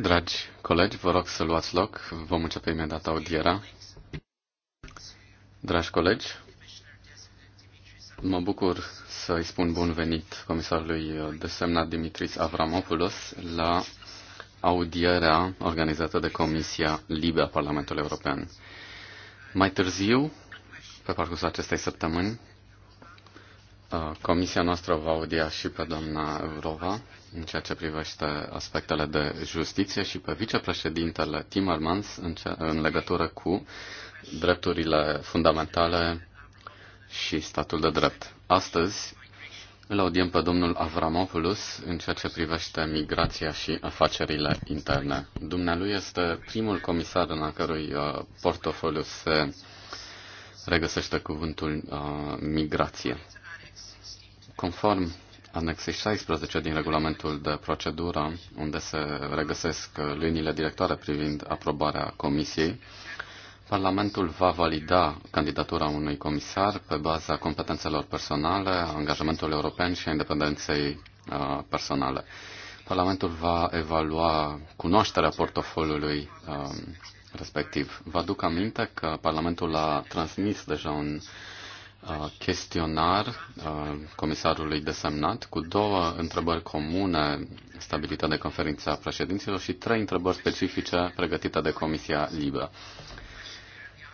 Dragi colegi, vă rog să luați loc. Vom începe imediat audiera. Dragi colegi, mă bucur să i spun bun venit comisarului desemnat Dimitris Avramopoulos la audierea organizată de Comisia Libe a Parlamentului European. Mai târziu, pe parcursul acestei săptămâni, Uh, comisia noastră va audia și pe doamna Eurova în ceea ce privește aspectele de justiție și pe vicepreședintele Timmermans în, ce, în legătură cu drepturile fundamentale și statul de drept. Astăzi îl audiem pe domnul Avramopoulos în ceea ce privește migrația și afacerile interne. Dumnealui este primul comisar în a cărui uh, portofoliu se regăsește cuvântul uh, migrație. Conform anexei 16 din regulamentul de procedură, unde se regăsesc uh, liniile directoare privind aprobarea comisiei, Parlamentul va valida candidatura unui comisar pe baza competențelor personale, angajamentului european și a independenței uh, personale. Parlamentul va evalua cunoașterea portofoliului uh, respectiv. Vă aduc aminte că Parlamentul a transmis deja un chestionar comisarului desemnat cu două întrebări comune stabilite de conferința președinților și trei întrebări specifice pregătite de Comisia Libă.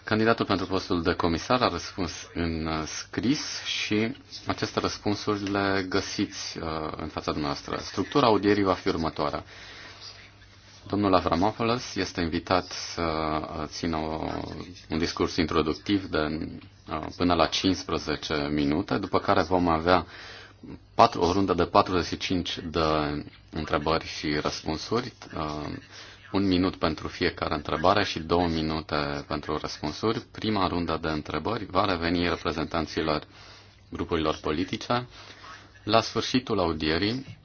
Candidatul pentru postul de comisar a răspuns în scris și aceste răspunsuri le găsiți în fața dumneavoastră. Structura audierii va fi următoarea. Domnul Avramopoulos este invitat să uh, țină o, un discurs introductiv de uh, până la 15 minute, după care vom avea patru o rundă de 45 de întrebări și răspunsuri, uh, un minut pentru fiecare întrebare și două minute pentru răspunsuri. Prima rundă de întrebări va reveni reprezentanților grupurilor politice. La sfârșitul audierii,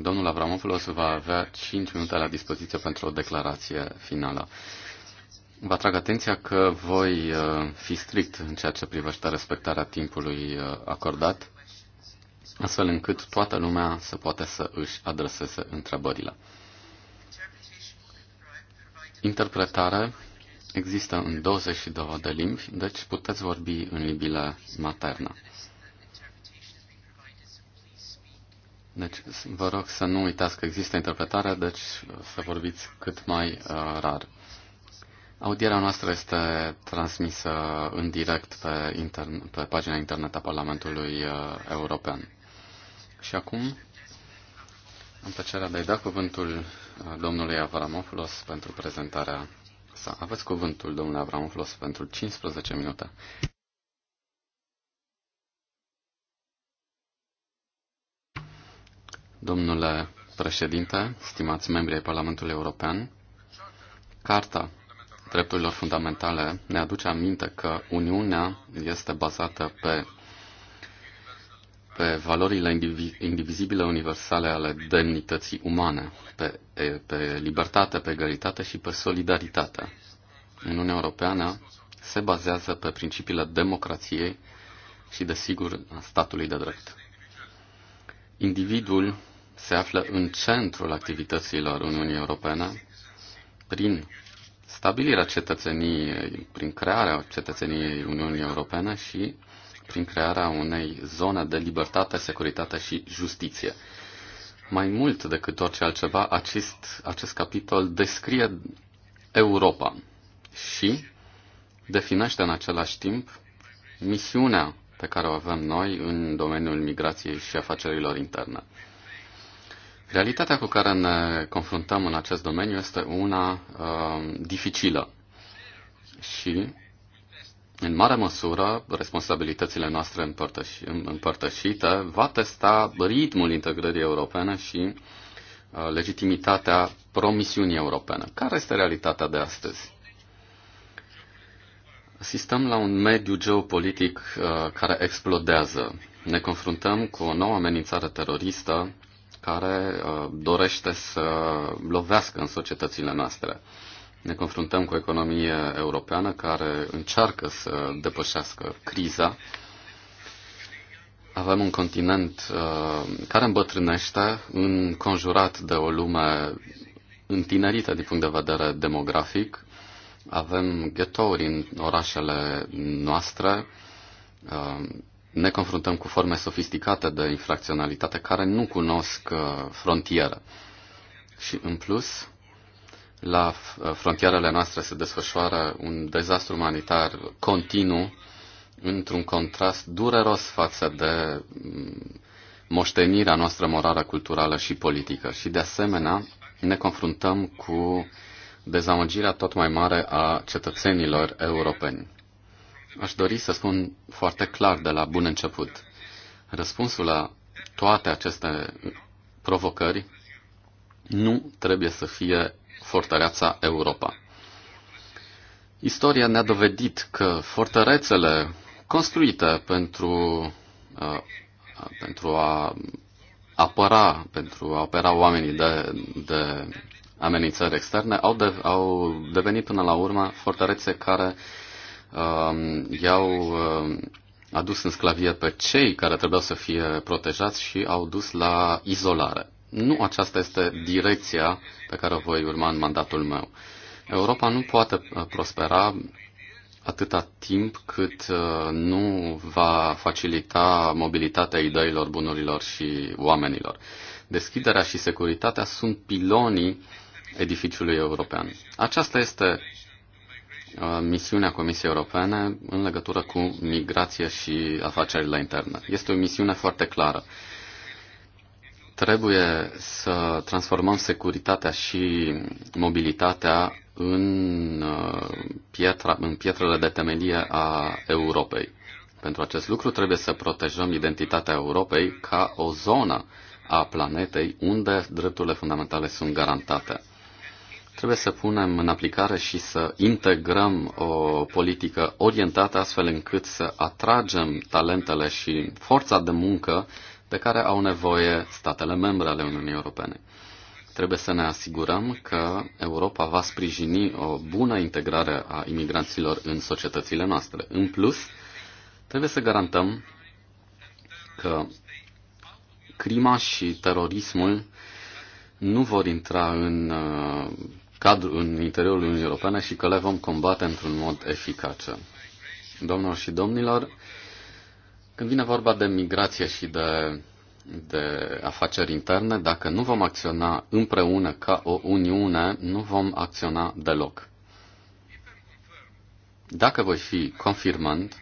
Domnul Avramopoulos va avea 5 minute la dispoziție pentru o declarație finală. Vă atrag atenția că voi uh, fi strict în ceea ce privește respectarea timpului uh, acordat, astfel încât toată lumea să poate să își adreseze întrebările. Interpretare există în 22 de limbi, deci puteți vorbi în limbile maternă. Deci, vă rog să nu uitați că există interpretarea, deci uh, să vorbiți cât mai uh, rar. Audierea noastră este transmisă în direct pe, intern- pe pagina internet a Parlamentului uh, European. Și acum am plăcerea de a-i da cuvântul uh, domnului Avramopoulos pentru prezentarea sa. Aveți cuvântul, domnule Avramopoulos, pentru 15 minute. Domnule președinte, stimați membri ai Parlamentului European, Carta Drepturilor Fundamentale ne aduce aminte că Uniunea este bazată pe, pe valorile indivizibile universale ale demnității umane, pe, pe libertate, pe egalitate și pe solidaritate. Uniunea Europeană se bazează pe principiile democrației și, desigur, a statului de drept. Individul se află în centrul activităților Uniunii Europene prin stabilirea cetățeniei, prin crearea cetățeniei Uniunii Europene și prin crearea unei zone de libertate, securitate și justiție. Mai mult decât orice altceva, acest, acest capitol descrie Europa și definește în același timp misiunea pe care o avem noi în domeniul migrației și afacerilor interne. Realitatea cu care ne confruntăm în acest domeniu este una uh, dificilă și, în mare măsură, responsabilitățile noastre împărtăși, împărtășite va testa ritmul integrării europene și uh, legitimitatea promisiunii europene. Care este realitatea de astăzi? Asistăm la un mediu geopolitic uh, care explodează. Ne confruntăm cu o nouă amenințare teroristă care uh, dorește să lovească în societățile noastre. Ne confruntăm cu o economie europeană care încearcă să depășească criza. Avem un continent uh, care îmbătrânește, înconjurat de o lume întinerită din punct de vedere demografic. Avem ghetouri în orașele noastre, uh, ne confruntăm cu forme sofisticate de infracționalitate care nu cunosc uh, frontieră. Și în plus, la uh, frontierele noastre se desfășoară un dezastru umanitar continuu, într-un contrast dureros față de mm, moștenirea noastră morală, culturală și politică. Și de asemenea, ne confruntăm cu dezamăgirea tot mai mare a cetățenilor europeni. Aș dori să spun foarte clar de la bun început. Răspunsul la toate aceste provocări nu trebuie să fie fortăreața Europa. Istoria ne-a dovedit că fortărețele construite pentru, uh, pentru a apăra, pentru a opera oamenii de, de amenințări externe, au, de, au devenit până la urmă fortărețe care uh, i-au uh, adus în sclavie pe cei care trebuiau să fie protejați și au dus la izolare. Nu aceasta este direcția pe care o voi urma în mandatul meu. Europa nu poate uh, prospera atâta timp cât uh, nu va facilita mobilitatea ideilor, bunurilor și oamenilor. Deschiderea și securitatea sunt pilonii edificiului european. Aceasta este Uh, misiunea Comisiei Europene în legătură cu migrație și afacerile interne. Este o misiune foarte clară. Trebuie să transformăm securitatea și mobilitatea în, uh, pietra, în pietrele de temelie a Europei. Pentru acest lucru trebuie să protejăm identitatea Europei ca o zonă a planetei unde drepturile fundamentale sunt garantate. Trebuie să punem în aplicare și să integrăm o politică orientată astfel încât să atragem talentele și forța de muncă de care au nevoie statele membre ale Uniunii Europene. Trebuie să ne asigurăm că Europa va sprijini o bună integrare a imigranților în societățile noastre. În plus, trebuie să garantăm că crima și terorismul nu vor intra în uh, cadru, în interiorul Uniunii Europene și că le vom combate într-un mod eficace. Domnilor și domnilor, când vine vorba de migrație și de, de afaceri interne, dacă nu vom acționa împreună ca o Uniune, nu vom acționa deloc. Dacă voi fi confirmând,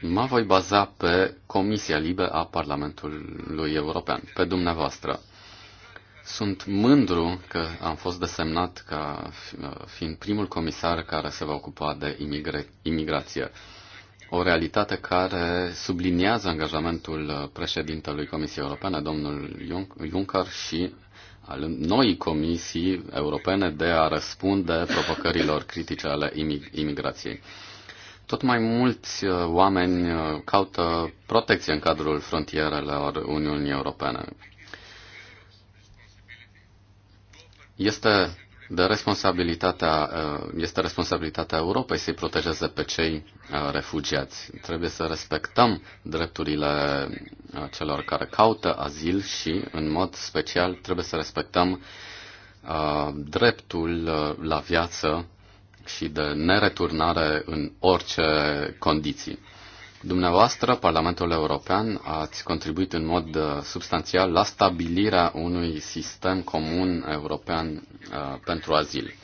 mă voi baza pe Comisia Libe a Parlamentului European, pe dumneavoastră. Sunt mândru că am fost desemnat ca uh, fiind primul comisar care se va ocupa de imigrație. O realitate care subliniază angajamentul uh, președintelui Comisiei Europene, domnul Juncker, și al noii comisii europene de a răspunde provocărilor critice ale imigrației. Tot mai mulți uh, oameni caută protecție în cadrul frontierelor Uniunii Europene Este de responsabilitatea, uh, este responsabilitatea Europei să-i protejeze pe cei uh, refugiați. Trebuie să respectăm drepturile uh, celor care caută azil și, în mod special, trebuie să respectăm dreptul la viață și de nereturnare în orice condiții. Dumneavoastră, Parlamentul European, ați contribuit în mod uh, substanțial la stabilirea unui sistem comun european uh, pentru azil.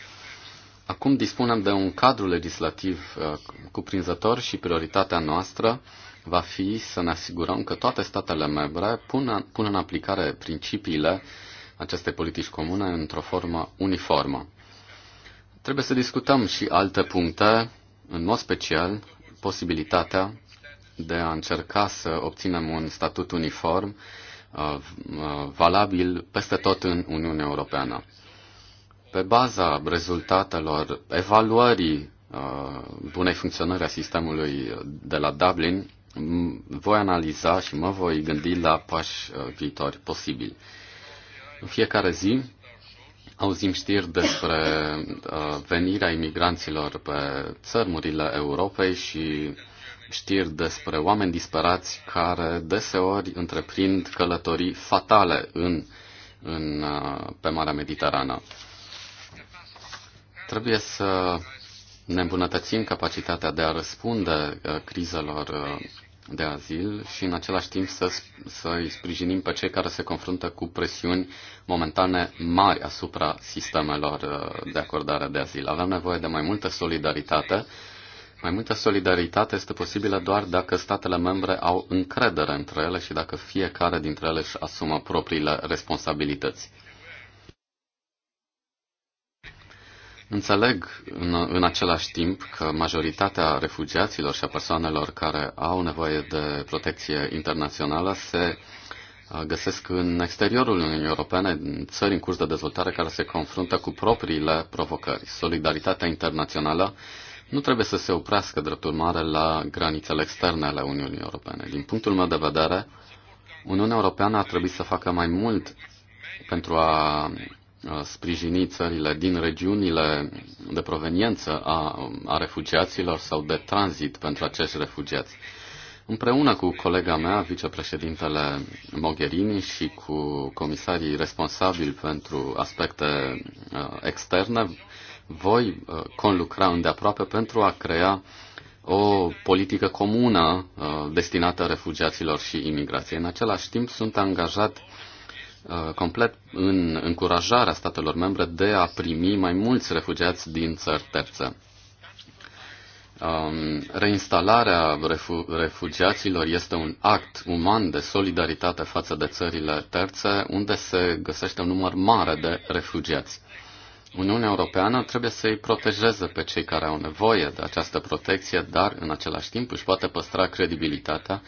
Acum dispunem de un cadru legislativ uh, cuprinzător și prioritatea noastră va fi să ne asigurăm că toate statele membre pun, pun în aplicare principiile acestei politici comune într-o formă uniformă. Trebuie să discutăm și alte puncte, în mod special posibilitatea de a încerca să obținem un statut uniform uh, uh, valabil peste tot în Uniunea Europeană. Pe baza rezultatelor evaluării uh, bunei funcționări a sistemului de la Dublin, voi analiza și mă voi gândi la pași viitori posibili. În fiecare zi auzim știri despre venirea imigranților pe țărmurile Europei și știri despre oameni disperați care deseori întreprind călătorii fatale în, în, uh, pe Marea Mediterană. Trebuie să ne îmbunătățim capacitatea de a răspunde uh, crizelor uh, de azil și în același timp să, să îi sprijinim pe cei care se confruntă cu presiuni momentane mari asupra sistemelor de acordare de azil. Avem nevoie de mai multă solidaritate mai multă solidaritate este posibilă doar dacă statele membre au încredere între ele și dacă fiecare dintre ele își asumă propriile responsabilități. Înțeleg în, în același timp că majoritatea refugiaților și a persoanelor care au nevoie de protecție internațională se uh, găsesc în exteriorul Uniunii Europene, în țări în curs de dezvoltare care se confruntă cu propriile provocări. Solidaritatea internațională nu trebuie să se oprească, drept urmare, la granițele externe ale Uniunii Europene. Din punctul meu de vedere, Uniunea Europeană ar trebui să facă mai mult pentru a sprijini țările din regiunile de proveniență a, a refugiaților sau de tranzit pentru acești refugiați. Împreună cu colega mea, vicepreședintele Mogherini și cu comisarii responsabili pentru aspecte externe, voi uh, conlucra îndeaproape pentru a crea o politică comună uh, destinată refugiaților și imigrației. În același timp, sunt angajat uh, complet în încurajarea statelor membre de a primi mai mulți refugiați din țări terțe. Um, reinstalarea refugiaților este un act uman de solidaritate față de țările terțe, unde se găsește un număr mare de refugiați. Uniunea Europeană trebuie să-i protejeze pe cei care au nevoie de această protecție, dar în același timp își poate păstra credibilitatea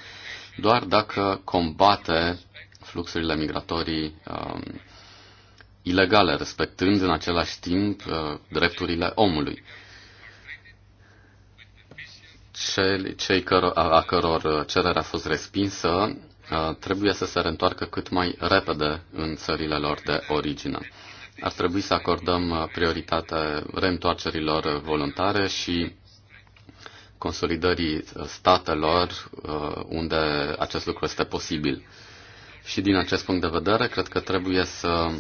doar dacă combate fluxurile migratorii um, ilegale, respectând în același timp uh, drepturile omului. Cei, cei căro, a, a căror cerere a fost respinsă uh, trebuie să se reîntoarcă cât mai repede în țările lor de origine ar trebui să acordăm prioritate reîntoarcerilor voluntare și consolidării statelor uh, unde acest lucru este posibil. Și din acest punct de vedere, cred că trebuie să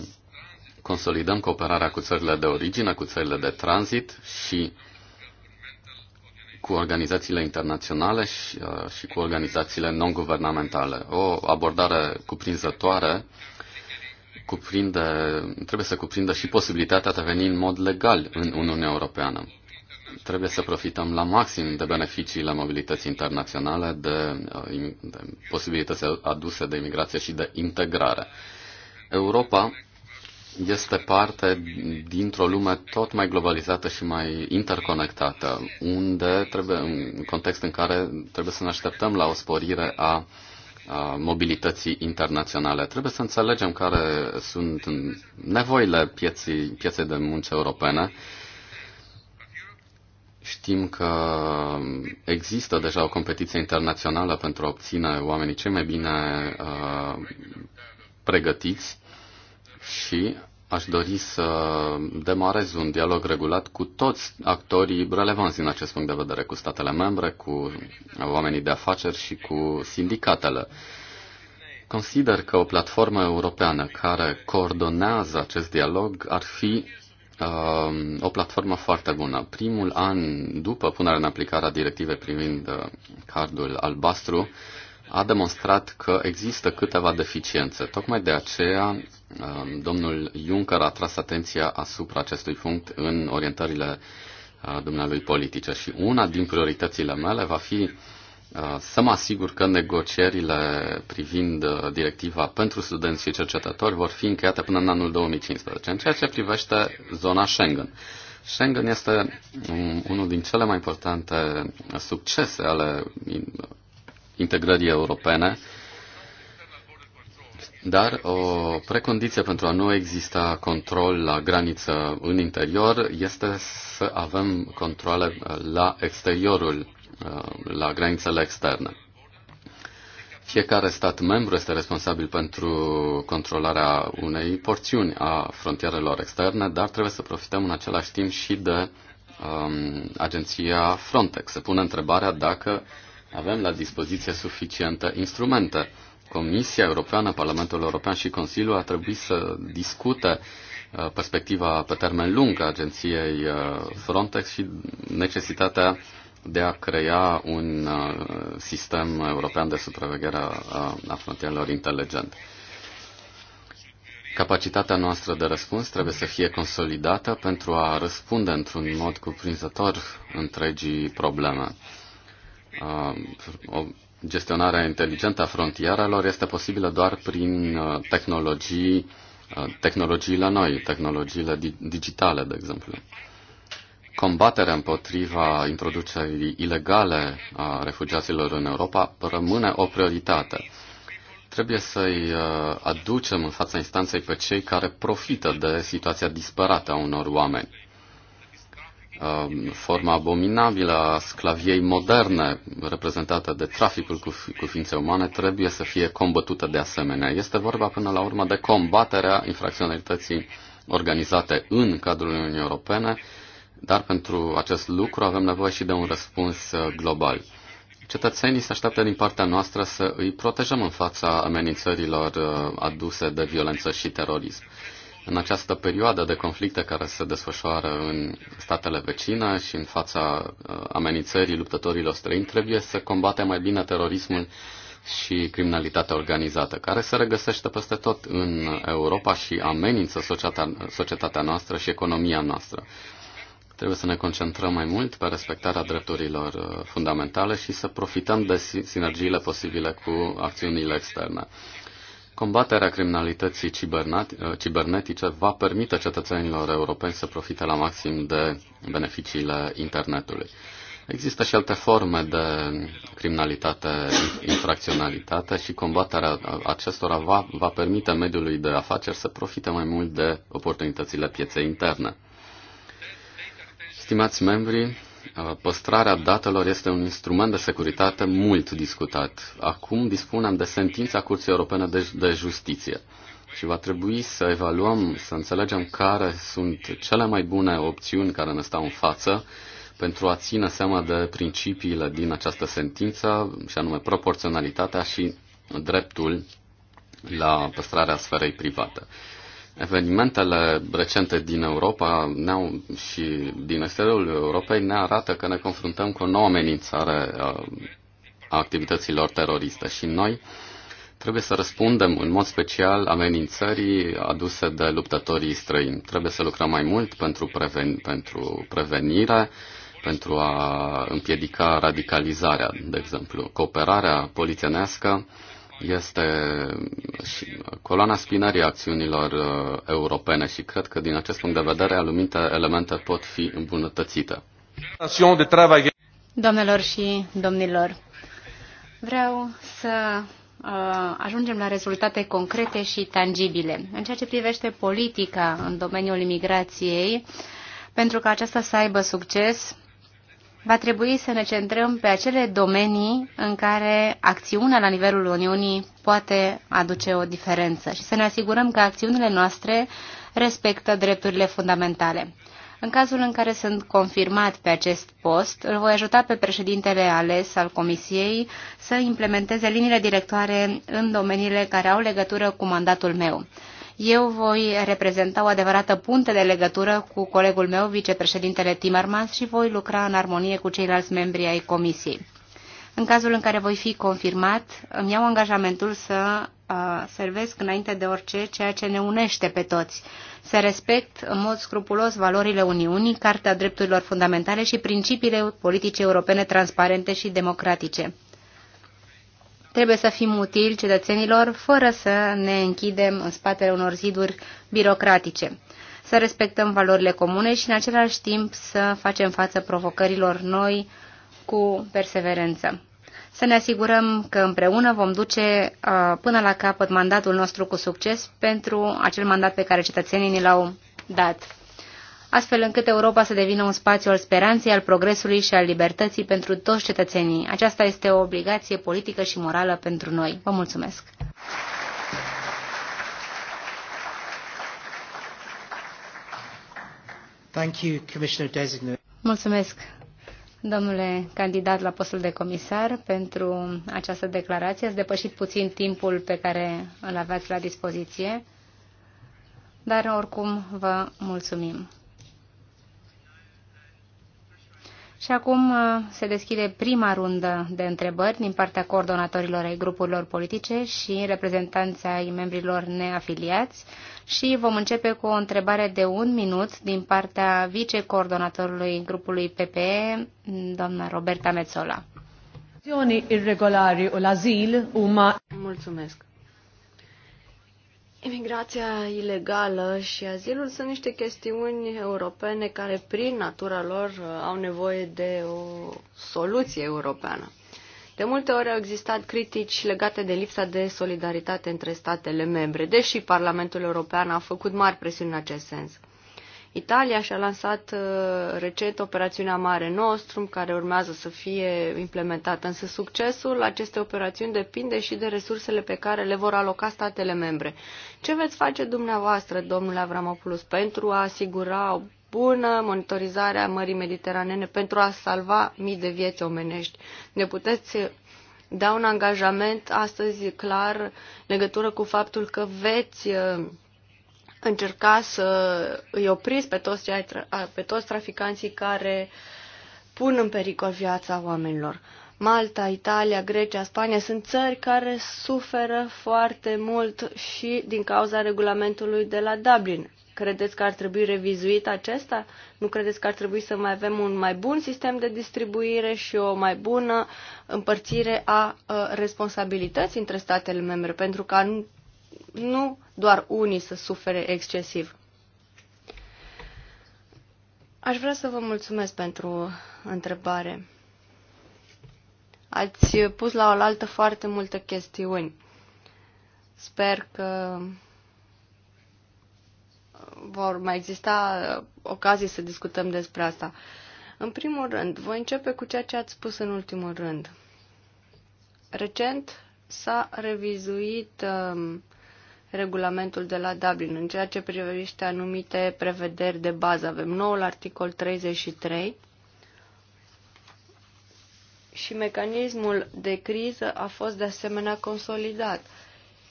consolidăm cooperarea cu țările de origine, cu țările de tranzit și cu organizațiile internaționale și, uh, și cu organizațiile non-guvernamentale. O abordare cuprinzătoare uh, cuprinde, trebuie să cuprindă și posibilitatea de a veni în mod legal în Uniunea Europeană. Trebuie să profităm la maxim de beneficiile mobilității internaționale, de, uh, de posibilități aduse de imigrație și de integrare. Europa este parte dintr-o lume tot mai globalizată și mai interconectată, unde trebuie, în context în care trebuie să ne așteptăm la o sporire a mobilității internaționale. Trebuie să înțelegem care sunt nevoile pieții, pieței de muncă europene. Știm că există deja o competiție internațională pentru a obține oamenii cei mai bine uh, pregătiți și Aș dori să demarez un dialog regulat cu toți actorii relevanți din acest punct de vedere, cu statele membre, cu oamenii de afaceri și cu sindicatele. Consider că o platformă europeană care coordonează acest dialog ar fi uh, o platformă foarte bună. Primul an după punerea în aplicare a directivei privind uh, cardul albastru, a demonstrat că există câteva deficiențe. Tocmai de aceea, um, domnul Juncker a tras atenția asupra acestui punct în orientările uh, dumnealui politice și una din prioritățile mele va fi uh, să mă asigur că negocierile privind uh, directiva pentru studenți și cercetători vor fi încheiate până în anul 2015, în ceea ce privește zona Schengen. Schengen este um, unul din cele mai importante succese ale integrării europene, dar o precondiție pentru a nu exista control la graniță în interior este să avem controle uh, la exteriorul, uh, la granițele externe. Fiecare stat membru este responsabil pentru controlarea unei porțiuni a frontierelor externe, dar trebuie să profităm în același timp și de um, agenția Frontex. Se pune întrebarea dacă avem la dispoziție suficiente instrumente. Comisia Europeană, Parlamentul European și Consiliul a trebuit să discute uh, perspectiva pe termen lung a agenției uh, Frontex și necesitatea de a crea un uh, sistem european de supraveghere a frontierelor inteligent. Capacitatea noastră de răspuns trebuie să fie consolidată pentru a răspunde într-un mod cuprinzător întregii probleme. Um, o gestionare inteligentă a frontierelor este posibilă doar prin uh, tehnologii, uh, tehnologiile noi, tehnologiile digitale, de exemplu. Combaterea împotriva introducerii ilegale a refugiaților în Europa rămâne o prioritate. Trebuie să-i uh, aducem în fața instanței pe cei care profită de situația disperată a unor oameni Um, forma abominabilă a sclaviei moderne reprezentată de traficul cu, cu ființe umane trebuie să fie combătută de asemenea. Este vorba până la urmă de combaterea infracționalității organizate în cadrul Uniunii Europene, dar pentru acest lucru avem nevoie și de un răspuns uh, global. Cetățenii se așteaptă din partea noastră să îi protejăm în fața amenințărilor uh, aduse de violență și terorism în această perioadă de conflicte care se desfășoară în statele vecine și în fața uh, amenințării luptătorilor străini, trebuie să combate mai bine terorismul și criminalitatea organizată, care se regăsește peste tot în Europa și amenință societatea noastră și economia noastră. Trebuie să ne concentrăm mai mult pe respectarea drepturilor uh, fundamentale și să profităm de sinergiile posibile cu acțiunile externe. Combaterea criminalității cibernetice va permite cetățenilor europeni să profite la maxim de beneficiile internetului. Există și alte forme de criminalitate, infracționalitate și combaterea acestora va, va permite mediului de afaceri să profite mai mult de oportunitățile pieței interne. Stimați membri, Uh, păstrarea datelor este un instrument de securitate mult discutat. Acum dispunem de sentința Curții Europene de, de Justiție și va trebui să evaluăm, să înțelegem care sunt cele mai bune opțiuni care ne stau în față pentru a ține seama de principiile din această sentință, și anume proporționalitatea și dreptul la păstrarea sferei private. Evenimentele recente din Europa ne-au, și din exteriorul Europei ne arată că ne confruntăm cu o nouă amenințare a activităților teroriste și noi trebuie să răspundem în mod special amenințării aduse de luptătorii străini. Trebuie să lucrăm mai mult pentru, preven, pentru prevenire, pentru a împiedica radicalizarea, de exemplu. Cooperarea polițienească este coloana spinării acțiunilor uh, europene și cred că din acest punct de vedere anumite elemente pot fi îmbunătățite. Domnilor și domnilor, vreau să uh, ajungem la rezultate concrete și tangibile. În ceea ce privește politica în domeniul imigrației, pentru ca aceasta să aibă succes, va trebui să ne centrăm pe acele domenii în care acțiunea la nivelul Uniunii poate aduce o diferență și să ne asigurăm că acțiunile noastre respectă drepturile fundamentale. În cazul în care sunt confirmat pe acest post, îl voi ajuta pe președintele ales al Comisiei să implementeze liniile directoare în domeniile care au legătură cu mandatul meu. Eu voi reprezenta o adevărată punte de legătură cu colegul meu, vicepreședintele Timmermans, și voi lucra în armonie cu ceilalți membri ai comisiei. În cazul în care voi fi confirmat, îmi iau angajamentul să uh, servesc înainte de orice ceea ce ne unește pe toți. Să respect în mod scrupulos valorile Uniunii, cartea Drepturilor Fundamentale și principiile politice europene transparente și democratice. Trebuie să fim utili cetățenilor fără să ne închidem în spatele unor ziduri birocratice, să respectăm valorile comune și în același timp să facem față provocărilor noi cu perseverență. Să ne asigurăm că împreună vom duce uh, până la capăt mandatul nostru cu succes pentru acel mandat pe care cetățenii ni l-au dat astfel încât Europa să devină un spațiu al speranței, al progresului și al libertății pentru toți cetățenii. Aceasta este o obligație politică și morală pentru noi. Vă mulțumesc! Thank you, Commissioner Designate. Mulțumesc, domnule candidat la postul de comisar, pentru această declarație. Ați depășit puțin timpul pe care îl aveați la dispoziție, dar oricum vă mulțumim. Și acum uh, se deschide prima rundă de întrebări din partea coordonatorilor ai grupurilor politice și reprezentanții ai membrilor neafiliați și vom începe cu o întrebare de un minut din partea vicecoordonatorului grupului PPE, doamna Roberta Mezzola. Mulțumesc. Imigrația ilegală și azilul sunt niște chestiuni europene care, prin natura lor, au nevoie de o soluție europeană. De multe ori au existat critici legate de lipsa de solidaritate între statele membre, deși Parlamentul European a făcut mari presiuni în acest sens. Italia și-a lansat uh, recent operațiunea Mare Nostrum, care urmează să fie implementată, însă succesul acestei operațiuni depinde și de resursele pe care le vor aloca statele membre. Ce veți face dumneavoastră, domnule Avramopoulos, pentru a asigura o bună monitorizare a Mării Mediteranene, pentru a salva mii de vieți omenești? Ne puteți da un angajament astăzi clar legătură cu faptul că veți uh, încerca să îi opriți pe toți, cei, pe toți traficanții care pun în pericol viața oamenilor. Malta, Italia, Grecia, Spania sunt țări care suferă foarte mult și din cauza regulamentului de la Dublin. Credeți că ar trebui revizuit acesta? Nu credeți că ar trebui să mai avem un mai bun sistem de distribuire și o mai bună împărțire a responsabilității între statele membre? Pentru că nu doar unii să sufere excesiv. Aș vrea să vă mulțumesc pentru întrebare. Ați pus la oaltă foarte multe chestiuni. Sper că vor mai exista ocazii să discutăm despre asta. În primul rând, voi începe cu ceea ce ați spus în ultimul rând. Recent s-a revizuit uh, regulamentul de la Dublin în ceea ce privește anumite prevederi de bază. Avem noul articol 33 și mecanismul de criză a fost de asemenea consolidat.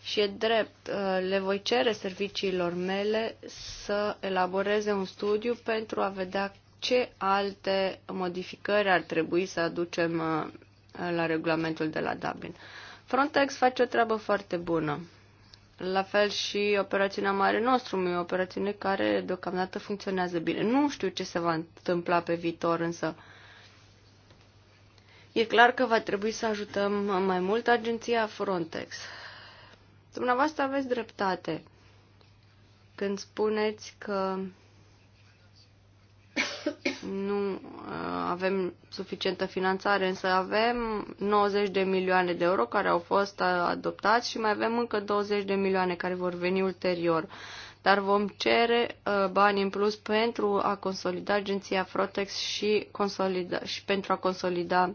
Și e drept, uh, le voi cere serviciilor mele să elaboreze un studiu pentru a vedea ce alte modificări ar trebui să aducem uh, la regulamentul de la Dublin. Frontex face o treabă foarte bună. La fel și operațiunea Mare Nostrum e o operațiune care deocamdată funcționează bine. Nu știu ce se va întâmpla pe viitor, însă e clar că va trebui să ajutăm mai mult agenția Frontex. Dumneavoastră aveți dreptate când spuneți că nu uh, avem suficientă finanțare, însă avem 90 de milioane de euro care au fost uh, adoptați și mai avem încă 20 de milioane care vor veni ulterior. Dar vom cere uh, bani în plus pentru a consolida agenția Frotex și, consolida, și pentru a consolida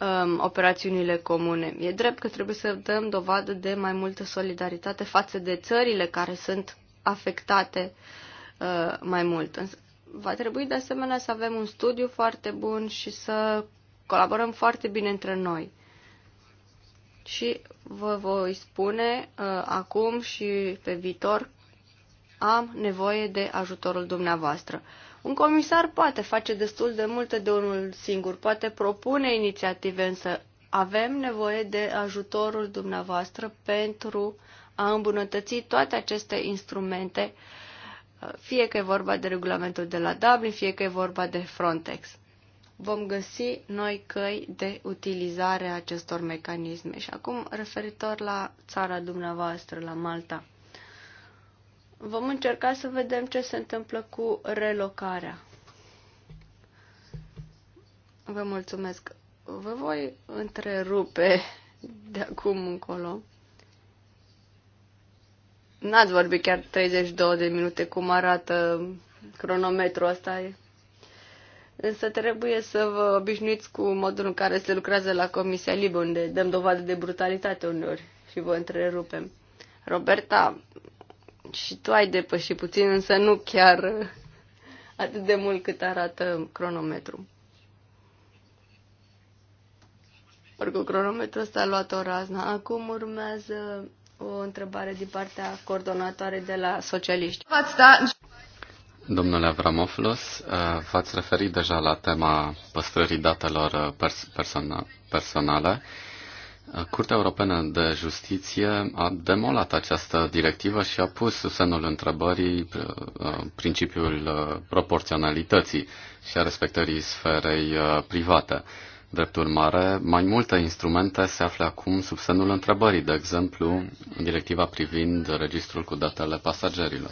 um, operațiunile comune. E drept că trebuie să dăm dovadă de mai multă solidaritate față de țările care sunt afectate uh, mai mult va trebui de asemenea să avem un studiu foarte bun și să colaborăm foarte bine între noi. Și vă voi spune uh, acum și pe viitor am nevoie de ajutorul dumneavoastră. Un comisar poate face destul de multe de unul singur, poate propune inițiative, însă avem nevoie de ajutorul dumneavoastră pentru a îmbunătăți toate aceste instrumente uh, fie că e vorba de regulamentul de la Dublin, fie că e vorba de Frontex. Vom găsi noi căi de utilizare a acestor mecanisme. Și acum, referitor la țara dumneavoastră, la Malta, vom încerca să vedem ce se întâmplă cu relocarea. Vă mulțumesc. Vă voi întrerupe de acum încolo. N-ați vorbit chiar 32 de minute cum arată cronometrul ăsta. Însă trebuie să vă obișnuiți cu modul în care se lucrează la Comisia Libă, unde dăm dovadă de brutalitate uneori și vă întrerupem. Roberta, și tu ai depășit puțin, însă nu chiar atât de mult cât arată cronometrul. Oricum, cronometrul ăsta a luat o razna. Acum urmează o întrebare din partea coordonatoarei de la socialiști. Domnule Avramoflos, uh, v-ați referit deja la tema păstrării datelor uh, pers- persona- personale. Uh, Curtea Europeană de Justiție a demolat această directivă și a pus sub semnul întrebării principiul proporționalității și a respectării sferei private. Drept urmare, mai multe instrumente se află acum sub semnul întrebării, de exemplu, directiva privind registrul cu datele pasagerilor.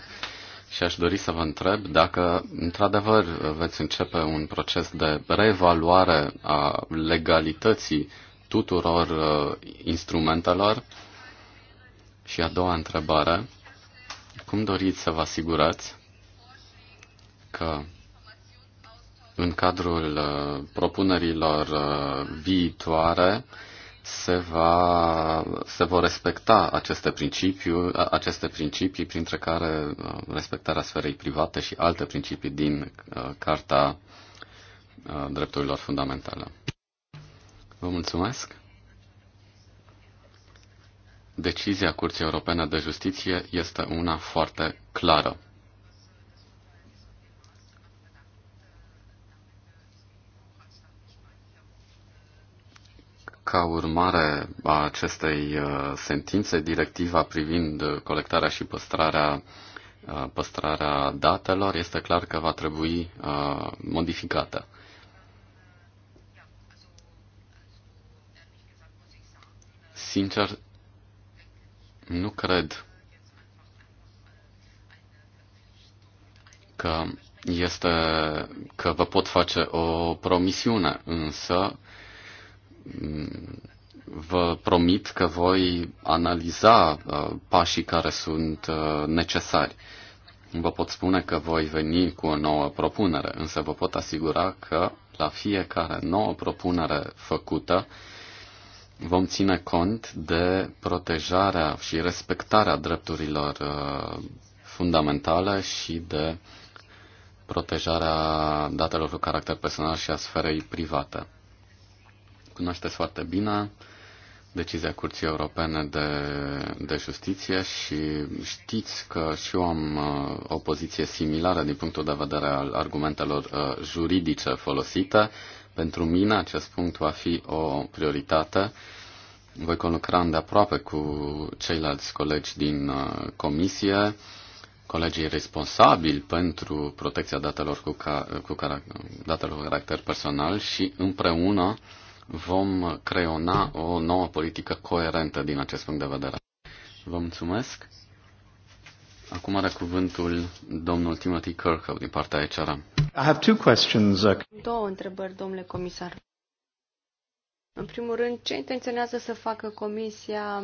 Și aș dori să vă întreb dacă, într-adevăr, veți începe un proces de reevaluare a legalității tuturor uh, instrumentelor. Și a doua întrebare, cum doriți să vă asigurați că în cadrul uh, propunerilor uh, viitoare se, va, se vor respecta aceste principii, aceste principii, printre care uh, respectarea sferei private și alte principii din Carta Drepturilor Fundamentale. Vă mulțumesc! Decizia Curții Europene de Justiție este una foarte clară. Ca urmare a acestei uh, sentințe, directiva privind colectarea și păstrarea, uh, păstrarea datelor este clar că va trebui uh, modificată. Sincer, nu cred că este că vă pot face o promisiune, însă vă promit că voi analiza uh, pașii care sunt uh, necesari. Vă pot spune că voi veni cu o nouă propunere, însă vă pot asigura că la fiecare nouă propunere făcută vom ține cont de protejarea și respectarea drepturilor uh, fundamentale și de protejarea datelor cu caracter personal și a sferei private cunoașteți foarte bine decizia Curții Europene de, de Justiție și știți că și eu am uh, o poziție similară din punctul de vedere al argumentelor uh, juridice folosite. Pentru mine acest punct va fi o prioritate. Voi conlucra îndeaproape cu ceilalți colegi din uh, comisie, colegii responsabili pentru protecția datelor cu, ca, cu, car- datelor cu caracter personal și împreună uh, vom creiona o nouă politică coerentă din acest punct de vedere. Vă mulțumesc. Acum are cuvântul domnul Timothy Kirkhope din partea ECR. I have two questions. Uh, Două întrebări, domnule comisar. În primul rând, ce intenționează să facă Comisia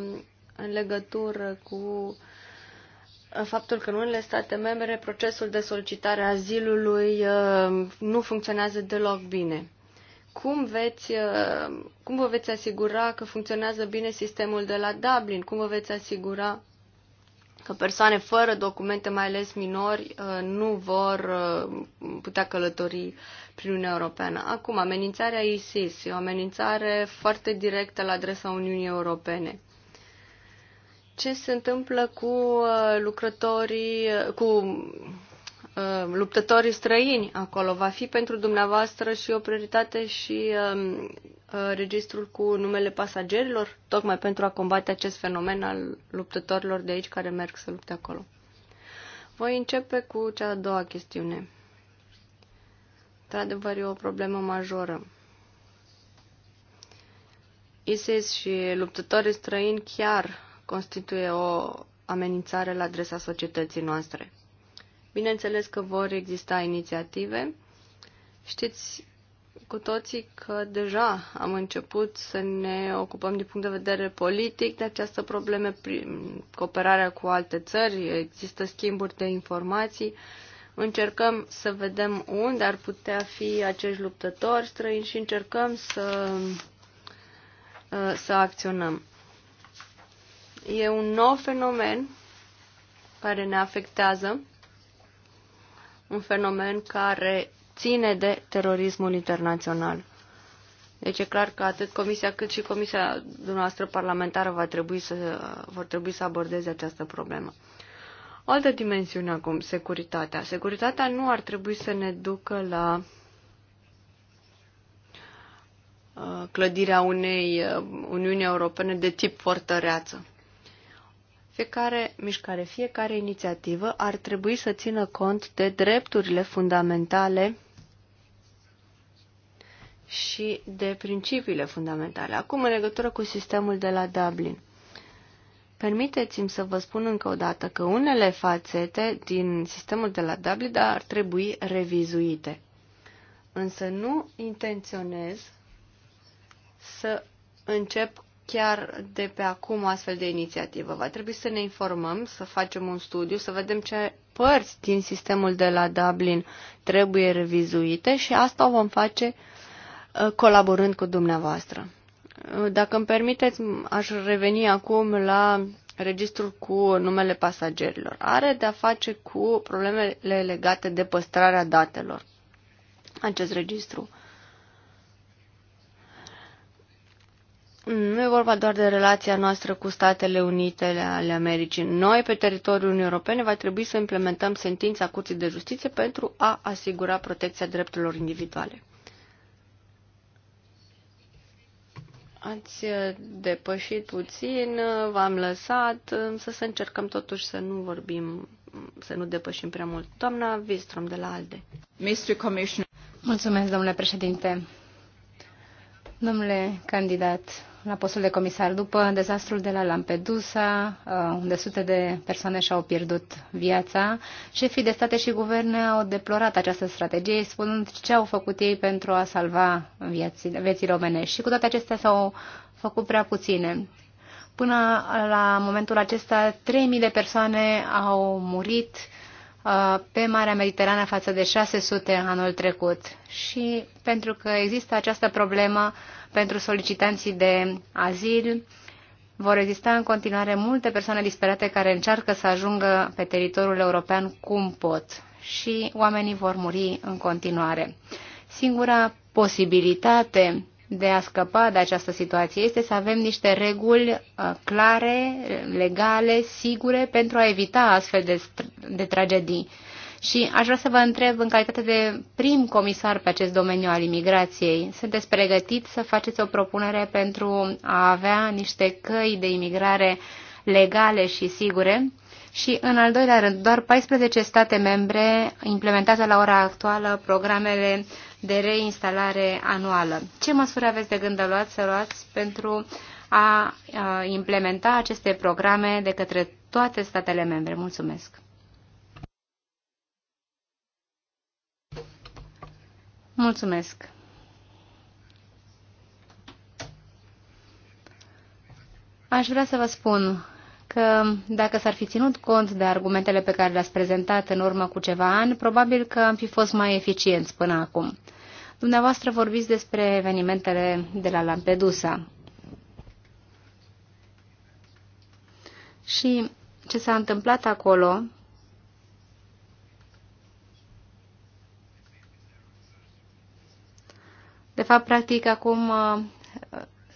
în legătură cu uh, faptul că în unele state membre procesul de solicitare a azilului uh, nu funcționează deloc bine? cum, veți, uh, cum vă veți asigura că funcționează bine sistemul de la Dublin? Cum vă veți asigura că persoane fără documente, mai ales minori, uh, nu vor uh, putea călători prin Uniunea Europeană. Acum, amenințarea ISIS e o amenințare foarte directă la adresa Uniunii Europene. Ce se întâmplă cu lucrătorii, cu Uh, luptătorii străini acolo. Va fi pentru dumneavoastră și o prioritate și um, uh, registrul cu numele pasagerilor, tocmai pentru a combate acest fenomen al luptătorilor de aici care merg să lupte acolo. Voi începe cu cea a doua chestiune. Într-adevăr, e o problemă majoră. ISIS și luptătorii străini chiar constituie o amenințare la adresa societății noastre. Bineînțeles că vor exista inițiative. Știți cu toții că deja am început să ne ocupăm din punct de vedere politic de această probleme prin cooperarea cu alte țări, există schimburi de informații. Încercăm să vedem unde ar putea fi acești luptători străini și încercăm să, uh, să acționăm. E un nou fenomen care ne afectează un fenomen care ține de terorismul internațional. Deci e clar că atât Comisia cât și Comisia dumneavoastră parlamentară va trebui să, vor trebui să abordeze această problemă. O altă dimensiune acum, securitatea. Securitatea nu ar trebui să ne ducă la uh, clădirea unei uh, Uniuni Europene de tip fortăreață. Fiecare mișcare, fiecare inițiativă ar trebui să țină cont de drepturile fundamentale și de principiile fundamentale. Acum, în legătură cu sistemul de la Dublin. Permiteți-mi să vă spun încă o dată că unele fațete din sistemul de la Dublin ar trebui revizuite. Însă nu intenționez să încep chiar de pe acum o astfel de inițiativă. Va trebui să ne informăm, să facem un studiu, să vedem ce părți din sistemul de la Dublin trebuie revizuite și asta o vom face uh, colaborând cu dumneavoastră. Uh, dacă îmi permiteți, aș reveni acum la registrul cu numele pasagerilor. Are de-a face cu problemele legate de păstrarea datelor. Acest registru Nu mm, e vorba doar de relația noastră cu Statele Unite ale Americii. Noi, pe teritoriul Uniunii Europene, va trebui să implementăm sentința Curții de Justiție pentru a asigura protecția drepturilor individuale. Ați eh, depășit puțin, eh, v-am lăsat, însă să încercăm totuși să nu vorbim, să nu depășim prea mult. Doamna Vistrom de la ALDE. Mulțumesc, domnule președinte. Domnule candidat la postul de comisar, după dezastrul de la Lampedusa, uh, unde sute de persoane și-au pierdut viața, șefii de state și guverne au deplorat această strategie, spunând ce au făcut ei pentru a salva viețile, românești, omenești. Și cu toate acestea s-au făcut prea puține. Până la momentul acesta, 3.000 de persoane au murit, pe Marea Mediterană față de 600 anul trecut. Și pentru că există această problemă pentru solicitanții de azil, vor exista în continuare multe persoane disperate care încearcă să ajungă pe teritoriul european cum pot și oamenii vor muri în continuare. Singura posibilitate de a scăpa de această situație este să avem niște reguli uh, clare, legale, sigure pentru a evita astfel de, de tragedii. Și aș vrea să vă întreb, în calitate de prim comisar pe acest domeniu al imigrației, sunteți pregătit să faceți o propunere pentru a avea niște căi de imigrare legale și sigure? Și, în al doilea rând, doar 14 state membre implementează la ora actuală programele de reinstalare anuală. Ce măsuri aveți de gând de luat să luați pentru a implementa aceste programe de către toate statele membre? Mulțumesc! Mulțumesc! Aș vrea să vă spun că dacă s-ar fi ținut cont de argumentele pe care le-ați prezentat în urmă cu ceva ani, probabil că am fi fost mai eficienți până acum. Dumneavoastră vorbiți despre evenimentele de la Lampedusa. Și ce s-a întâmplat acolo De fapt, practic, acum uh,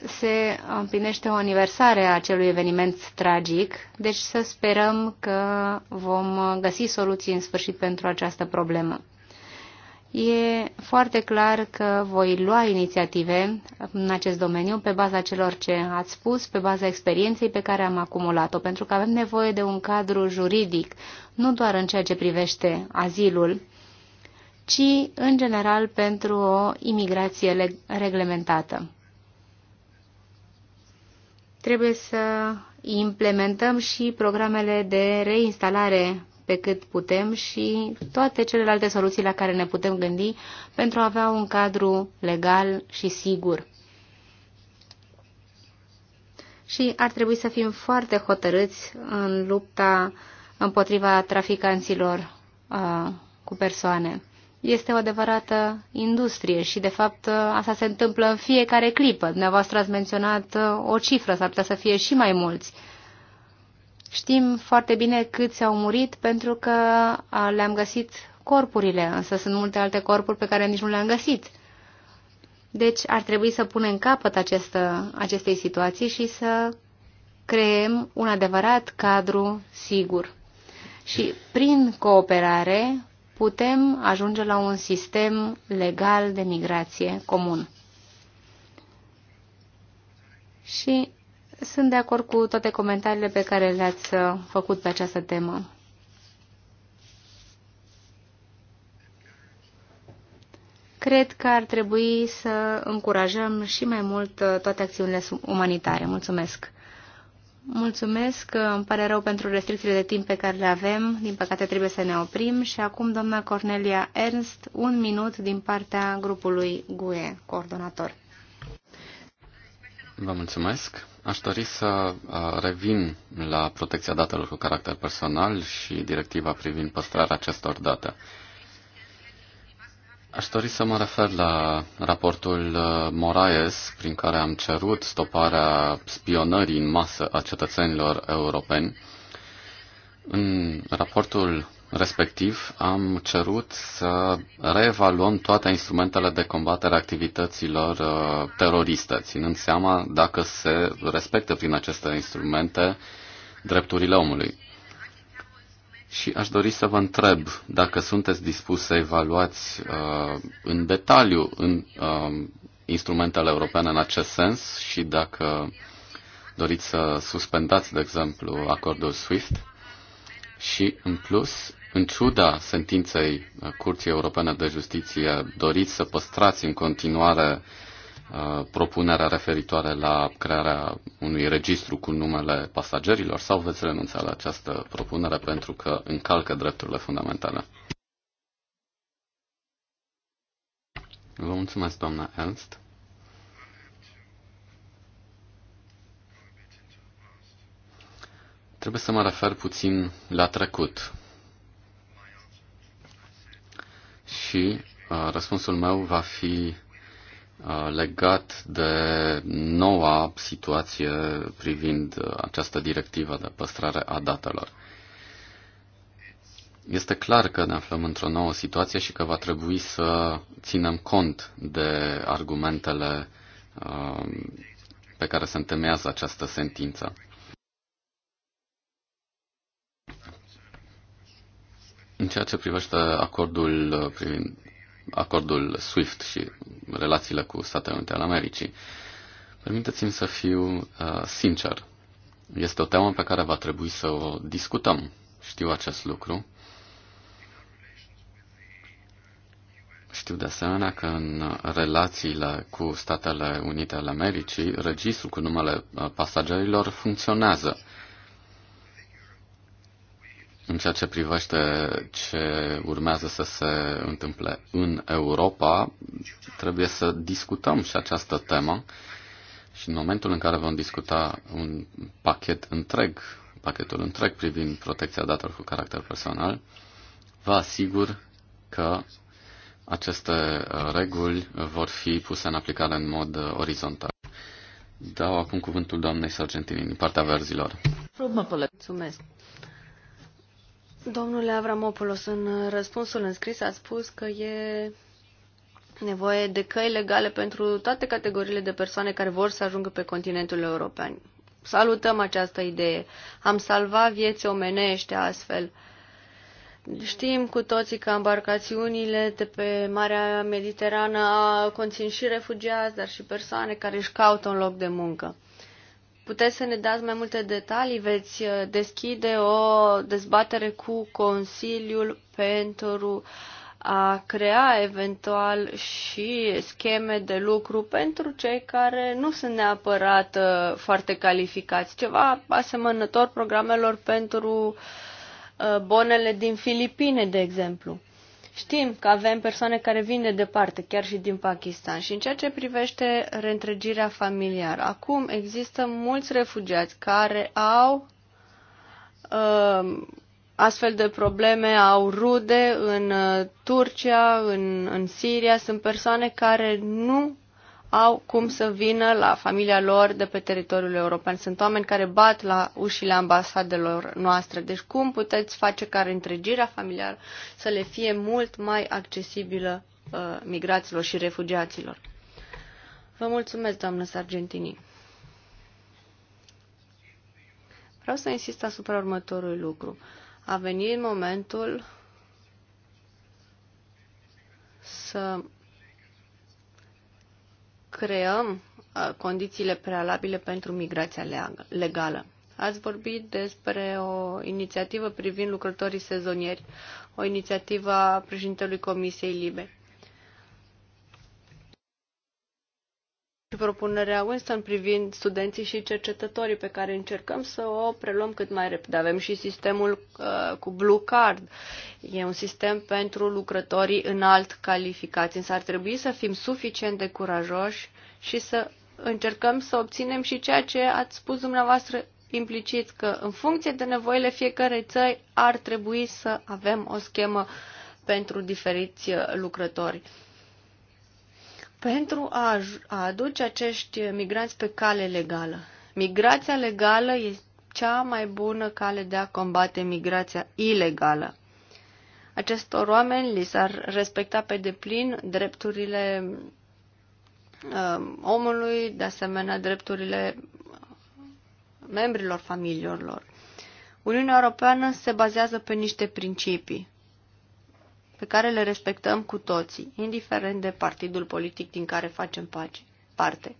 se împlinește o aniversare a acelui eveniment tragic, deci să sperăm că vom găsi soluții în sfârșit pentru această problemă. E foarte clar că voi lua inițiative în acest domeniu pe baza celor ce ați spus, pe baza experienței pe care am acumulat-o, pentru că avem nevoie de un cadru juridic, nu doar în ceea ce privește azilul, ci în general pentru o imigrație reglementată. Trebuie să implementăm și programele de reinstalare pe cât putem și toate celelalte soluții la care ne putem gândi pentru a avea un cadru legal și sigur. Și ar trebui să fim foarte hotărâți în lupta împotriva traficanților uh, cu persoane este o adevărată industrie și, de fapt, asta se întâmplă în fiecare clipă. Dumneavoastră ați menționat uh, o cifră, s-ar putea să fie și mai mulți. Știm foarte bine câți au murit pentru că le-am găsit corpurile, însă sunt multe alte corpuri pe care nici nu le-am găsit. Deci ar trebui să punem capăt această, acestei situații și să creăm un adevărat cadru sigur. Și prin cooperare putem ajunge la un sistem legal de migrație comun. Și sunt de acord cu toate comentariile pe care le-ați făcut pe această temă. Cred că ar trebui să încurajăm și mai mult toate acțiunile umanitare. Mulțumesc! Mulțumesc, îmi pare rău pentru restricțiile de timp pe care le avem, din păcate trebuie să ne oprim și acum doamna Cornelia Ernst, un minut din partea grupului GUE, coordonator. Vă mulțumesc. Aș dori să uh, revin la protecția datelor cu caracter personal și directiva privind păstrarea acestor date. Aș dori să mă refer la raportul uh, Moraes, prin care am cerut stoparea spionării în masă a cetățenilor europeni. În raportul respectiv am cerut să reevaluăm toate instrumentele de combatere a activităților uh, teroriste, ținând seama dacă se respectă prin aceste instrumente drepturile omului și aș dori să vă întreb dacă sunteți dispus să evaluați uh, în detaliu în, uh, instrumentele europene în acest sens și dacă doriți să suspendați, de exemplu, acordul SWIFT. Și, în plus, în ciuda sentinței Curții Europene de Justiție, doriți să păstrați în continuare Uh, propunerea referitoare la crearea unui registru cu numele pasagerilor sau veți renunța la această propunere pentru că încalcă drepturile fundamentale? Vă mulțumesc, doamna Ernst. Trebuie să mă refer puțin la trecut. Și uh, răspunsul meu va fi Uh, legat de noua situație privind uh, această directivă de păstrare a datelor. Este clar că ne aflăm într-o nouă situație și că va trebui să ținem cont de argumentele uh, pe care se întemeiază această sentință. În ceea ce privește acordul privind acordul SWIFT și relațiile cu Statele Unite ale Americii. Permiteți-mi să fiu uh, sincer. Este o temă pe care va trebui să o discutăm. Știu acest lucru. Știu de asemenea că în relațiile cu Statele Unite ale Americii, registrul cu numele uh, pasagerilor funcționează. În ceea ce privește ce urmează să se întâmple în Europa, trebuie să discutăm și această temă și în momentul în care vom discuta un pachet întreg, pachetul întreg privind protecția datelor cu caracter personal, vă asigur că aceste uh, reguli vor fi puse în aplicare în mod uh, orizontal. Dau acum cuvântul doamnei Sargentini din partea verzilor. Mulțumesc. Domnule Avramopoulos, în răspunsul înscris a spus că e nevoie de căi legale pentru toate categoriile de persoane care vor să ajungă pe continentul european. Salutăm această idee. Am salvat vieți omenește astfel. Știm cu toții că embarcațiunile de pe Marea Mediterană conțin și refugiați, dar și persoane care își caută un loc de muncă puteți să ne dați mai multe detalii? Veți uh, deschide o dezbatere cu Consiliul pentru a crea eventual și scheme de lucru pentru cei care nu sunt neapărat uh, foarte calificați, ceva asemănător programelor pentru uh, bonele din Filipine, de exemplu. Știm că avem persoane care vin de departe, chiar și din Pakistan. Și în ceea ce privește reîntregirea familiară, acum există mulți refugiați care au uh, astfel de probleme, au rude în uh, Turcia, în, în Siria. Sunt persoane care nu au cum să vină la familia lor de pe teritoriul european. Sunt oameni care bat la ușile ambasadelor noastre. Deci cum puteți face ca întregirea familiară să le fie mult mai accesibilă uh, migraților și refugiaților? Vă mulțumesc, doamnă Sargentini. Vreau să insist asupra următorului lucru. A venit momentul să creăm uh, condițiile prealabile pentru migrația legală. Ați vorbit despre o inițiativă privind lucrătorii sezonieri, o inițiativă a președintelui Comisiei Libe. propunerea Winston privind studenții și cercetătorii pe care încercăm să o preluăm cât mai repede. Avem și sistemul uh, cu Blue Card. E un sistem pentru lucrătorii înalt calificați, însă ar trebui să fim suficient de curajoși și să încercăm să obținem și ceea ce ați spus dumneavoastră implicit, că în funcție de nevoile fiecărei țări ar trebui să avem o schemă pentru diferiți uh, lucrători pentru a, aduce acești migranți pe cale legală. Migrația legală este cea mai bună cale de a combate migrația ilegală. Acestor oameni li s-ar respecta pe deplin drepturile uh, omului, de asemenea drepturile membrilor familiilor lor. Uniunea Europeană se bazează pe niște principii pe care le respectăm cu toții, indiferent de partidul politic din care facem parte.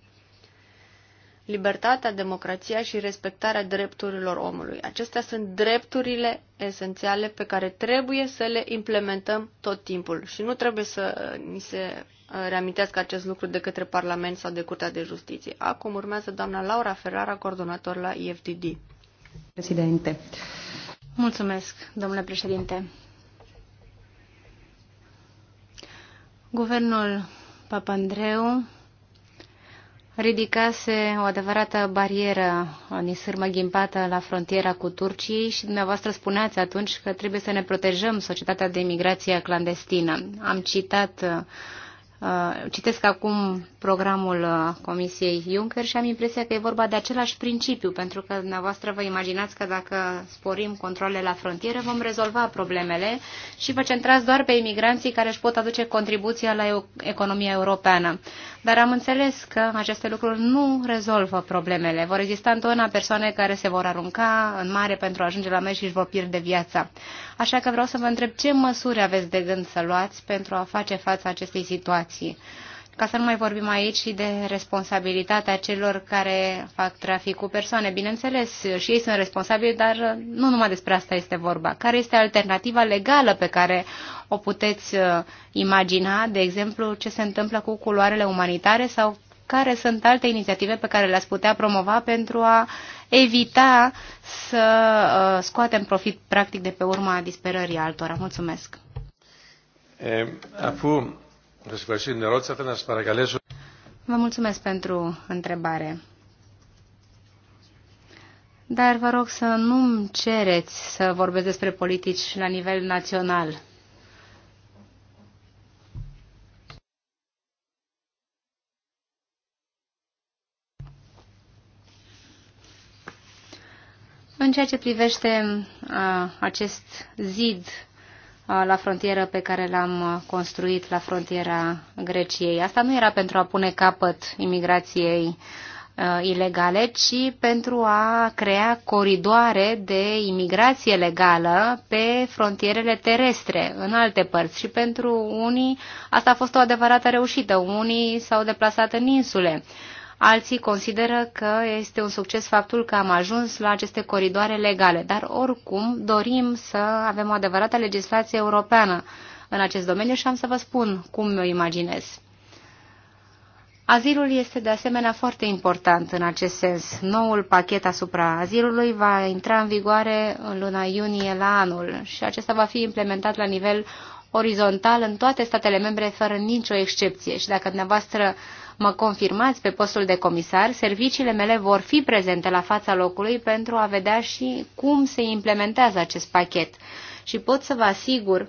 Libertatea, democrația și respectarea drepturilor omului. Acestea sunt drepturile esențiale pe care trebuie să le implementăm tot timpul și nu trebuie să ni se uh, reamintească acest lucru de către Parlament sau de Curtea de Justiție. Acum urmează doamna Laura Ferrara, coordonator la IFDD. Președinte. Mulțumesc, domnule președinte. Guvernul Papandreu ridicase o adevărată barieră nisârmă ghimpată la frontiera cu Turcii și dumneavoastră spuneați atunci că trebuie să ne protejăm societatea de imigrație clandestină. Am citat uh, Uh, citesc acum programul uh, Comisiei Juncker și am impresia că e vorba de același principiu, pentru că dumneavoastră vă imaginați că dacă sporim controlele la frontieră vom rezolva problemele și vă centrați doar pe imigranții care își pot aduce contribuția la economia europeană dar am înțeles că aceste lucruri nu rezolvă problemele. Vor exista întotdeauna persoane care se vor arunca în mare pentru a ajunge la mers și își vor pierde viața. Așa că vreau să vă întreb ce măsuri aveți de gând să luați pentru a face față acestei situații. Ca să nu mai vorbim aici și de responsabilitatea celor care fac trafic cu persoane. Bineînțeles, și ei sunt responsabili, dar nu numai despre asta este vorba. Care este alternativa legală pe care o puteți uh, imagina, de exemplu, ce se întâmplă cu culoarele umanitare sau care sunt alte inițiative pe care le-ați putea promova pentru a evita să uh, scoatem profit practic de pe urma disperării altora. Mulțumesc! E, eh, Vă mulțumesc pentru întrebare. Dar vă rog să nu-mi cereți să vorbesc despre politici la nivel național. În ceea ce privește a, uh, acest zid la frontieră pe care l-am construit la frontiera Greciei. Asta nu era pentru a pune capăt imigrației ilegale, ci pentru a crea coridoare de imigrație legală pe frontierele terestre, în alte părți. Și pentru unii asta a fost o adevărată reușită. Unii s-au deplasat în insule Alții consideră că este un succes faptul că am ajuns la aceste coridoare legale, dar oricum dorim să avem o adevărată legislație europeană în acest domeniu și am să vă spun cum mi-o imaginez. Azilul este de asemenea foarte important în acest sens. Noul pachet asupra azilului va intra în vigoare în luna iunie la anul și acesta va fi implementat la nivel orizontal în toate statele membre fără nicio excepție. Și dacă dumneavoastră mă confirmați pe postul de comisar, serviciile mele vor fi prezente la fața locului pentru a vedea și cum se implementează acest pachet. Și pot să vă asigur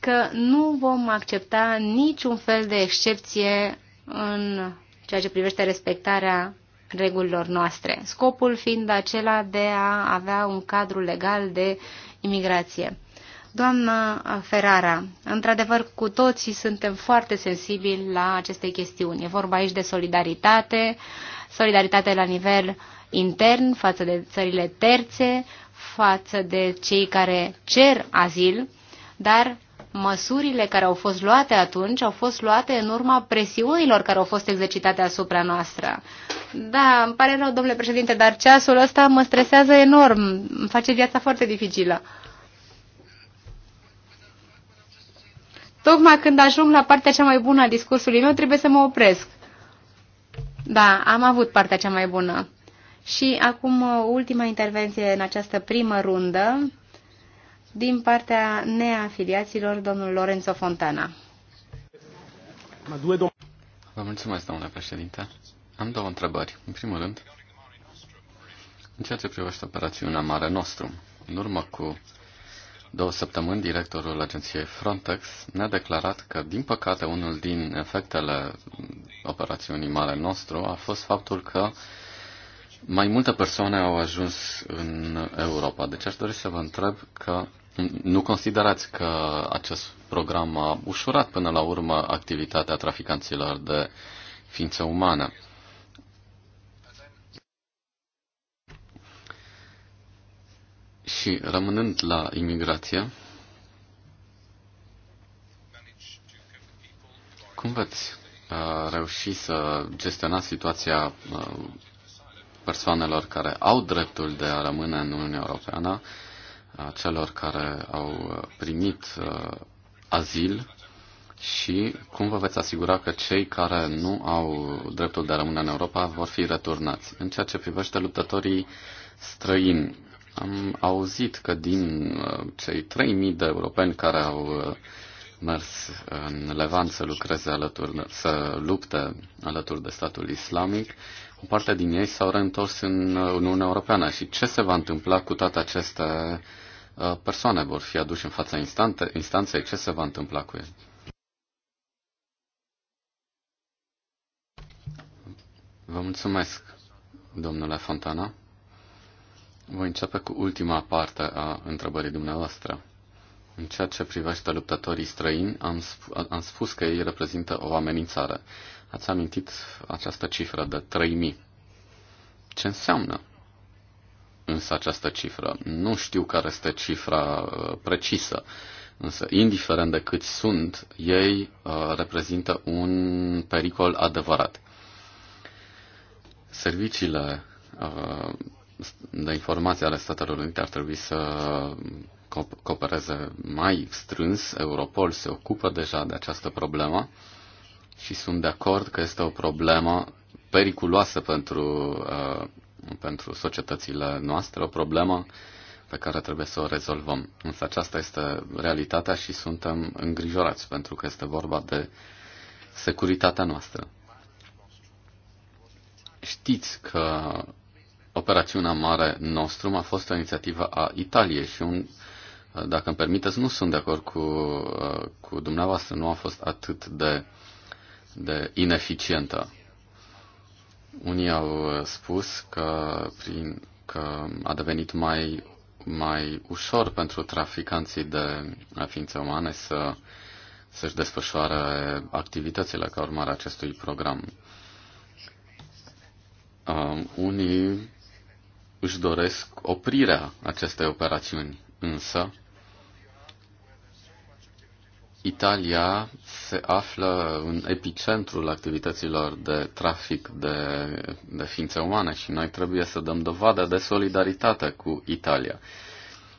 că nu vom accepta niciun fel de excepție în ceea ce privește respectarea regulilor noastre, scopul fiind acela de a avea un cadru legal de imigrație. Doamna Ferrara, într-adevăr, cu toții suntem foarte sensibili la aceste chestiuni. E vorba aici de solidaritate, solidaritate la nivel intern față de țările terțe, față de cei care cer azil, dar măsurile care au fost luate atunci au fost luate în urma presiunilor care au fost exercitate asupra noastră. Da, îmi pare rău, domnule președinte, dar ceasul ăsta mă stresează enorm, îmi face viața foarte dificilă. Tocmai când ajung la partea cea mai bună a discursului meu, trebuie să mă opresc. Da, am avut partea cea mai bună. Și acum ultima intervenție în această primă rundă din partea neafiliaților, domnul Lorenzo Fontana. Vă mulțumesc, domnule președinte. Am două întrebări. În primul rând, în ceea ce privește operațiunea Mare Nostrum, în urmă cu două săptămâni, directorul agenției Frontex ne-a declarat că, din păcate, unul din efectele operațiunii mare nostru a fost faptul că mai multe persoane au ajuns în Europa. Deci aș dori să vă întreb că nu considerați că acest program a ușurat până la urmă activitatea traficanților de ființe umane? Și rămânând la imigrație, cum veți uh, reuși să gestionați situația uh, persoanelor care au dreptul de a rămâne în Uniunea Europeană, uh, celor care au uh, primit uh, azil și cum vă veți asigura că cei care nu au dreptul de a rămâne în Europa vor fi returnați? În ceea ce privește luptătorii străini, am auzit că din uh, cei 3.000 de europeni care au uh, mers în Levant să lucreze alături, să lupte alături de statul islamic, o parte din ei s-au reîntors în uh, Uniunea Europeană. Și ce se va întâmpla cu toate aceste persoane? Vor fi aduși în fața instanței? Ce se va întâmpla cu ei? Vă mulțumesc, domnule Fontana. Voi începe cu ultima parte a întrebării dumneavoastră. În ceea ce privește luptătorii străini, am, sp- am spus că ei reprezintă o amenințare. Ați amintit această cifră de 3.000. Ce înseamnă însă această cifră? Nu știu care este cifra uh, precisă, însă indiferent de câți sunt, ei uh, reprezintă un pericol adevărat. Serviciile uh, de informații ale Statelor Unite ar trebui să coopereze mai strâns. Europol se ocupă deja de această problemă și sunt de acord că este o problemă periculoasă pentru, uh, pentru societățile noastre, o problemă pe care trebuie să o rezolvăm. Însă aceasta este realitatea și suntem îngrijorați pentru că este vorba de securitatea noastră. Știți că Operațiunea Mare Nostrum a fost o inițiativă a Italiei și un dacă îmi permiteți, nu sunt de acord cu, cu dumneavoastră, nu a fost atât de, de ineficientă. Unii au spus că, prin, că a devenit mai, mai ușor pentru traficanții de ființe umane să, să-și desfășoare activitățile ca urmare a acestui program. Um, unii își doresc oprirea acestei operațiuni, însă Italia se află în epicentrul activităților de trafic de, de ființe umane și noi trebuie să dăm dovadă de solidaritate cu Italia.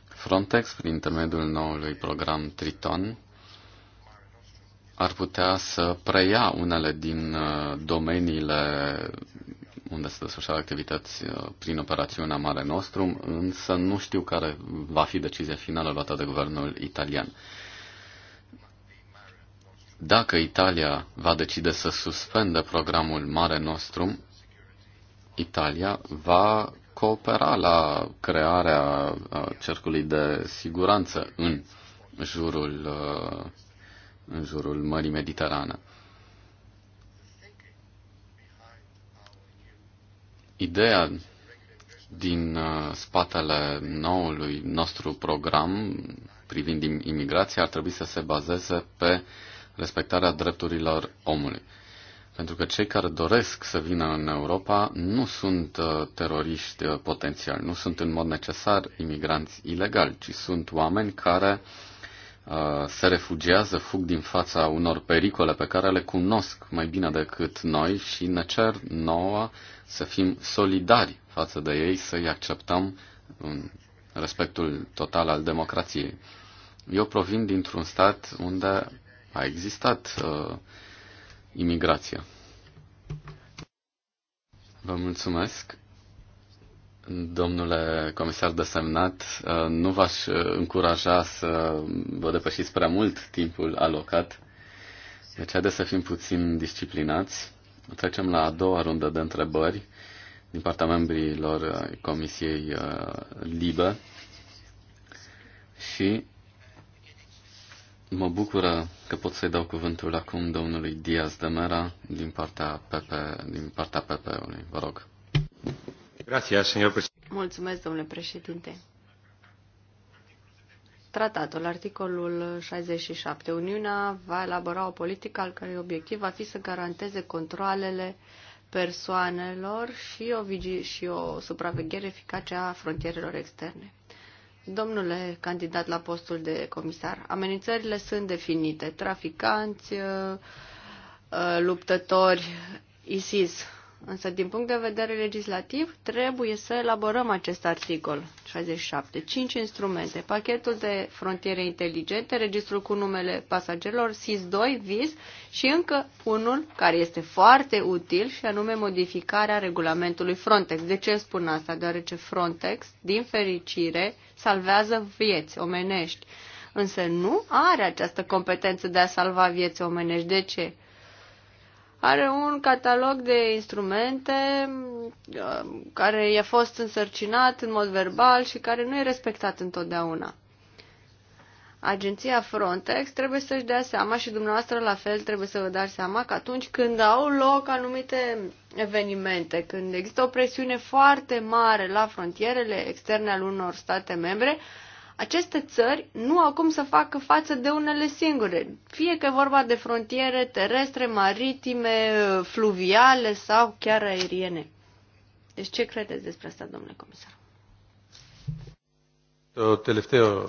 Frontex, prin intermediul noului program Triton, ar putea să preia unele din uh, domeniile unde se desfășoară activități uh, prin operațiunea Mare Nostrum, însă nu știu care va fi decizia finală luată de guvernul italian. Dacă Italia va decide să suspende programul Mare Nostrum, Italia va coopera la crearea uh, cercului de siguranță în jurul, uh, în jurul Mării Mediterane. Ideea din uh, spatele noului nostru program privind imigrația ar trebui să se bazeze pe respectarea drepturilor omului. Pentru că cei care doresc să vină în Europa nu sunt uh, teroriști uh, potențiali, nu sunt în mod necesar imigranți ilegali, ci sunt oameni care se refugiază, fug din fața unor pericole pe care le cunosc mai bine decât noi și ne cer nouă să fim solidari față de ei, să-i acceptăm în respectul total al democrației. Eu provin dintr-un stat unde a existat uh, imigrația. Vă mulțumesc. Domnule comisar desemnat, uh, nu v-aș uh, încuraja să vă depășiți prea mult timpul alocat, deci haideți să fim puțin disciplinați. Trecem la a doua rundă de întrebări din partea membrilor uh, Comisiei uh, Libe și mă bucură că pot să-i dau cuvântul acum domnului Diaz de Mera din partea, PP, din partea PP-ului. Vă rog. Grazie, Mulțumesc, domnule președinte. Tratatul, articolul 67. Uniunea va elabora o politică al cărei obiectiv va fi să garanteze controlele persoanelor și o, vigi- și o supraveghere eficace a frontierelor externe. Domnule candidat la postul de comisar, amenințările sunt definite. Traficanți, uh, uh, luptători, ISIS, Însă, din punct de vedere legislativ, trebuie să elaborăm acest articol 67. Cinci instrumente. Pachetul de frontiere inteligente, registrul cu numele pasagerilor, SIS-2, VIS și încă unul care este foarte util și anume modificarea regulamentului Frontex. De ce spun asta? Deoarece Frontex, din fericire, salvează vieți omenești. Însă nu are această competență de a salva vieți omenești. De ce? are un catalog de instrumente uh, care i-a fost însărcinat în mod verbal și care nu e respectat întotdeauna. Agenția Frontex trebuie să-și dea seama și dumneavoastră la fel trebuie să vă dați seama că atunci când au loc anumite evenimente, când există o presiune foarte mare la frontierele externe al unor state membre, aceste țări nu au cum să facă față de unele singure, fie că e vorba de frontiere terestre, maritime, fluviale sau chiar aeriene. Deci ce credeți despre asta, domnule comisar? Το τελευταίο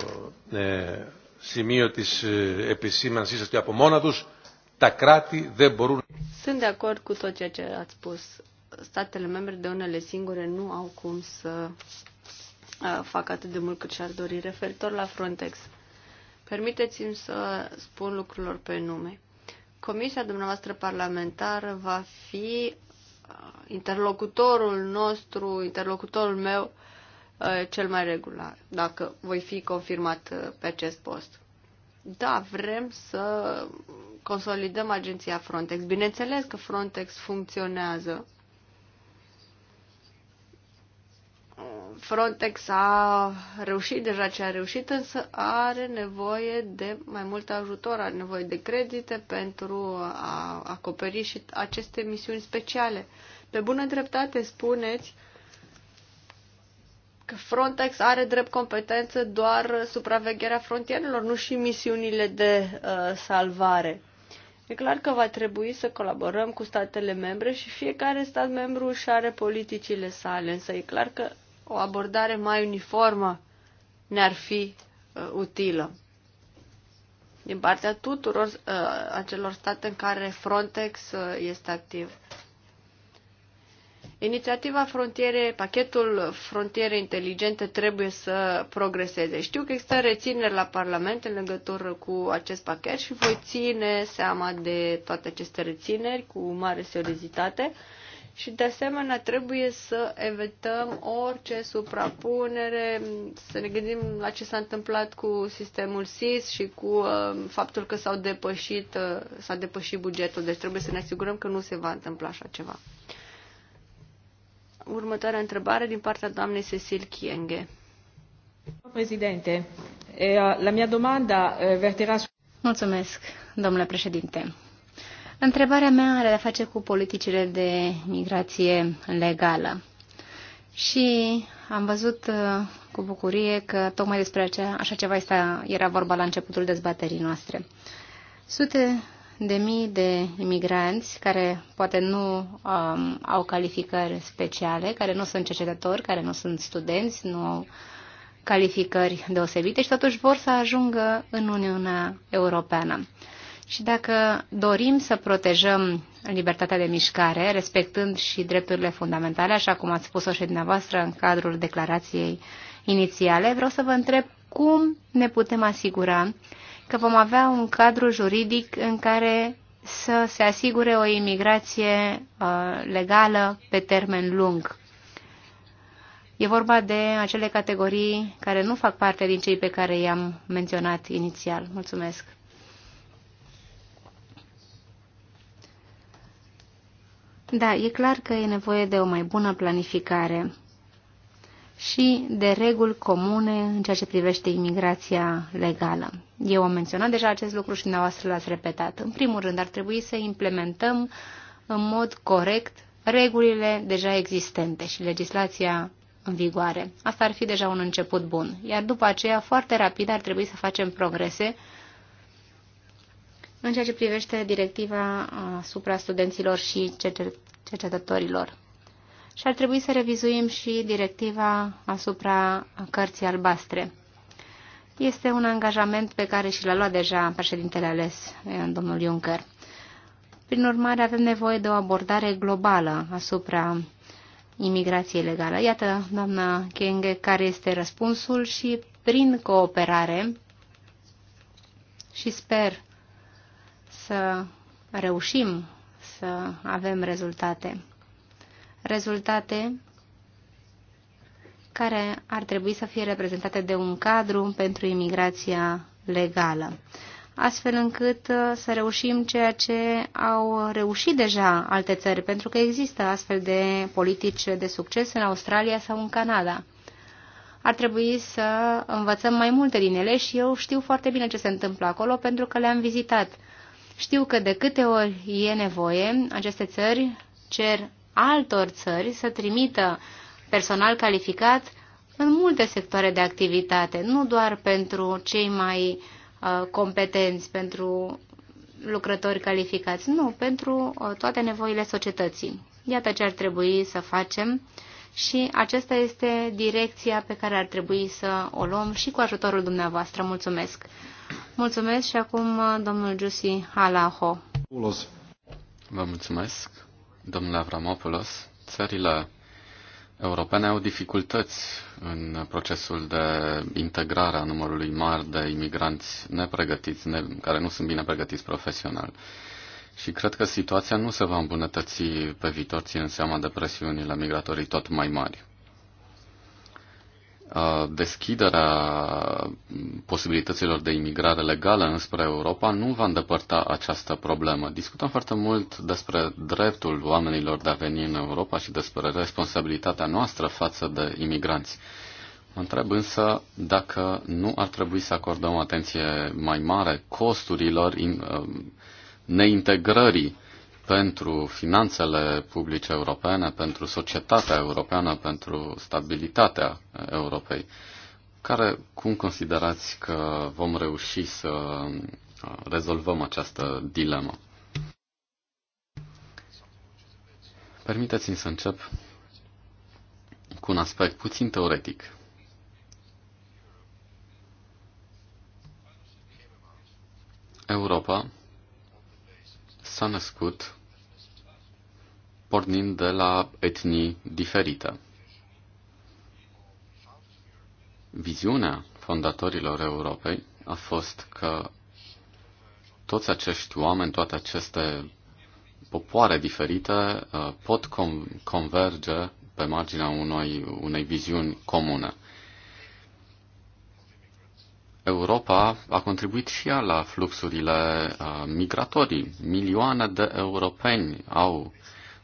ε, σημείο της επισήμανσής σας από μόνα τους, τα κράτη δεν μπορούν... Sunt de acord cu tot ceea ce ați spus. Statele membre de unele singure nu au cum să Uh, fac atât de mult cât și-ar dori. Referitor la Frontex, permiteți-mi să spun lucrurilor pe nume. Comisia dumneavoastră parlamentară va fi uh, interlocutorul nostru, interlocutorul meu uh, cel mai regular, dacă voi fi confirmat pe acest post. Da, vrem să consolidăm agenția Frontex. Bineînțeles că Frontex funcționează Frontex a reușit deja ce a reușit, însă are nevoie de mai mult ajutor, are nevoie de credite pentru a acoperi și aceste misiuni speciale. Pe bună dreptate spuneți că Frontex are drept competență doar supravegherea frontierelor, nu și misiunile de uh, salvare. E clar că va trebui să colaborăm cu statele membre și fiecare stat membru își are politicile sale, însă e clar că o abordare mai uniformă ne-ar fi uh, utilă din partea tuturor uh, acelor state în care Frontex uh, este activ. Inițiativa frontiere, pachetul frontiere inteligente trebuie să progreseze. Știu că există rețineri la Parlament în legătură cu acest pachet și voi ține seama de toate aceste rețineri cu mare seriozitate. Uh, și de asemenea trebuie să evităm orice suprapunere, să ne gândim la ce s-a întâmplat cu sistemul SIS și cu uh, faptul că s-au depășit, uh, s-a depășit bugetul, deci trebuie să ne asigurăm că nu se va întâmpla așa ceva. Următoarea întrebare din partea doamnei Cecil Chienghe. Președinte, la mia domanda verterà Mulțumesc, domnule președinte. Întrebarea mea are de-a face cu politicile de migrație legală. Și am văzut uh, cu bucurie că tocmai despre acea, așa ceva este, era vorba la începutul dezbaterii noastre. Sute de mii de imigranți care poate nu um, au calificări speciale, care nu sunt cercetători, care nu sunt studenți, nu au calificări deosebite și totuși vor să ajungă în Uniunea Europeană. Și dacă dorim să protejăm libertatea de mișcare, respectând și drepturile fundamentale, așa cum ați spus-o și dumneavoastră în cadrul declarației inițiale, vreau să vă întreb cum ne putem asigura că vom avea un cadru juridic în care să se asigure o imigrație uh, legală pe termen lung. E vorba de acele categorii care nu fac parte din cei pe care i-am menționat inițial. Mulțumesc! Da, e clar că e nevoie de o mai bună planificare și de reguli comune în ceea ce privește imigrația legală. Eu am menționat deja acest lucru și dumneavoastră l-ați repetat. În primul rând, ar trebui să implementăm în mod corect regulile deja existente și legislația în vigoare. Asta ar fi deja un început bun. Iar după aceea, foarte rapid, ar trebui să facem progrese în ceea ce privește directiva asupra studenților și cercetătorilor. Și ar trebui să revizuim și directiva asupra cărții albastre. Este un angajament pe care și l-a luat deja președintele ales, eh, domnul Juncker. Prin urmare, avem nevoie de o abordare globală asupra imigrației legale. Iată, doamna Kenge, care este răspunsul și prin cooperare și sper să reușim să avem rezultate. Rezultate care ar trebui să fie reprezentate de un cadru pentru imigrația legală, astfel încât uh, să reușim ceea ce au reușit deja alte țări, pentru că există astfel de politici de succes în Australia sau în Canada. Ar trebui să învățăm mai multe din ele și eu știu foarte bine ce se întâmplă acolo pentru că le-am vizitat. Știu că de câte ori e nevoie, aceste țări cer altor țări să trimită personal calificat în multe sectoare de activitate, nu doar pentru cei mai uh, competenți, pentru lucrători calificați, nu, pentru uh, toate nevoile societății. Iată ce ar trebui să facem uh, și aceasta este direcția pe care ar trebui să o luăm și cu ajutorul dumneavoastră. Mulțumesc! Mulțumesc și acum domnul Giusi Halaho. Vă mulțumesc, domnule Avramopoulos. Țările europene au dificultăți în procesul de integrare a numărului mare de imigranți nepregătiți, ne, care nu sunt bine pregătiți profesional. Uh, și cred că situația nu se va îmbunătăți pe viitor, ținând seama de presiunile migratorii tot mai mari. Deschiderea posibilităților de imigrare legală înspre Europa nu va îndepărta această problemă. Discutăm foarte mult despre dreptul oamenilor de a veni în Europa și despre responsabilitatea noastră față de imigranți. Mă întreb însă dacă nu ar trebui să acordăm atenție mai mare costurilor in, neintegrării pentru finanțele publice europene, pentru societatea europeană, pentru stabilitatea Europei. Care, cum considerați că vom reuși să rezolvăm această dilemă? Permiteți-mi să încep cu un aspect puțin teoretic. Europa s-a născut pornind de la etnii diferite. Viziunea fondatorilor Europei a fost că toți acești oameni, toate aceste popoare diferite uh, pot converge pe marginea unei, unei viziuni comune. Europa a contribuit și ea la fluxurile uh, migratorii. Milioane de europeni au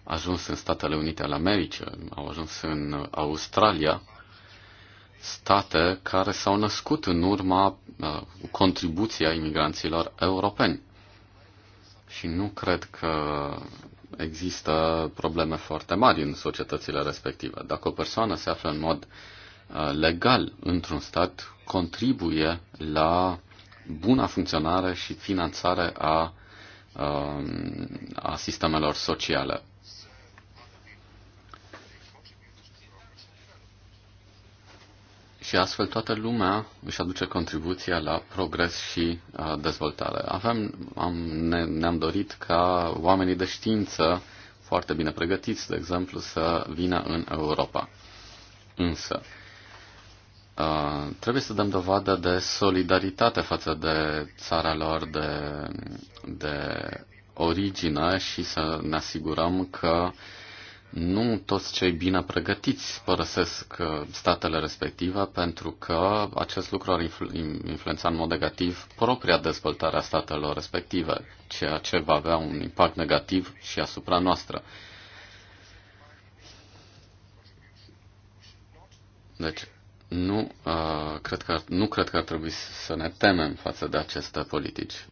ajuns în Statele Unite ale Americii, au ajuns în Australia, state care s-au născut în urma uh, contribuția imigranților europeni. Și nu cred că există probleme foarte mari în societățile respective. Dacă o persoană se află în mod uh, Uh, legal într-un stat contribuie la buna funcționare și finanțare a, um, a sistemelor sociale. Și astfel toată lumea își aduce contribuția la progres și uh, dezvoltare. Avem, am, ne, ne-am dorit ca oamenii de știință foarte bine pregătiți, de exemplu, să vină în Europa. Însă, Uh, trebuie să dăm dovadă de solidaritate față de țara lor de, de origine și să ne asigurăm că nu toți cei bine pregătiți părăsesc uh, statele respective pentru că acest lucru ar influența în mod negativ propria dezvoltare a statelor respective, ceea ce va avea un impact negativ și asupra noastră. Deci, nu, uh, cred că ar, nu cred că ar trebui să ne temem față de aceste politici.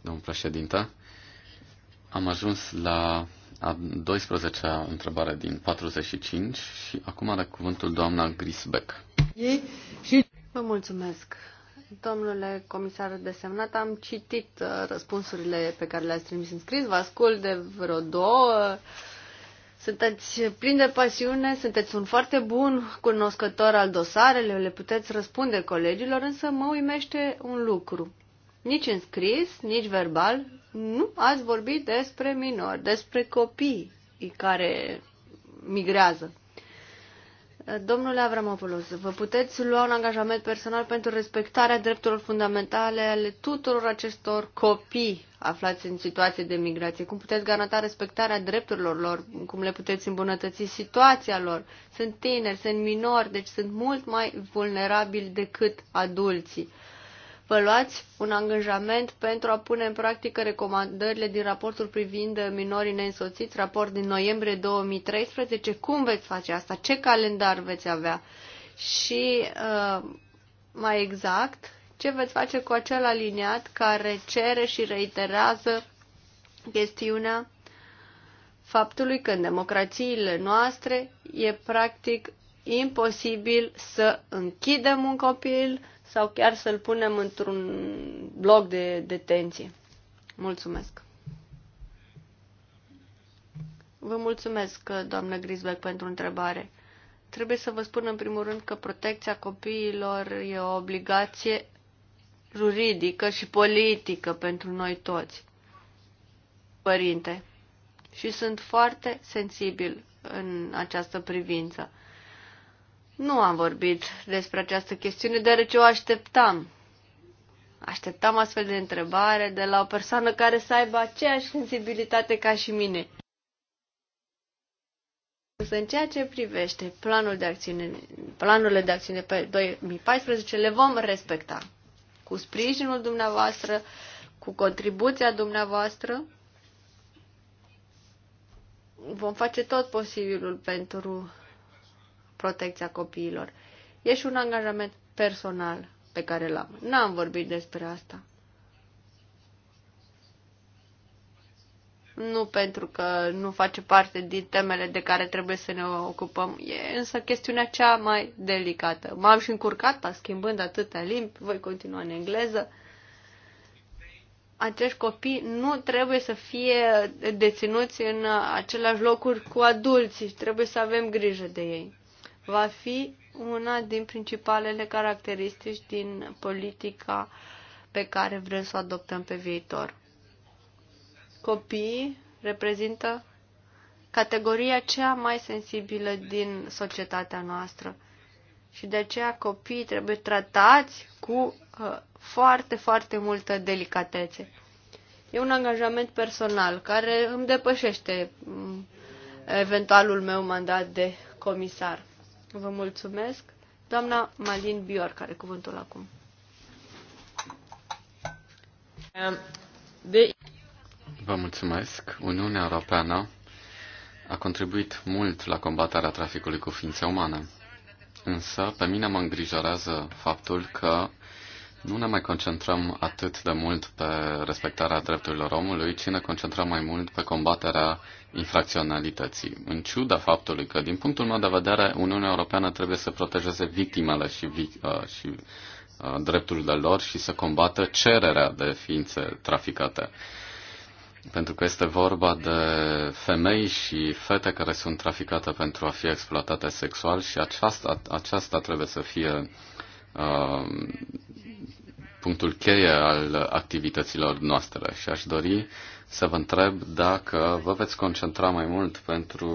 Domnul președinte, am ajuns la a 12-a întrebare din 45 și acum are cuvântul doamna Grisbeck. Vă mulțumesc. Domnule comisar desemnat, am citit uh, răspunsurile pe care le-ați trimis în scris, vă ascult de vreo două sunteți plin de pasiune, sunteți un foarte bun cunoscător al dosarelor, le puteți răspunde colegilor, însă mă uimește un lucru. Nici în scris, nici verbal, nu ați vorbit despre minori, despre copii care migrează Domnule Avramopoulos, vă puteți lua un angajament personal pentru respectarea drepturilor fundamentale ale tuturor acestor copii aflați în situație de migrație? Cum puteți garanta respectarea drepturilor lor? Cum le puteți îmbunătăți situația lor? Sunt tineri, sunt minori, deci sunt mult mai vulnerabili decât adulții vă luați un angajament pentru a pune în practică recomandările din raportul privind minorii neînsoțiți, raport din noiembrie 2013. Cum veți face asta? Ce calendar veți avea? Și uh, mai exact, ce veți face cu acel aliniat care cere și reiterează chestiunea faptului că în democrațiile noastre e practic imposibil să închidem un copil, sau chiar să-l punem într-un bloc de detenție. Mulțumesc! Vă mulțumesc, doamnă Grisbeck, pentru întrebare. Trebuie să vă spun în primul rând că protecția copiilor e o obligație juridică și politică pentru noi toți, părinte. Și sunt foarte sensibil în această privință. Nu am vorbit despre această chestiune, deoarece o așteptam. Așteptam astfel de întrebare de la o persoană care să aibă aceeași sensibilitate ca și mine. Însă în ceea ce privește planul de acțiune, planurile de acțiune pe 2014 le vom respecta. Cu sprijinul dumneavoastră, cu contribuția dumneavoastră, vom face tot posibilul pentru protecția copiilor. E și un angajament personal pe care l-am. N-am vorbit despre asta. Nu pentru că nu face parte din temele de care trebuie să ne ocupăm, e însă chestiunea cea mai delicată. M-am și încurcat, schimbând atâtea limbi, voi continua în engleză acești copii nu trebuie să fie deținuți în aceleași locuri cu adulții, trebuie să avem grijă de ei va fi una din principalele caracteristici din politica pe care vrem să o adoptăm pe viitor. Copiii reprezintă categoria cea mai sensibilă din societatea noastră și de aceea copiii trebuie tratați cu uh, foarte, foarte multă delicatețe. E un angajament personal care îmi depășește um, eventualul meu mandat de comisar. Vă mulțumesc. Doamna Malin Bior, care cuvântul acum. Um, Vă mulțumesc. Uniunea Europeană a contribuit mult la combaterea traficului cu ființe umane. Însă, pe mine mă îngrijorează faptul că nu ne mai concentrăm atât de mult pe respectarea drepturilor omului, ci ne concentrăm mai mult pe combaterea infracționalității. În ciuda faptului că, din punctul meu de vedere, Uniunea Europeană trebuie să protejeze victimele și, vi- uh, și uh, drepturile lor și să combată cererea de ființe traficate. Pentru că este vorba de femei și fete care sunt traficate pentru a fi exploatate sexual și aceasta, aceasta trebuie să fie uh, punctul cheie al activităților noastre și aș dori să vă întreb dacă vă veți concentra mai mult pentru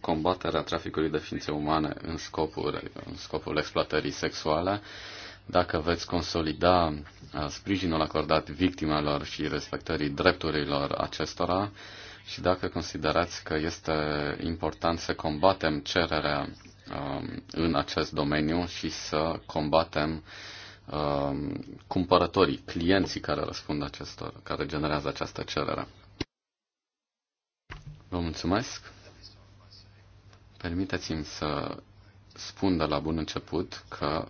combaterea traficului de ființe umane în scopul, în scopul exploatării sexuale, dacă veți consolida uh, sprijinul acordat victimelor și respectării drepturilor acestora și dacă considerați că este important să combatem cererea um, în acest domeniu și să combatem uh, Um, cumpărătorii, clienții care răspund acestor, care generează această cerere. Vă mulțumesc. Permiteți-mi să spun de la bun început că,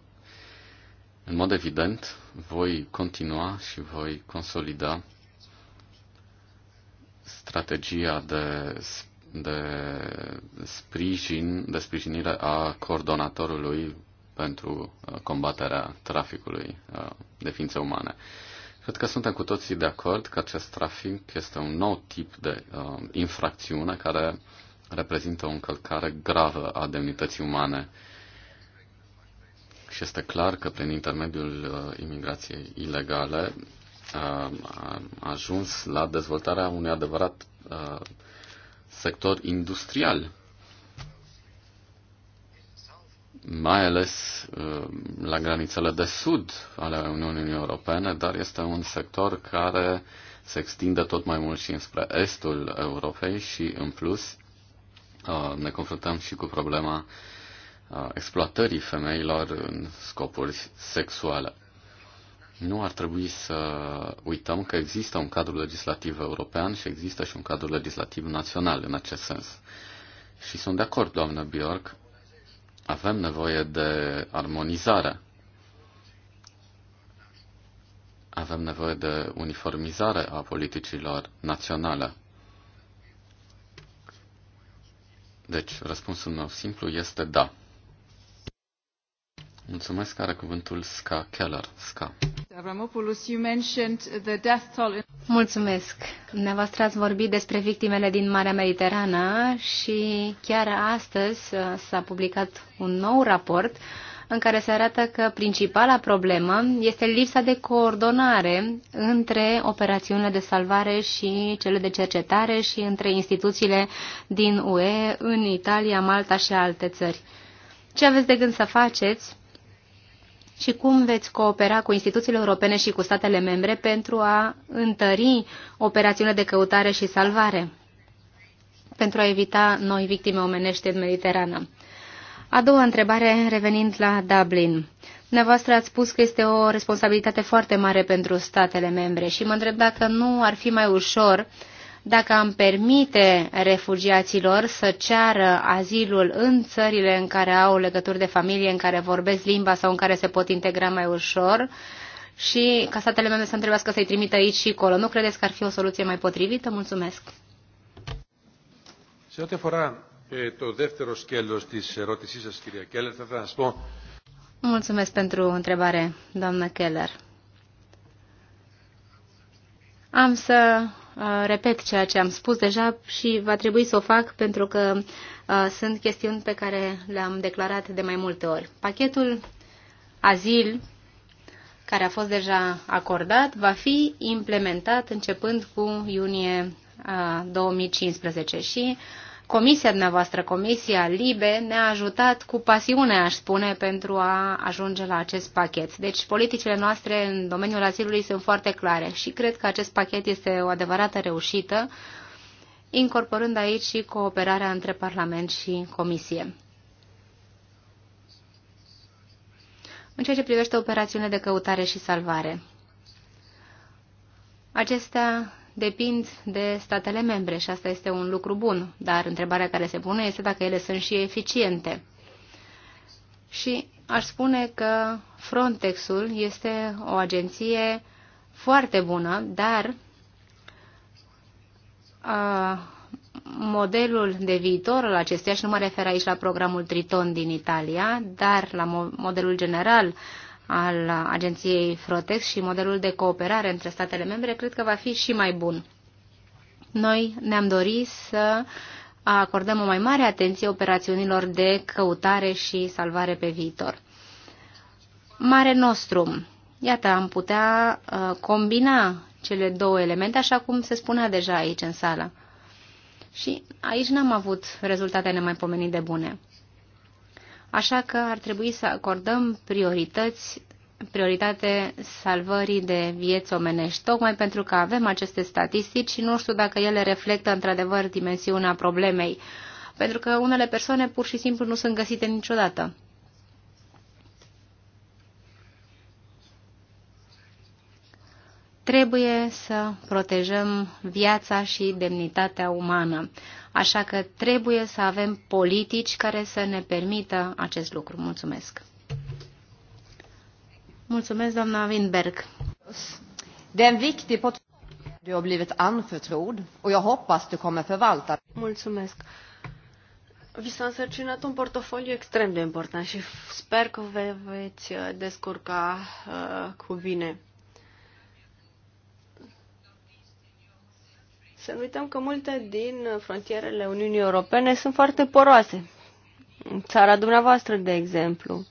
în mod evident, voi continua și voi consolida strategia de, de sprijin, de sprijinire a coordonatorului pentru uh, combaterea traficului uh, de ființe umane. Cred că suntem cu toții de acord că acest trafic este un nou tip de uh, infracțiune care reprezintă o încălcare gravă a demnității umane și este clar că prin intermediul uh, imigrației ilegale uh, a ajuns la dezvoltarea unui adevărat uh, sector industrial mai ales uh, la granițele de sud ale Uniunii Europene, dar este un sector care se extinde tot mai mult și înspre estul Europei și, în plus, uh, ne confruntăm și cu problema uh, exploatării femeilor în scopuri sexuale. Nu ar trebui să uităm că există un cadru legislativ european și există și un cadru legislativ național în acest sens. Și sunt de acord, doamnă Bjork, avem nevoie de armonizare. Avem nevoie de uniformizare a politicilor naționale. Deci, răspunsul meu simplu este da. Mulțumesc, are cuvântul Ska Keller. Ska. Mulțumesc. Dumneavoastră ați vorbit despre victimele din Marea Mediterană și chiar astăzi uh, s-a publicat un nou raport în care se arată că principala problemă este lipsa de coordonare între operațiunile de salvare și cele de cercetare și între instituțiile din UE în Italia, Malta și alte țări. Ce aveți de gând să faceți și cum veți coopera cu instituțiile europene și cu statele membre pentru a întări operațiunile de căutare și salvare, pentru a evita noi victime omenești în Mediterană. A doua întrebare, revenind la Dublin. Dumneavoastră ați spus că este o responsabilitate foarte mare pentru statele membre și mă întreb dacă nu ar fi mai ușor uh, dacă am permite refugiaților să ceară azilul în țările în care au legături de familie, în care vorbesc limba sau în care se pot integra mai ușor, și ca statele membre să nu trebuiască să-i trimită aici și acolo. Nu credeți că ar fi o soluție mai potrivită? Mulțumesc. Se ό,τι αφορά ε, το δεύτερο σκέλος της ερώτησής σας, κυρία Κέλλερ, θα Mulțumesc pentru întrebare, doamnă Keller. Am să Uh, repet ceea ce am spus deja și va trebui să o fac pentru că uh, sunt chestiuni pe care le-am declarat de mai multe ori. Pachetul azil care a fost deja acordat va fi implementat începând cu iunie 2015 uh, și Comisia dumneavoastră, Comisia LIBE, ne-a ajutat cu pasiune, aș spune, pentru a ajunge la acest pachet. Deci politicile noastre în domeniul asilului sunt foarte clare și cred că acest pachet este o adevărată reușită, incorporând aici și cooperarea între Parlament și Comisie. În ceea ce privește operațiunile de căutare și salvare, acestea depind de statele membre și asta este un lucru bun, dar întrebarea care se pune este dacă ele sunt și eficiente. Și aș spune că Frontexul este o agenție foarte bună, dar a, modelul de viitor al acesteia, și nu mă refer aici la programul Triton din Italia, dar la modelul general al agenției Frontex și modelul de cooperare între statele membre, cred că va fi și mai bun. Noi ne-am dorit să acordăm o mai mare atenție operațiunilor de căutare și salvare pe viitor. Mare Nostrum. Iată, am putea uh, combina cele două elemente, așa cum se spunea deja aici în sală. Și aici n-am avut rezultate nemaipomenit de bune. Așa că ar trebui să acordăm priorități, prioritate salvării de vieți omenești, tocmai pentru că avem aceste statistici și nu știu dacă ele reflectă într-adevăr dimensiunea problemei, pentru că unele persoane pur și simplu nu sunt găsite niciodată. Trebuie să protejăm viața și demnitatea umană, așa că trebuie să avem politici care să ne permită acest lucru. Mulțumesc! Mulțumesc, doamna Winberg! du har blivit och jag hoppas du kommer förvalta. Mulțumesc. Vi s-a însărcinat un portofoliu extrem de important și sper că vă veți uh, descurca uh, cu bine. Să nu uităm că multe din frontierele Uniunii Europene sunt foarte poroase. Țara dumneavoastră, de exemplu.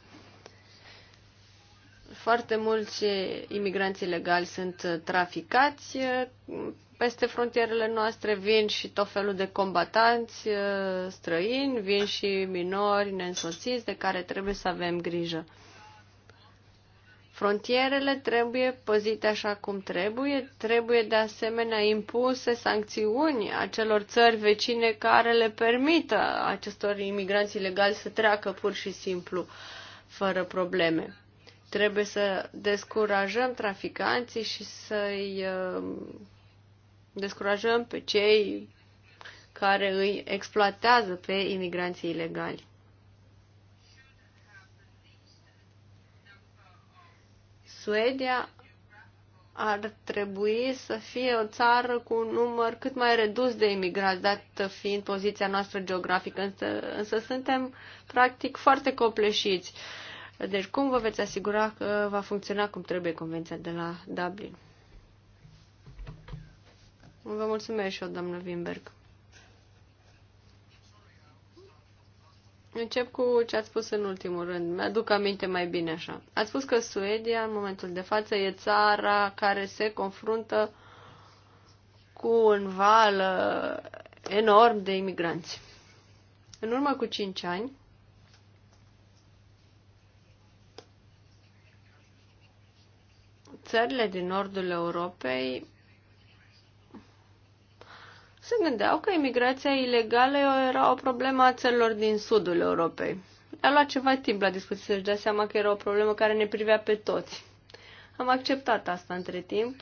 Foarte mulți imigranți ilegali sunt traficați peste frontierele noastre, vin și tot felul de combatanți străini, vin și minori neînsoțiți de care trebuie să avem grijă. Frontierele trebuie păzite așa cum trebuie, trebuie de asemenea impuse sancțiuni acelor țări vecine care le permită acestor imigranți ilegali să treacă pur și simplu fără probleme. Trebuie să descurajăm traficanții și să-i uh, descurajăm pe cei care îi exploatează pe imigranții ilegali. Suedia ar trebui să fie o țară cu un număr cât mai redus de imigranți, dată fiind poziția noastră geografică, însă, însă suntem practic foarte copleșiți. Deci cum vă veți asigura că va funcționa cum trebuie Convenția de la Dublin? Vă mulțumesc și eu, doamnă Wimberg. Încep cu ce ați spus în ultimul rând. Mi-aduc aminte mai bine așa. Ați spus că Suedia, în momentul de față, e țara care se confruntă cu un val uh, enorm de imigranți. În urmă cu 5 ani, țările din nordul Europei se gândeau că imigrația ilegală era o problemă a țărilor din sudul Europei. A luat ceva timp la discuție să-și dea seama că era o problemă care ne privea pe toți. Am acceptat asta între timp,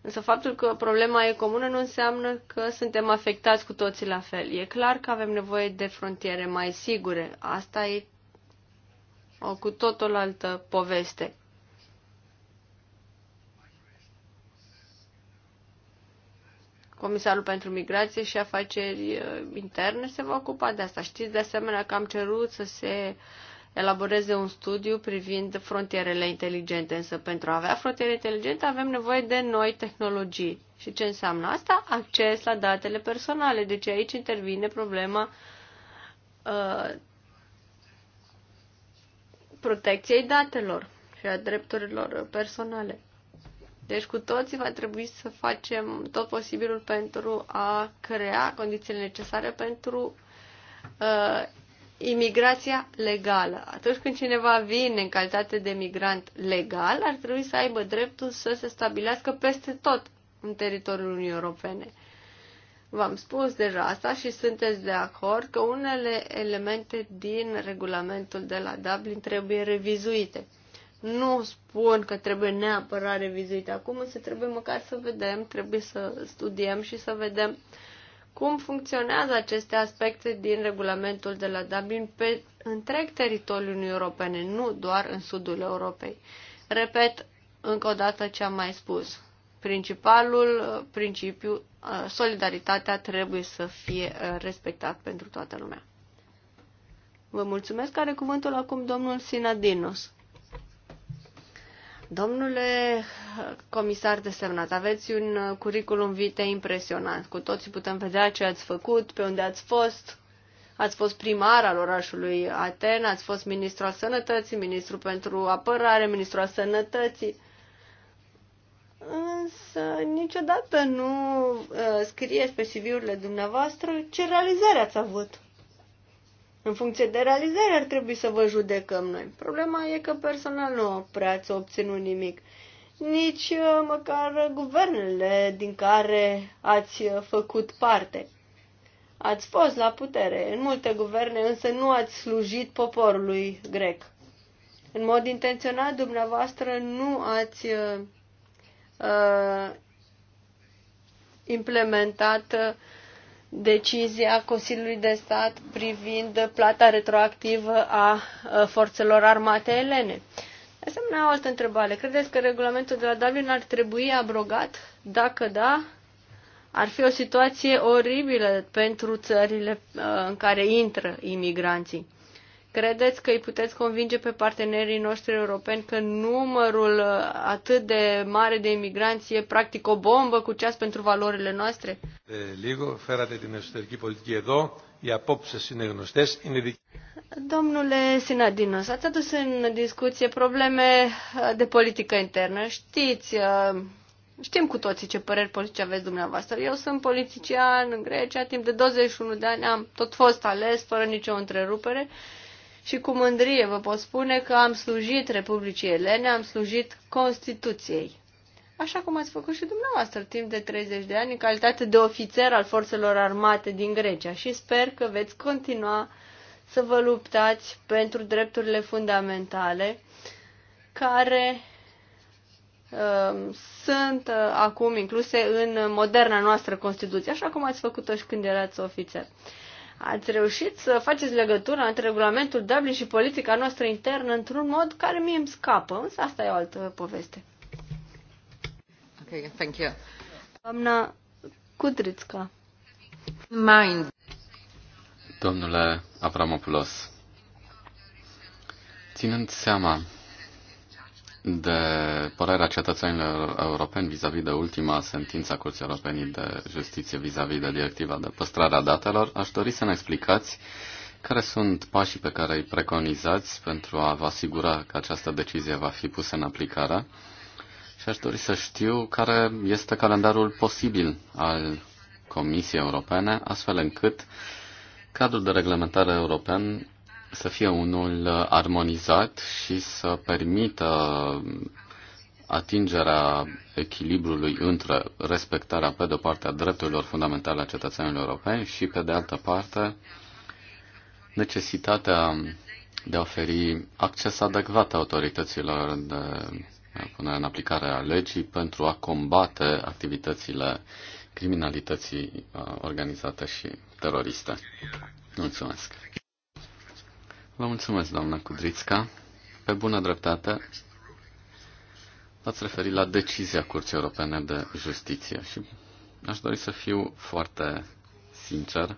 însă faptul că problema e comună nu înseamnă că suntem afectați cu toții la fel. E clar că avem nevoie de frontiere mai sigure. Asta e o cu totul altă poveste. Comisarul pentru Migrație și Afaceri uh, Interne se va ocupa de asta. Știți de asemenea că am cerut să se elaboreze un studiu privind frontierele inteligente, însă pentru a avea frontiere inteligente avem nevoie de noi tehnologii. Și ce înseamnă asta? Acces la datele personale. Deci aici intervine problema uh, protecției datelor și a drepturilor personale. Deci cu toții va trebui să facem tot posibilul pentru a crea condițiile necesare pentru uh, imigrația legală. Atunci când cineva vine în calitate de migrant legal, ar trebui să aibă dreptul să se stabilească peste tot în teritoriul Uniunii Europene. V-am spus deja asta și sunteți de acord că unele elemente din regulamentul de la Dublin trebuie revizuite. Nu spun că trebuie neapărat revizuit acum, însă trebuie măcar să vedem, trebuie să studiem și să vedem cum funcționează aceste aspecte din regulamentul de la Dublin pe întreg teritoriul Uniunii Europene, nu doar în sudul Europei. Repet încă o dată ce am mai spus. Principalul principiu, uh, solidaritatea trebuie să fie uh, respectat pentru toată lumea. Vă mulțumesc. Are cuvântul acum domnul Sinadinos. Domnule comisar desemnat, aveți un curriculum vitae impresionant. Cu toții putem vedea ce ați făcut, pe unde ați fost. Ați fost primar al orașului Aten, ați fost ministru al sănătății, ministru pentru apărare, ministru al sănătății. Însă niciodată nu uh, scrieți pe CV-urile dumneavoastră ce realizare ați avut. În funcție de realizare ar trebui să vă judecăm noi. Problema e că personal nu prea ați obținut nimic. Nici uh, măcar guvernele din care ați uh, făcut parte. Ați fost la putere în multe guverne, însă nu ați slujit poporului grec. În mod intenționat, dumneavoastră nu ați uh, uh implementat uh, decizia Consiliului de Stat privind plata retroactivă a forțelor armate elene. De asemenea, o altă întrebare. Credeți că regulamentul de la Dublin ar trebui abrogat? Dacă da, ar fi o situație oribilă pentru țările în care intră imigranții. Credeți că îi puteți convinge pe partenerii noștri europeni că numărul uh, atât de mare de imigranți e practic o bombă cu ceas pentru valorile noastre? Eh, Ligo, ferate din exoterică politică edo, οι απόψεις είναι γνωστές, Domnule Sinadinos, ați adus în discuție probleme uh, de politică internă. Știți, uh, știm cu toții ce păreri politice aveți dumneavoastră. Eu sunt politician în Grecia, timp de 21 de ani am tot fost ales fără nicio întrerupere și cu mândrie vă pot spune că am slujit Republicii Elene, am slujit Constituției. Așa cum ați făcut și dumneavoastră timp de 30 de ani în calitate de ofițer al forțelor armate din Grecia și sper că veți continua să vă luptați pentru drepturile fundamentale care um, sunt uh, acum incluse în moderna noastră Constituție, așa cum ați făcut-o și când erați ofițer. Ați reușit să faceți legătura între regulamentul Dublin și politica noastră internă într-un mod care mie îmi scapă, însă asta e o altă poveste. Okay, thank you. Doamna Kudrițca. Mind. Domnule Avramopoulos, ținând seama de părerea cetățenilor europeni vis-a-vis -vis de ultima sentință a Curții Europenii de Justiție vis-a-vis -vis de directiva de păstrare a datelor, aș dori să ne explicați care sunt pașii pe care îi preconizați pentru a vă asigura că această decizie va fi pusă în aplicare și aș dori să știu care este calendarul posibil al Comisiei Europene, astfel încât cadrul de reglementare european să fie unul uh, armonizat și să permită atingerea echilibrului între respectarea, pe de-o parte, a drepturilor fundamentale a cetățenilor europeni și, pe de altă parte, necesitatea de a oferi acces adecvat autorităților de punere în aplicare a legii pentru a combate activitățile criminalității uh, organizate și teroriste. Mulțumesc! Vă mulțumesc, doamna Cudrițca. Pe bună dreptate, v-ați referit la decizia Curții Europene de Justiție și aș dori să fiu foarte sincer.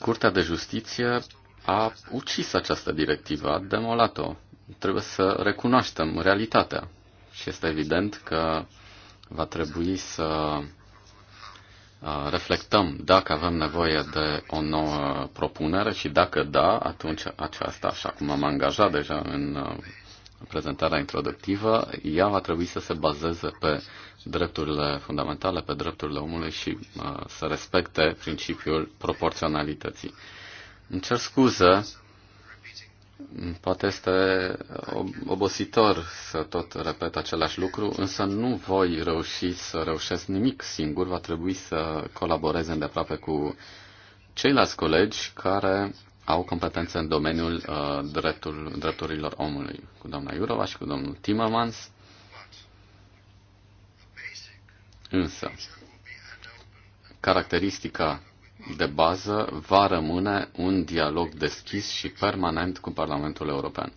Curtea de Justiție a ucis această directivă, a demolat-o. Trebuie să recunoaștem realitatea și este evident că va trebui să reflectăm dacă avem nevoie de o nouă propunere și dacă da, atunci aceasta, așa cum am angajat deja în prezentarea introductivă, ea va trebui să se bazeze pe drepturile fundamentale, pe drepturile omului și să respecte principiul proporționalității. Îmi cer scuze Poate este obositor să tot repet același lucru, însă nu voi reuși să reușesc nimic singur, va trebui să colaborez îndeaproape cu ceilalți colegi care au competențe în domeniul uh, dreptul, drepturilor omului, cu doamna Iurova și cu domnul Timmermans. Însă, caracteristica de bază va rămâne un dialog deschis și permanent cu Parlamentul European,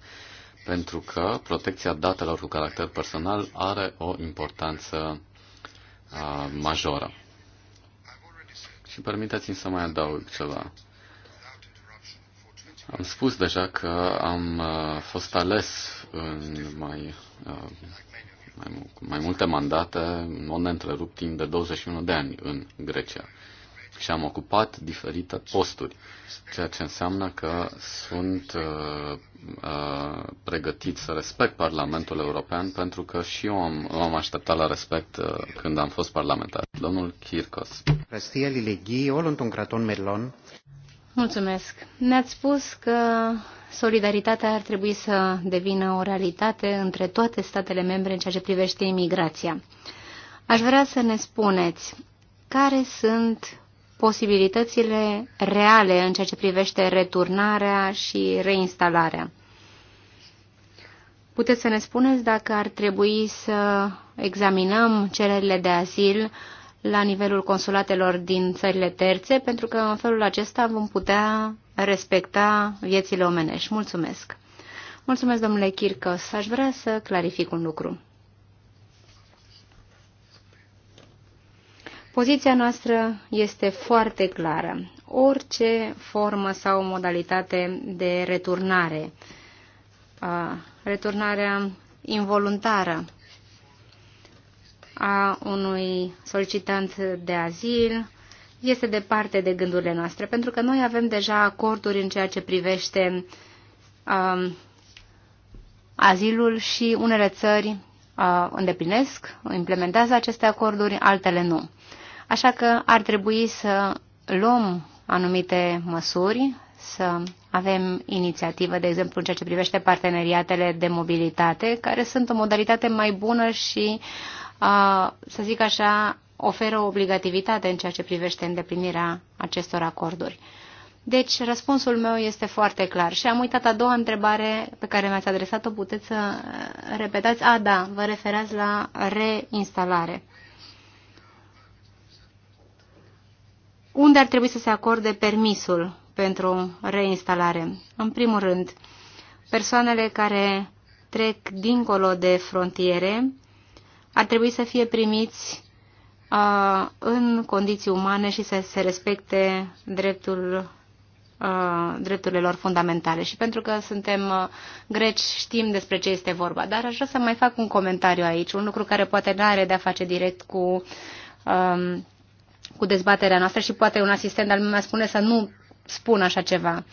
pentru că protecția datelor cu caracter personal are o importanță a, majoră. Și permiteți-mi să mai adaug ceva. Am spus deja că am a, fost ales în mai, a, mai, mai multe mandate, non-întrerupt, timp de 21 de ani în Grecia și am ocupat diferite posturi, ceea ce înseamnă că sunt uh, uh, pregătit să respect Parlamentul European, pentru că și eu am, am așteptat la respect uh, când am fost parlamentar. Domnul Kirkos. Mulțumesc. Ne-ați spus că solidaritatea ar trebui să devină o realitate între toate statele membre în ceea ce privește imigrația. Aș vrea să ne spuneți care sunt posibilitățile reale în ceea ce privește returnarea și reinstalarea. Puteți să ne spuneți dacă ar trebui să examinăm cererile de azil la nivelul consulatelor din țările terțe, pentru că în felul acesta vom putea respecta viețile omenești. Mulțumesc! Mulțumesc, domnule Chircăs. Aș vrea să clarific un lucru. Poziția noastră este foarte clară. Orice formă sau modalitate de returnare, returnarea involuntară a unui solicitant de azil, este departe de gândurile noastre, pentru că noi avem deja acorduri în ceea ce privește um, azilul și unele țări uh, îndeplinesc, implementează aceste acorduri, altele nu. Așa că ar trebui să luăm anumite măsuri, să avem inițiativă, de exemplu, în ceea ce privește parteneriatele de mobilitate, care sunt o modalitate mai bună și, să zic așa, oferă o obligativitate în ceea ce privește îndeplinirea acestor acorduri. Deci, răspunsul meu este foarte clar. Și am uitat a doua întrebare pe care mi-ați adresat-o. Puteți să repetați? A, da, vă referați la reinstalare. unde ar trebui să se acorde permisul pentru reinstalare. În primul rând, persoanele care trec dincolo de frontiere ar trebui să fie primiți uh, în condiții umane și să se respecte dreptul drepturile lor fundamentale. Și pentru că suntem greci, știm despre ce este vorba. Dar aș vrea să mai fac un comentariu aici, un lucru care poate nu are de-a face direct cu Uh, cu dezbaterea noastră și poate un asistent al meu mi-a spune să nu spun așa ceva.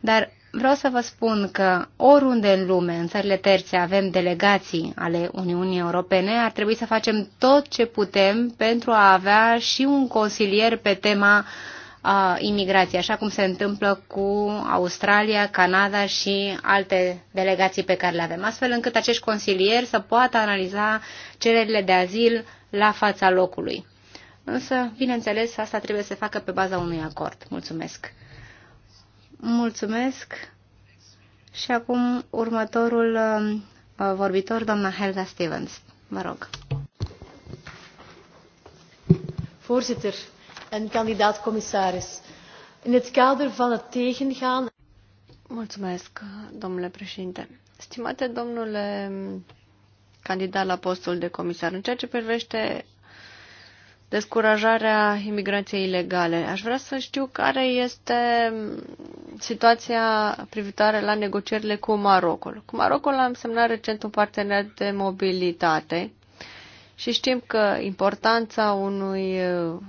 Dar vreau să vă spun că oriunde în lume, în țările terțe, avem delegații ale Uniunii Europene, ar trebui să facem tot ce putem pentru a avea și un consilier pe tema a, imigrației, așa cum se întâmplă cu Australia, Canada și alte delegații pe care le avem, astfel încât acești consilieri să poată analiza cererile de azil la fața locului însă, bineînțeles, asta trebuie să se facă pe baza unui acord. Mulțumesc! Mulțumesc! Și acum următorul uh, vorbitor, doamna Helga Stevens. Vă rog. Voorzitter en kandidaat-commissaris, in het kader van het tegengaan. Mulțumesc, domnule președinte. Stimate domnule candidat la postul de comisar, în ceea ce privește descurajarea imigrației ilegale. Aș vrea să știu care este situația privitoare la negocierile cu Marocul. Cu Marocul am semnat recent un partener de mobilitate și știm că importanța unui uh,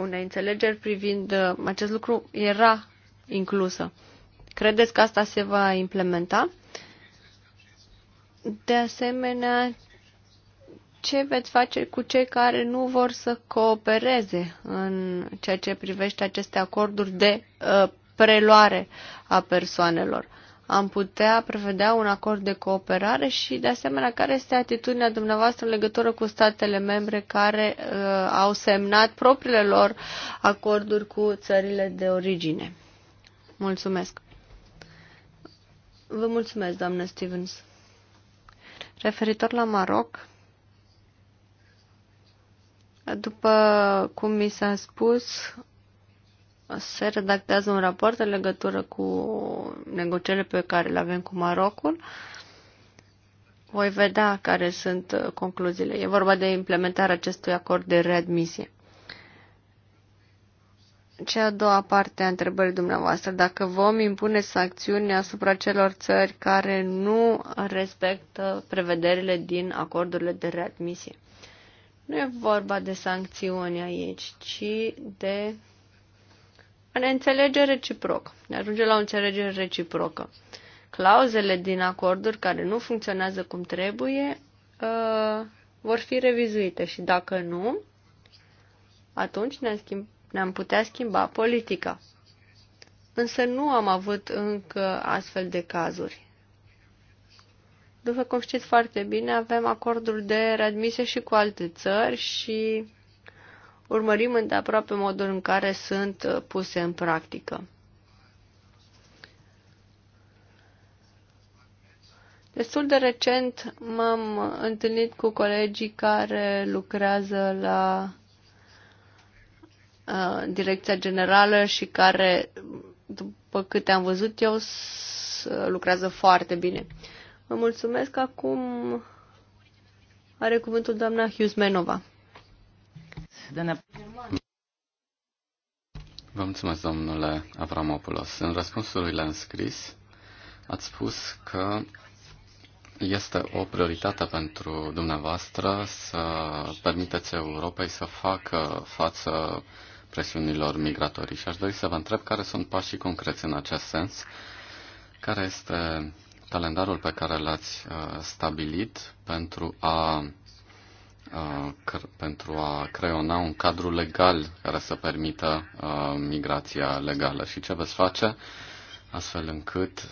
unei înțelegeri privind uh, acest lucru era inclusă. Credeți că asta se va implementa? De asemenea, ce veți face cu cei care nu vor să coopereze în ceea ce privește aceste acorduri de uh, preluare a persoanelor? Am putea prevedea un acord de cooperare și, de asemenea, care este atitudinea dumneavoastră în legătură cu statele membre care uh, au semnat propriile lor acorduri cu țările de origine? Mulțumesc! Vă mulțumesc, doamnă Stevens. Referitor la Maroc, după cum mi s-a spus, se redactează un raport în legătură cu negocierile pe care le avem cu Marocul. Voi vedea care sunt concluziile. E vorba de implementarea acestui acord de readmisie. Cea a doua parte a întrebării dumneavoastră, dacă vom impune sancțiuni asupra celor țări care nu respectă prevederile din acordurile de readmisie. Nu e vorba de sancțiuni aici, ci de a ne înțelege reciproc, ne ajunge la o înțelegere reciprocă. Clauzele din acorduri care nu funcționează cum trebuie uh, vor fi revizuite și dacă nu, atunci ne-am, schimb- ne putea schimba politica. Însă nu am avut încă astfel de cazuri. După cum știți foarte bine, avem acorduri de readmisie și cu alte țări și urmărim îndeaproape modul în care sunt puse în practică. Destul de recent m-am întâlnit cu colegii care lucrează la uh, Direcția Generală și care, după câte am văzut eu, lucrează foarte bine. Uh, Vă mulțumesc. Acum are cuvântul doamna Hiusmenova. Vă mulțumesc, domnule Avramopoulos. În răspunsul la înscris, ați spus că este o prioritate pentru dumneavoastră să permiteți Europei să facă față presiunilor migratorii. Și aș dori să vă întreb care sunt pașii concreți în acest sens, care este calendarul pe care l-ați uh, stabilit pentru a, uh, pentru a creona un cadru legal care să permită uh, migrația legală și ce veți face astfel încât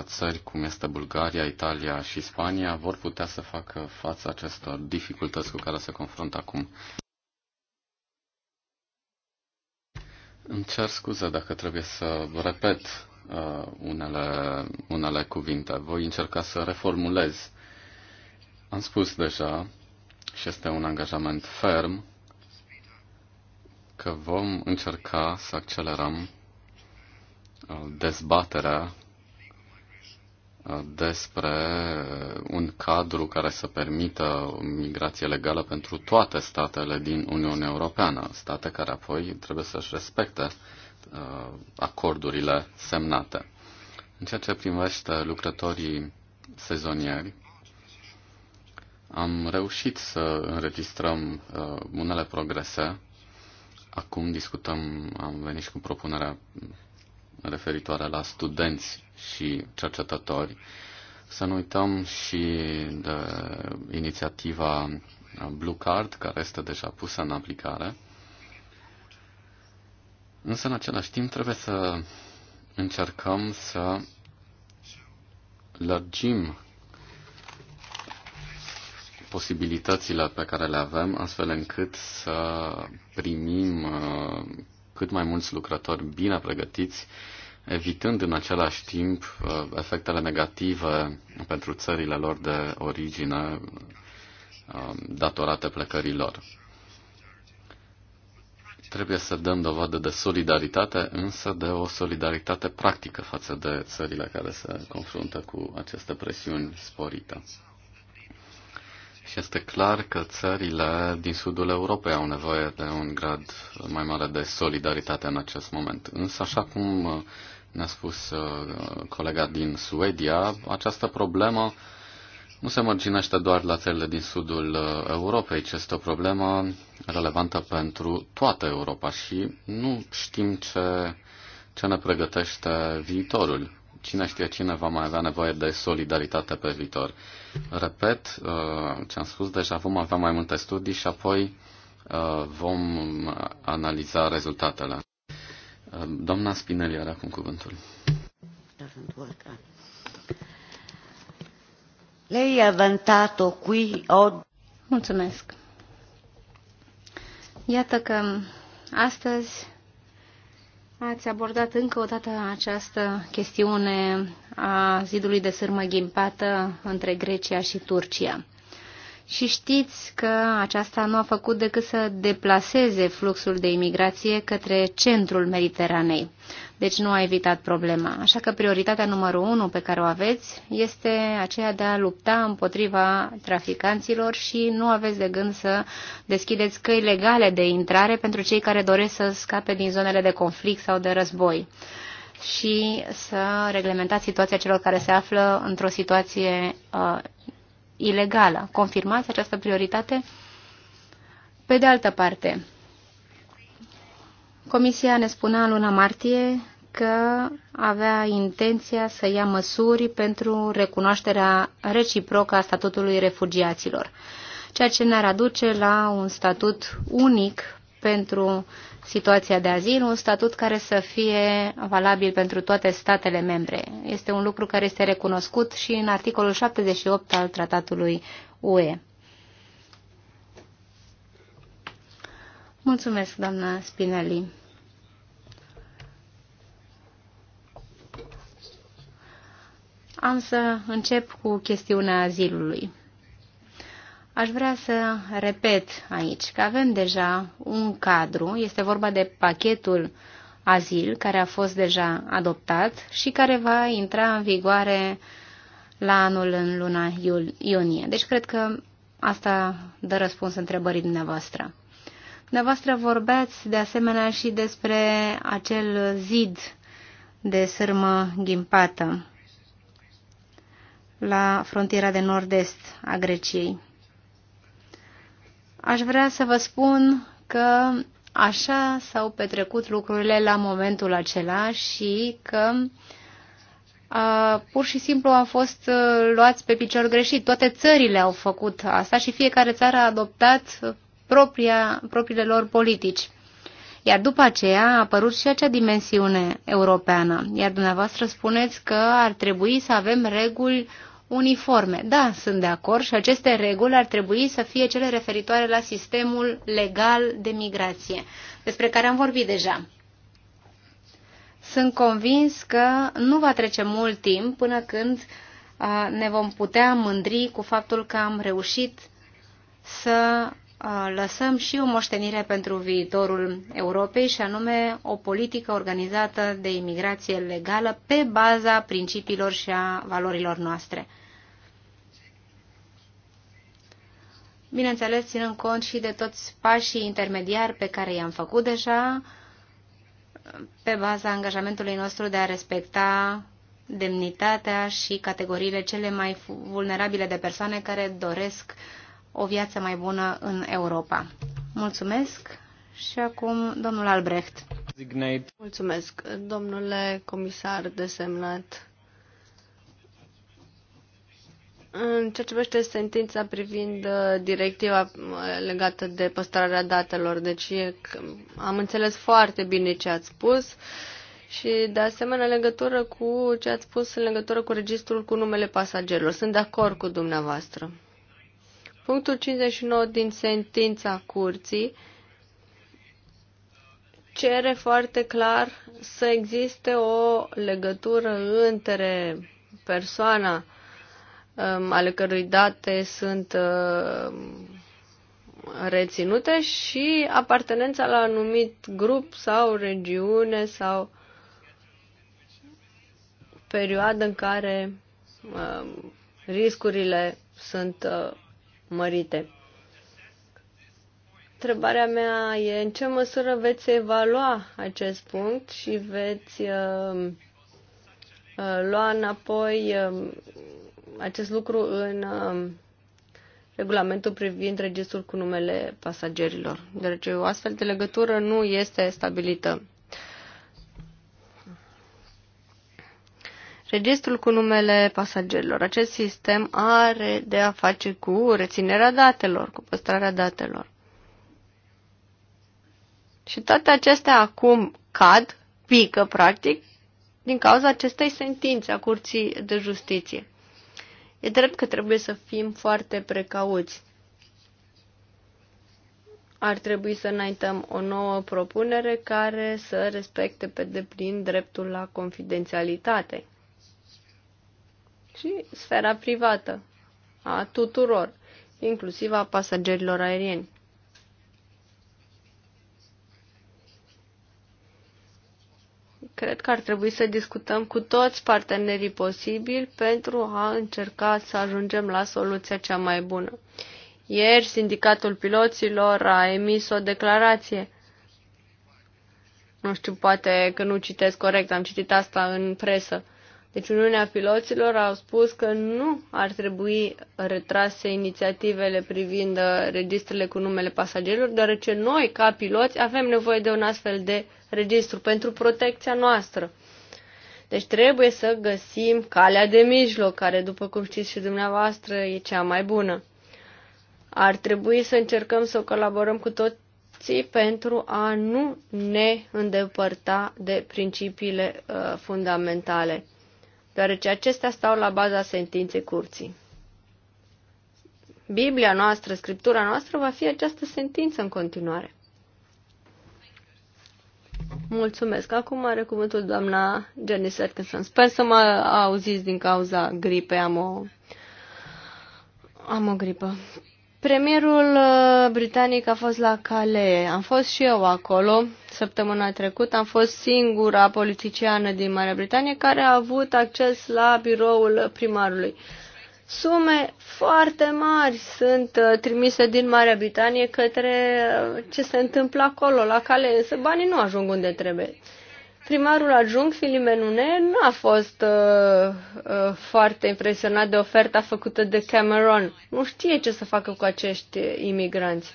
țări cum este Bulgaria, Italia și Spania vor putea să facă față acestor dificultăți cu care se confruntă acum. Îmi cer scuze dacă trebuie să repet uh, unele, unele cuvinte. Voi încerca să reformulez. Am spus deja, și este un angajament ferm, că vom încerca să accelerăm uh, dezbaterea uh, despre un cadru care să permită migrație legală pentru toate statele din Uniunea Europeană, state care apoi trebuie să-și respecte uh, Uh, acordurile semnate. În ceea ce privește lucrătorii sezonieri, am reușit să înregistrăm uh, unele progrese. Acum discutăm, am venit și cu propunerea referitoare la studenți și cercetători. Să nu uităm și de inițiativa Blue Card, care este deja pusă în aplicare. Însă, în același timp, trebuie să încercăm să lărgim posibilitățile pe care le avem, astfel încât să primim uh, cât mai mulți lucrători bine pregătiți, evitând în același timp uh, efectele negative pentru țările lor de origine uh, datorate plecării lor. Trebuie să dăm dovadă de solidaritate, însă de o solidaritate practică față de țările care se confruntă cu aceste presiuni sporite. Și este clar că țările din sudul Europei au nevoie de un grad mai mare de solidaritate în acest moment. Însă, așa cum ne-a spus uh, colega din Suedia, această problemă nu se mărginește doar la țările din sudul uh, Europei, ci este o problemă relevantă pentru toată Europa și nu știm ce, ce ne pregătește viitorul. Cine știe cine va mai avea nevoie de solidaritate pe viitor. Repet, uh, ce am spus deja, vom avea mai multe studii și apoi uh, vom analiza rezultatele. Doamna Spinelli are acum cuvântul. Lei a ha o qui o... Mulțumesc. Iată că astăzi ați abordat încă o dată această chestiune a zidului de sârmă ghimpată între Grecia și Turcia și știți că aceasta nu a făcut decât să deplaseze fluxul de imigrație către centrul Mediteranei. Deci nu a evitat problema. Așa că prioritatea numărul unu pe care o aveți este aceea de a lupta împotriva traficanților și nu aveți de gând să deschideți căi legale de intrare pentru cei care doresc să scape din zonele de conflict sau de război și să reglementați situația celor care se află într-o situație uh, ilegală. Confirmați această prioritate? Pe de altă parte, Comisia ne spunea în luna martie că avea intenția să ia măsuri pentru recunoașterea reciprocă a statutului refugiaților, ceea ce ne-ar aduce la un statut unic pentru situația de azil, un statut care să fie valabil pentru toate statele membre. Este un lucru care este recunoscut și în articolul 78 al tratatului UE. Mulțumesc, doamna Spinelli. Am să încep cu chestiunea azilului. Aș vrea să repet aici că avem deja un cadru, este vorba de pachetul azil care a fost deja adoptat și care va intra în vigoare la anul în luna iunie. Deci cred că asta dă răspuns întrebării dumneavoastră. Dumneavoastră vorbeați de asemenea și despre acel zid de sârmă ghimpată la frontiera de nord-est a Greciei aș vrea să vă spun că așa s-au petrecut lucrurile la momentul acela și că a, pur și simplu au fost luați pe picior greșit. Toate țările au făcut asta și fiecare țară a adoptat propria, propriile lor politici. Iar după aceea a apărut și acea dimensiune europeană. Iar dumneavoastră spuneți că ar trebui să avem reguli uniforme. Da, sunt de acord și aceste reguli ar trebui să fie cele referitoare la sistemul legal de migrație, despre care am vorbit deja. Sunt convins că nu va trece mult timp până când ne vom putea mândri cu faptul că am reușit să lăsăm și o moștenire pentru viitorul Europei și anume o politică organizată de imigrație legală pe baza principiilor și a valorilor noastre. Bineînțeles, ținând cont și de toți pașii intermediari pe care i-am făcut deja, pe baza angajamentului nostru de a respecta demnitatea și categoriile cele mai vulnerabile de persoane care doresc uh, o viață mai bună în Europa. Mulțumesc și acum domnul Albrecht. Mulțumesc, domnule comisar desemnat. În ceea ce privește sentința privind uh, directiva uh, legată de păstrarea datelor, deci am înțeles foarte bine ce ați spus și de asemenea legătură cu ce ați spus în legătură cu registrul cu numele pasagerilor. Sunt de acord cu dumneavoastră. Punctul 59 din sentința curții cere foarte clar să existe o legătură între persoana um, ale cărui date sunt uh, reținute și apartenența la anumit grup sau regiune sau perioadă în care um, riscurile sunt uh, mărite. Întrebarea mea e în ce măsură veți evalua acest punct și veți uh, uh, lua înapoi uh, acest lucru în uh, regulamentul privind registrul cu numele pasagerilor, deoarece o astfel de legătură nu este stabilită registrul cu numele pasagerilor. Acest sistem are de a face cu reținerea datelor, cu păstrarea datelor. Și toate acestea acum cad, pică practic, din cauza acestei sentințe a Curții de Justiție. E drept că trebuie să fim foarte precauți. Ar trebui să înaintăm o nouă propunere care să respecte pe deplin dreptul la confidențialitate și sfera privată a tuturor, inclusiv a pasagerilor aerieni. Cred că ar trebui să discutăm cu toți partenerii posibili pentru a încerca să ajungem la soluția cea mai bună. Ieri, sindicatul piloților a emis o declarație. Nu știu, poate că nu citesc corect, am citit asta în presă deci Uniunea Piloților au spus că nu ar trebui retrase inițiativele privind uh, registrele cu numele pasagerilor, deoarece noi, ca piloți, avem nevoie de un astfel de registru pentru protecția noastră. Deci trebuie să găsim calea de mijloc, care, după cum știți și dumneavoastră, e cea mai bună. Ar trebui să încercăm să colaborăm cu tot pentru a nu ne îndepărta de principiile uh, fundamentale deoarece acestea stau la baza sentinței curții. Biblia noastră, scriptura noastră va fi această sentință în continuare. Mulțumesc. Acum are cuvântul doamna Janice Atkinson. Sper să mă auziți din cauza gripei. Am o, am o gripă. Premierul uh, britanic a fost la Calais. Am fost și eu acolo săptămâna trecută. Am fost singura politiciană din Marea Britanie care a avut acces la biroul primarului. Sume foarte mari sunt uh, trimise din Marea Britanie către uh, ce se întâmplă acolo, la Calais, însă banii nu ajung unde trebuie primarul adjunct, Filime Nune, nu a fost uh, uh, foarte impresionat de oferta făcută de Cameron. Nu știe ce să facă cu acești imigranți.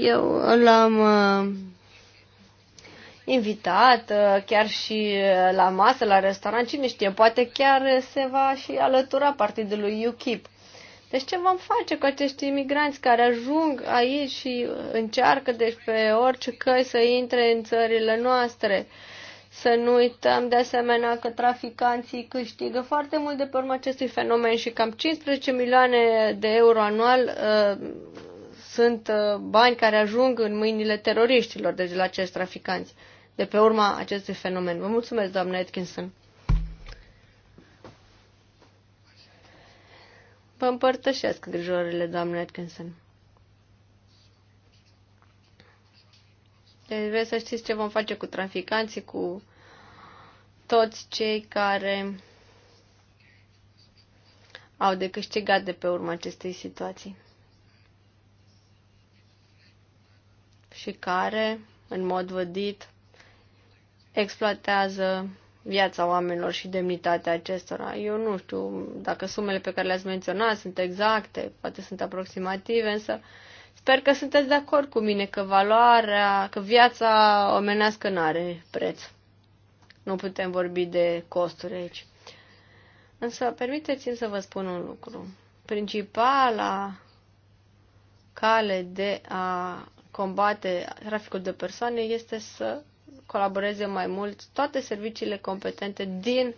Eu l-am uh, invitat uh, chiar și la masă, la restaurant, cine știe, poate chiar se va și alătura partidului UKIP. Deci ce vom face cu acești imigranți care ajung aici și încearcă deci pe orice căi să intre în țările noastre? Să nu uităm de asemenea că traficanții câștigă foarte mult de pe urma acestui fenomen și cam 15 milioane de euro anual uh, sunt uh, bani care ajung în mâinile teroriștilor, deci la acești traficanți, de pe urma acestui fenomen. Vă mulțumesc, doamna Atkinson. Vă împărtășesc grijorile, doamne Atkinson. Deci vreți să știți ce vom face cu traficanții, cu toți cei care au de câștigat de pe urma acestei situații. Și care, în mod vădit, exploatează viața oamenilor și demnitatea acestora. Eu nu știu dacă sumele pe care le-ați menționat sunt exacte, poate sunt aproximative, însă sper că sunteți de acord cu mine că valoarea, că viața omenească nu are preț. Nu putem vorbi de costuri aici. Însă, permiteți-mi să vă spun un lucru. Principala cale de a combate traficul de persoane este să colaboreze mai mult toate serviciile competente din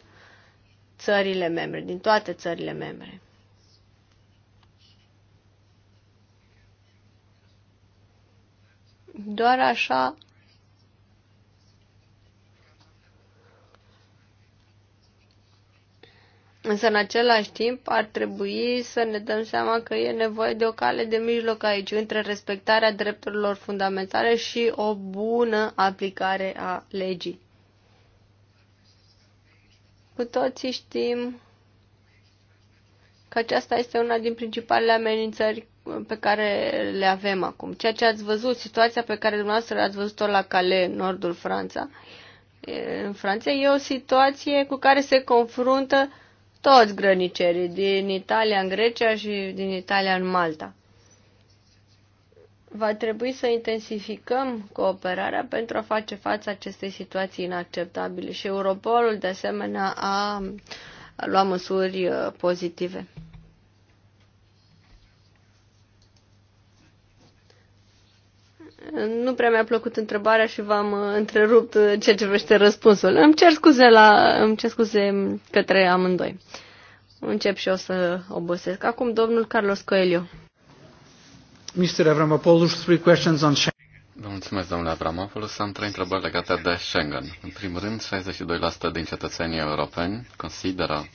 țările membre, din toate țările membre. Doar așa Însă, în același timp, ar trebui să ne dăm seama că e nevoie de o cale de mijloc aici, între respectarea drepturilor fundamentale și o bună aplicare a legii. Cu toții știm că aceasta este una din principalele amenințări pe care le avem acum. Ceea ce ați văzut, situația pe care dumneavoastră ați văzut-o la Calais, în nordul Franța, în Franța, e o situație cu care se confruntă toți grănicerii din Italia în Grecia și din Italia în Malta. Va trebui să intensificăm cooperarea pentru a face față acestei situații inacceptabile și Europolul, de asemenea, a luat măsuri uh, pozitive. Nu prea mi-a plăcut întrebarea și v-am uh, întrerupt uh, ceea ce vrește răspunsul. Îmi cer scuze, la, îmi cer scuze către amândoi. Încep și o să obosesc. Acum domnul Carlos Coelho. Mr. Avramopoulos, three questions on Schengen. Vă mulțumesc, domnule Avramopoulos. Am trei întrebări legate de Schengen. În primul rând, 62% din cetățenii europeni consideră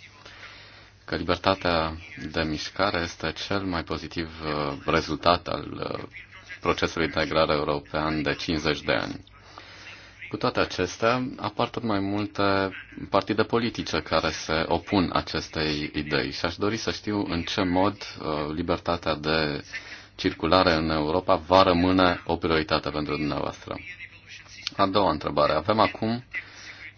că libertatea de mișcare este cel mai pozitiv uh, rezultat al procesului de integrare european de 50 de ani. Cu toate acestea, apar tot mai multe partide politice care se opun acestei idei și aș dori să știu în ce mod uh, libertatea de circulare în Europa va rămâne o prioritate pentru dumneavoastră. A doua întrebare. Avem acum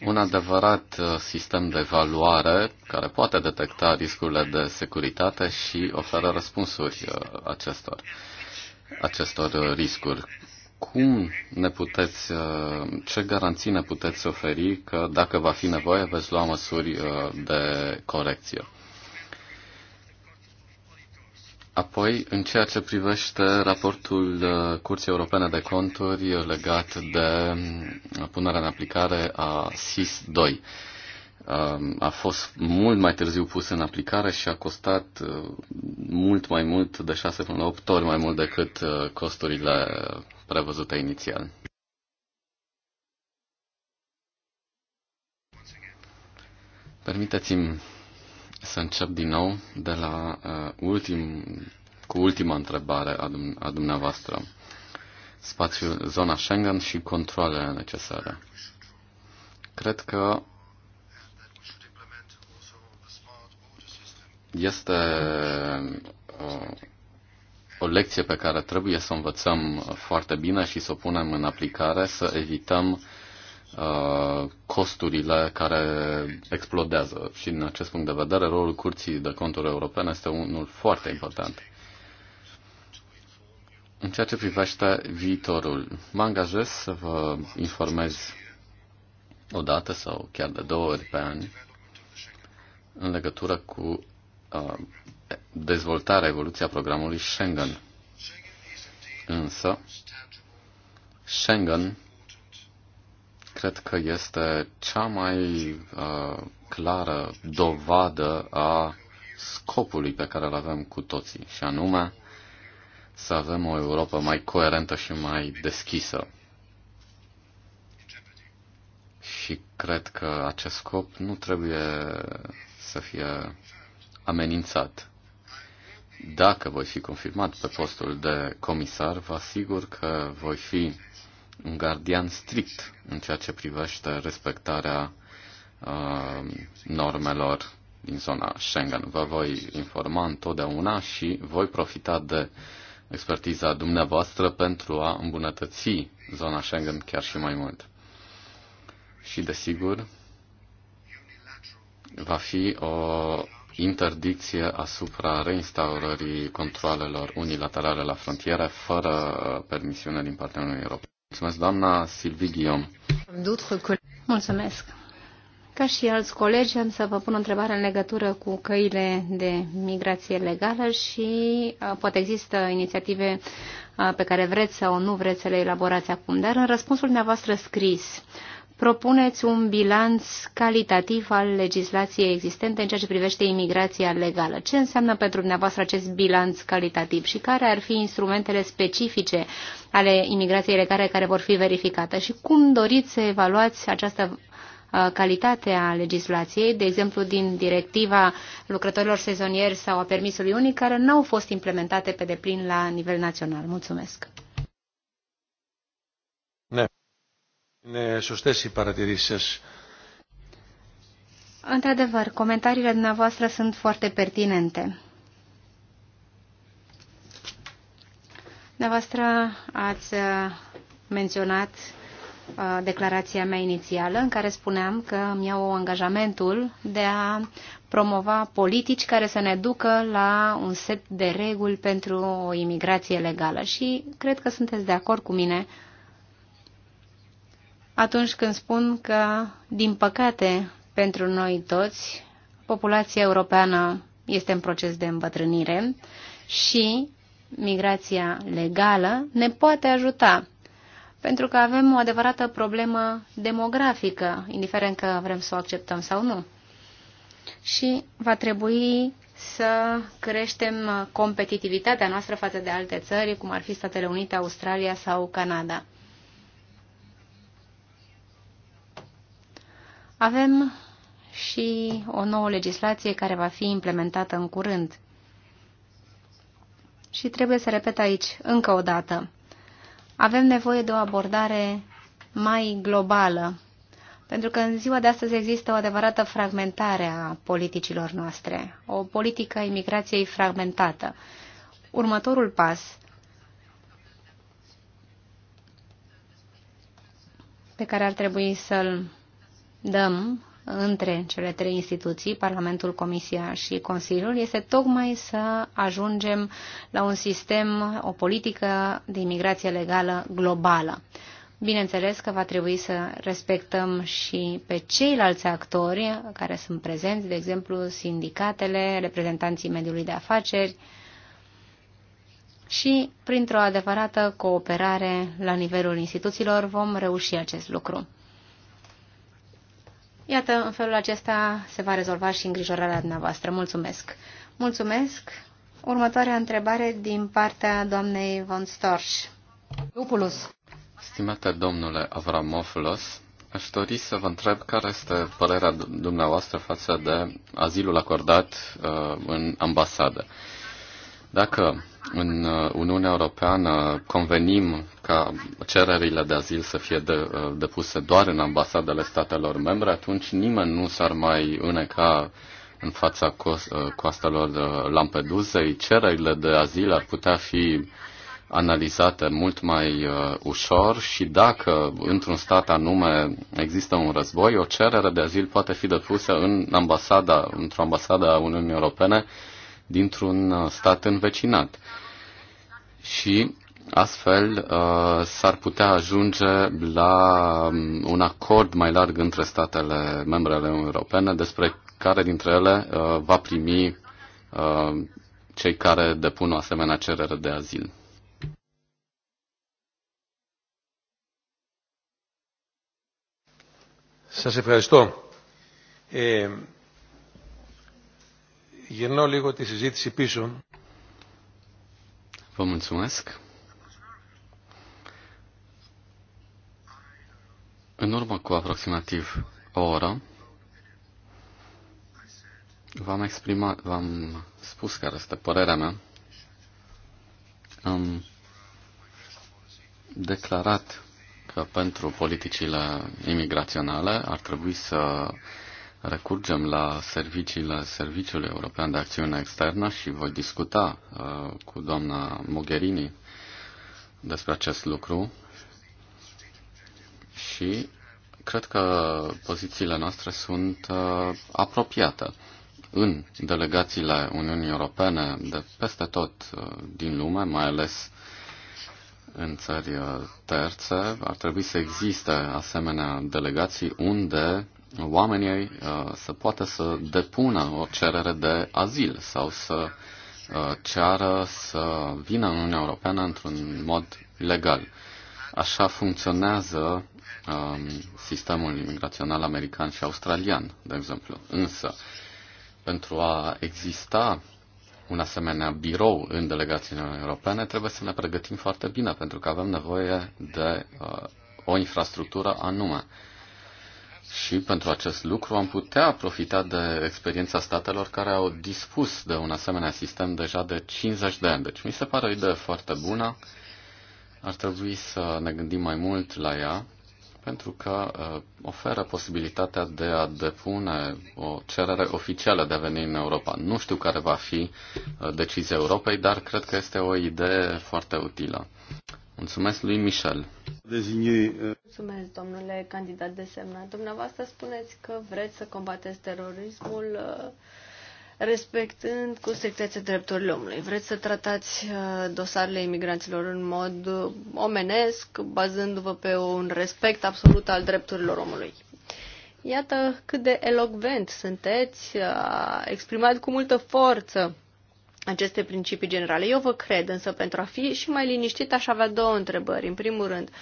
un adevărat uh, sistem de evaluare care poate detecta riscurile de securitate și oferă răspunsuri uh, acestor acestor uh, riscuri. Cum ne puteți, uh, ce garanții ne puteți oferi că dacă va fi nevoie veți lua măsuri uh, de corecție? Apoi, în ceea ce privește raportul Curții Europene de Conturi legat de punerea în aplicare a SIS 2. Um, a fost mult mai târziu pus în aplicare și a costat uh, mult mai mult, de 6 până la 8 ori mai mult decât uh, costurile prevăzute inițial. Permiteți-mi să încep din nou de la uh, ultim, cu ultima întrebare a, a dumneavoastră. Spațiul, zona Schengen și controlele necesare. Cred că Este o, uh, o lecție pe care trebuie să o învățăm foarte bine și să o punem în aplicare, să evităm uh, costurile care explodează. Și din acest punct de vedere, rolul Curții de Conturi Europene este unul foarte important. În ceea ce privește viitorul, mă angajez să vă informez o dată sau chiar de două ori pe an în legătură cu Uh, dezvoltarea, evoluția programului Schengen. Însă, Schengen cred că este cea mai uh, clară dovadă a scopului pe care îl avem cu toții, și anume să avem o Europa mai coerentă și mai deschisă. Și cred că acest scop nu trebuie să fie amenințat. Dacă voi fi confirmat pe postul de comisar, vă asigur că voi fi un gardian strict în ceea ce privește respectarea uh, normelor din zona Schengen. Vă voi informa întotdeauna și voi profita de expertiza dumneavoastră pentru a îmbunătăți zona Schengen chiar și mai mult. Și, desigur, va fi o interdicție asupra reinstaurării controalelor unilaterale la frontiere fără uh, permisiune din partea Uniunii Europene. Mulțumesc, doamna Silvi Guillaume. Mulțumesc. Ca și alți colegi, am să vă pun o întrebare în legătură cu căile de migrație legală și uh, poate există inițiative uh, pe care vreți sau nu vreți să le elaborați acum, dar în răspunsul dumneavoastră scris, propuneți un bilanț calitativ al legislației existente în ceea ce privește imigrația legală. Ce înseamnă pentru dumneavoastră acest bilanț calitativ și care ar fi instrumentele specifice ale imigrației legale care vor fi verificate și cum doriți să evaluați această uh, calitate a legislației, de exemplu din directiva lucrătorilor sezonieri sau a permisului unic, care nu au fost implementate pe deplin la nivel național. Mulțumesc! Σωστές οι παρατηρήσεις Într-adevăr, comentariile dumneavoastră sunt foarte pertinente. Dumneavoastră ați uh, menționat uh, declarația mea inițială în care spuneam că îmi iau angajamentul de a promova politici care să ne ducă la un set de reguli pentru o imigrație legală și cred că sunteți de acord cu mine atunci când spun că, din păcate, pentru noi toți, populația europeană este în proces de îmbătrânire și migrația legală ne poate ajuta. Pentru că avem o adevărată problemă demografică, indiferent că vrem să o acceptăm sau nu. Și va trebui să creștem competitivitatea noastră față de alte țări, cum ar fi Statele Unite, Australia sau Canada. Avem și o nouă legislație care va fi implementată în curând. Și trebuie să repet aici încă o dată. Avem nevoie de o abordare mai globală, pentru că în ziua de astăzi există o adevărată fragmentare a politicilor noastre, o politică a imigrației fragmentată. Următorul pas pe care ar trebui să-l dăm între cele trei instituții, Parlamentul, Comisia și Consiliul, este tocmai să ajungem la un sistem, o politică de imigrație legală globală. Bineînțeles că va trebui să respectăm și pe ceilalți actori care sunt prezenți, de exemplu sindicatele, reprezentanții mediului de afaceri și printr-o adevărată cooperare la nivelul instituțiilor vom reuși acest lucru. Iată, în felul acesta se va rezolva și îngrijorarea dumneavoastră. Mulțumesc! Mulțumesc! Următoarea întrebare din partea doamnei von Storch. Lupulus! Stimate domnule Avramofulos, aș dori să vă întreb care este părerea dumneavoastră față de azilul acordat uh, în ambasadă. Uh, dacă în uh, Uniunea Europeană convenim ca cererile de azil să fie de, uh, depuse doar în ambasadele statelor membre, atunci nimeni nu s-ar mai îneca în fața uh, coastelor Lampedusei. Cererile de azil ar putea fi analizate mult mai ușor și dacă într-un stat anume există un război, o cerere de azil poate fi depusă în ambasada, într-o ambasadă a Uniunii Europene dintr-un uh, stat învecinat. Și astfel uh, s-ar putea ajunge la um, un acord mai larg între statele membre ale Uniunii Europene despre care dintre ele uh, va primi cei care depun o asemenea cerere de azil. Să se Ε, Γεννώ λίγο τη συζήτηση πίσω. Vă mulțumesc. În urmă cu aproximativ o oră, v-am exprimat, v-am spus care este părerea mea. Am declarat că pentru politicile imigraționale ar trebui să recurgem la serviciile Serviciului European de Acțiune Externă și voi discuta uh, cu doamna Mogherini despre acest lucru și cred că pozițiile noastre sunt uh, apropiate. În delegațiile Uniunii Europene de peste tot uh, din lume, mai ales în țări uh, terțe, ar trebui să existe asemenea delegații unde oamenii uh, să poată să depună o cerere de azil sau să uh, ceară să vină în Uniunea Europeană într-un mod legal. Așa funcționează um, sistemul imigrațional american și australian, de exemplu. Însă, pentru a exista un asemenea birou în delegațiile europene, trebuie să ne pregătim foarte bine, pentru că avem nevoie de uh, o infrastructură anume. Uh, și pentru acest lucru am putea profita de experiența statelor care au dispus de un asemenea sistem deja de 50 de ani. Deci mi se pare o idee foarte bună. Ar trebui să ne gândim mai mult la ea, pentru că uh, oferă posibilitatea de a depune o cerere oficială de a veni în Europa. Nu știu care va fi uh, decizia Europei, dar cred că este o idee foarte utilă. Mulțumesc lui Michel. uh... Mulțumesc, domnule candidat de semnat. Dumneavoastră spuneți că vreți să combateți terorismul uh, respectând cu strictețe drepturile omului. Vreți să tratați uh, dosarele imigranților în mod uh, omenesc, bazându-vă pe un respect absolut al drepturilor omului. Iată cât de elocvent sunteți, exprimat cu multă forță aceste principii generale. Eu vă cred, însă pentru a fi și mai liniștit aș avea două întrebări. În primul rând, uh,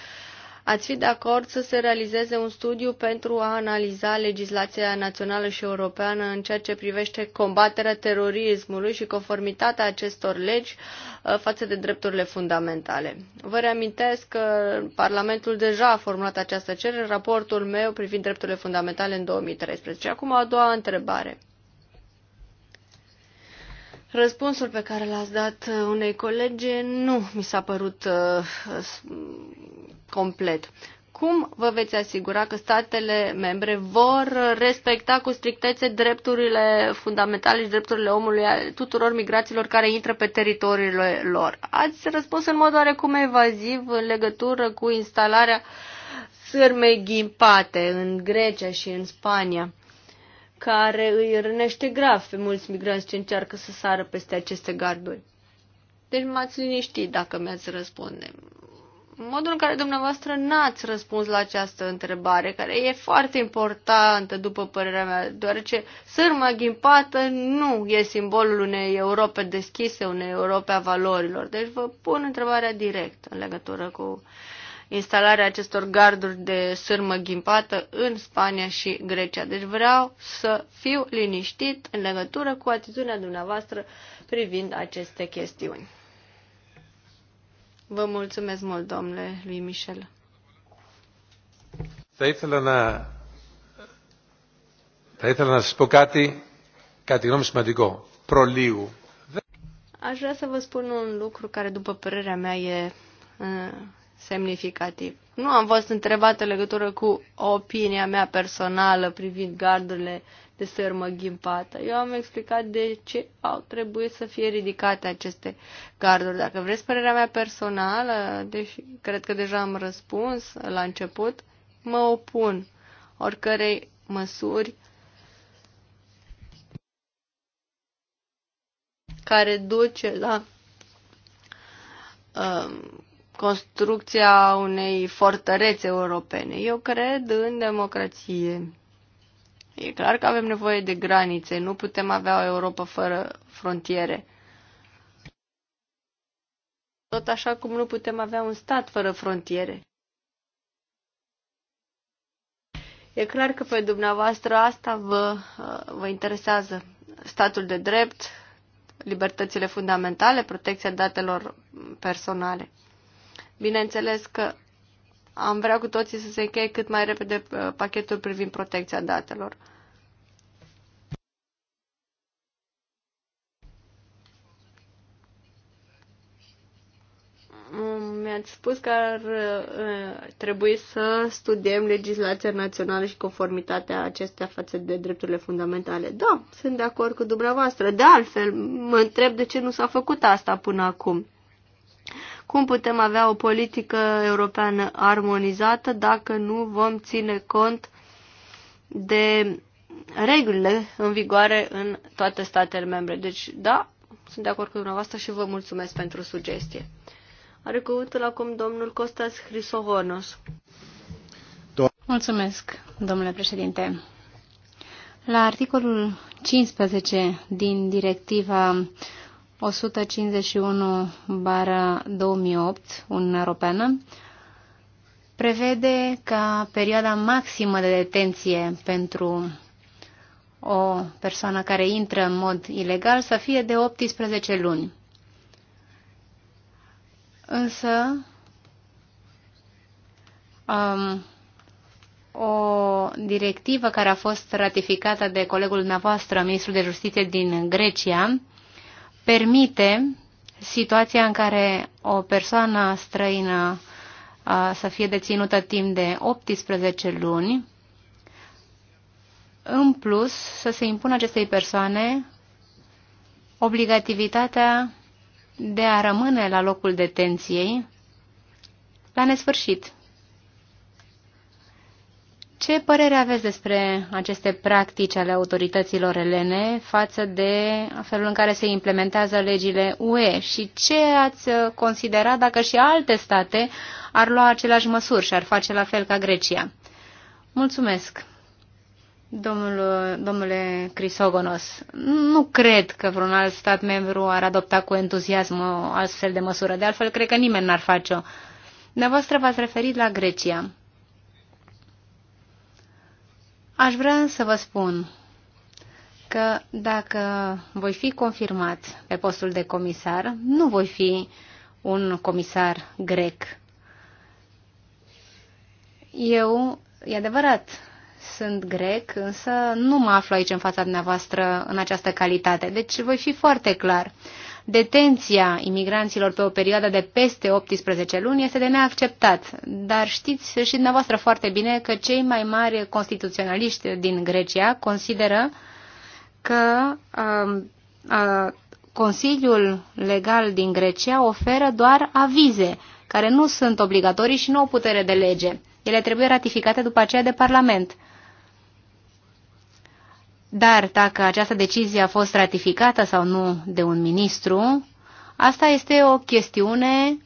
ați fi de acord să se realizeze un studiu pentru a analiza legislația națională și europeană în ceea ce privește combaterea terorismului și conformitatea acestor legi uh, față de drepturile fundamentale. Vă reamintesc că Parlamentul deja a formulat această cerere în raportul meu privind drepturile fundamentale în 2013. Acum a doua întrebare. Răspunsul pe care l-ați dat uh, unei colege nu mi s-a părut uh, complet. Cum vă veți asigura că statele membre vor respecta cu strictețe drepturile fundamentale și drepturile omului a tuturor migraților care intră pe teritoriile lor? Ați răspuns în mod oarecum evaziv în legătură cu instalarea sârmei ghimpate în Grecia și în Spania care îi rănește grav pe mulți migranți ce încearcă să sară peste aceste garduri. Deci m-ați liniștit dacă mi-ați răspunde modul în care dumneavoastră n-ați răspuns la această întrebare, care e foarte importantă, după părerea mea, deoarece sârma ghimpată nu e simbolul unei Europe deschise, unei Europe a valorilor. Deci vă pun întrebarea direct în legătură cu instalarea acestor garduri de sârmă ghimpată în Spania și Grecia. Deci vreau să fiu liniștit în legătură cu atitudinea dumneavoastră privind aceste chestiuni. Vă mulțumesc mult, domnule lui Michel. Θα ήθελα να, σας πω κάτι, κάτι γνώμη σημαντικό, προλίγου. Aș vrea să vă spun un lucru care, după părerea mea, e ă, semnificativ. Nu am fost întrebată legătură cu opinia mea personală privind gardurile de sârmă ghimpată. Eu am explicat de ce au trebuit să fie ridicate aceste garduri. Dacă vreți părerea mea personală, deși cred că deja am răspuns la început, mă opun oricărei măsuri care duce la um, construcția unei fortărețe europene. Eu cred în democrație E clar că avem nevoie de granițe, nu putem avea o Europa fără frontiere. Tot așa cum nu putem avea un stat fără frontiere. E clar că pe dumneavoastră asta vă, vă interesează. Statul de drept, libertățile fundamentale, protecția datelor personale. Bineînțeles că am vrea cu toții să se încheie cât mai repede uh, pachetul privind protecția datelor. Mm, mi-ați spus că ar uh, trebui să studiem legislația națională și conformitatea acestea față de drepturile fundamentale. Da, sunt de acord cu dumneavoastră. De altfel, mă întreb de ce nu s-a făcut asta până acum. Cum putem avea o politică europeană armonizată dacă nu vom ține cont de regulile în vigoare în toate statele membre? Deci, da, sunt de acord cu dumneavoastră și vă mulțumesc pentru sugestie. Are cuvântul acum domnul Costas Hrisohonos. Mulțumesc, domnule președinte. La articolul 15 din directiva 151 bară 2008, Uniunea Europeană, prevede ca perioada maximă de detenție pentru o persoană care intră în mod ilegal să fie de 18 luni. Însă, um, o directivă care a fost ratificată de colegul dumneavoastră, ministrul de justiție din Grecia, permite situația în care o persoană străină să fie deținută timp de 18 luni, în plus să se impună acestei persoane obligativitatea de a rămâne la locul detenției la nesfârșit. Ce părere aveți despre aceste practici ale autorităților elene față de felul în care se implementează legile UE și ce ați considera dacă și alte state ar lua aceleași măsuri și ar face la fel ca Grecia? Mulțumesc, domnul, domnule Crisogonos. Nu cred că vreun alt stat membru ar adopta cu entuziasm o astfel de măsură. De altfel, cred că nimeni n-ar face-o. Dumneavoastră v-ați referit la Grecia. Aș vrea să vă spun că dacă voi fi confirmat pe postul de comisar, nu voi fi un comisar grec. Eu, e adevărat, sunt grec, însă nu mă aflu aici în fața dumneavoastră în această calitate, deci voi fi foarte clar detenția imigranților pe o perioadă de peste 18 luni este de neacceptat, dar știți și dumneavoastră foarte bine că cei mai mari constituționaliști din Grecia consideră că uh, uh, Consiliul Legal din Grecia oferă doar avize, care nu sunt obligatorii și nu au putere de lege. Ele trebuie ratificate după aceea de Parlament. Dar dacă această decizie a fost ratificată sau nu de un ministru, asta este o chestiune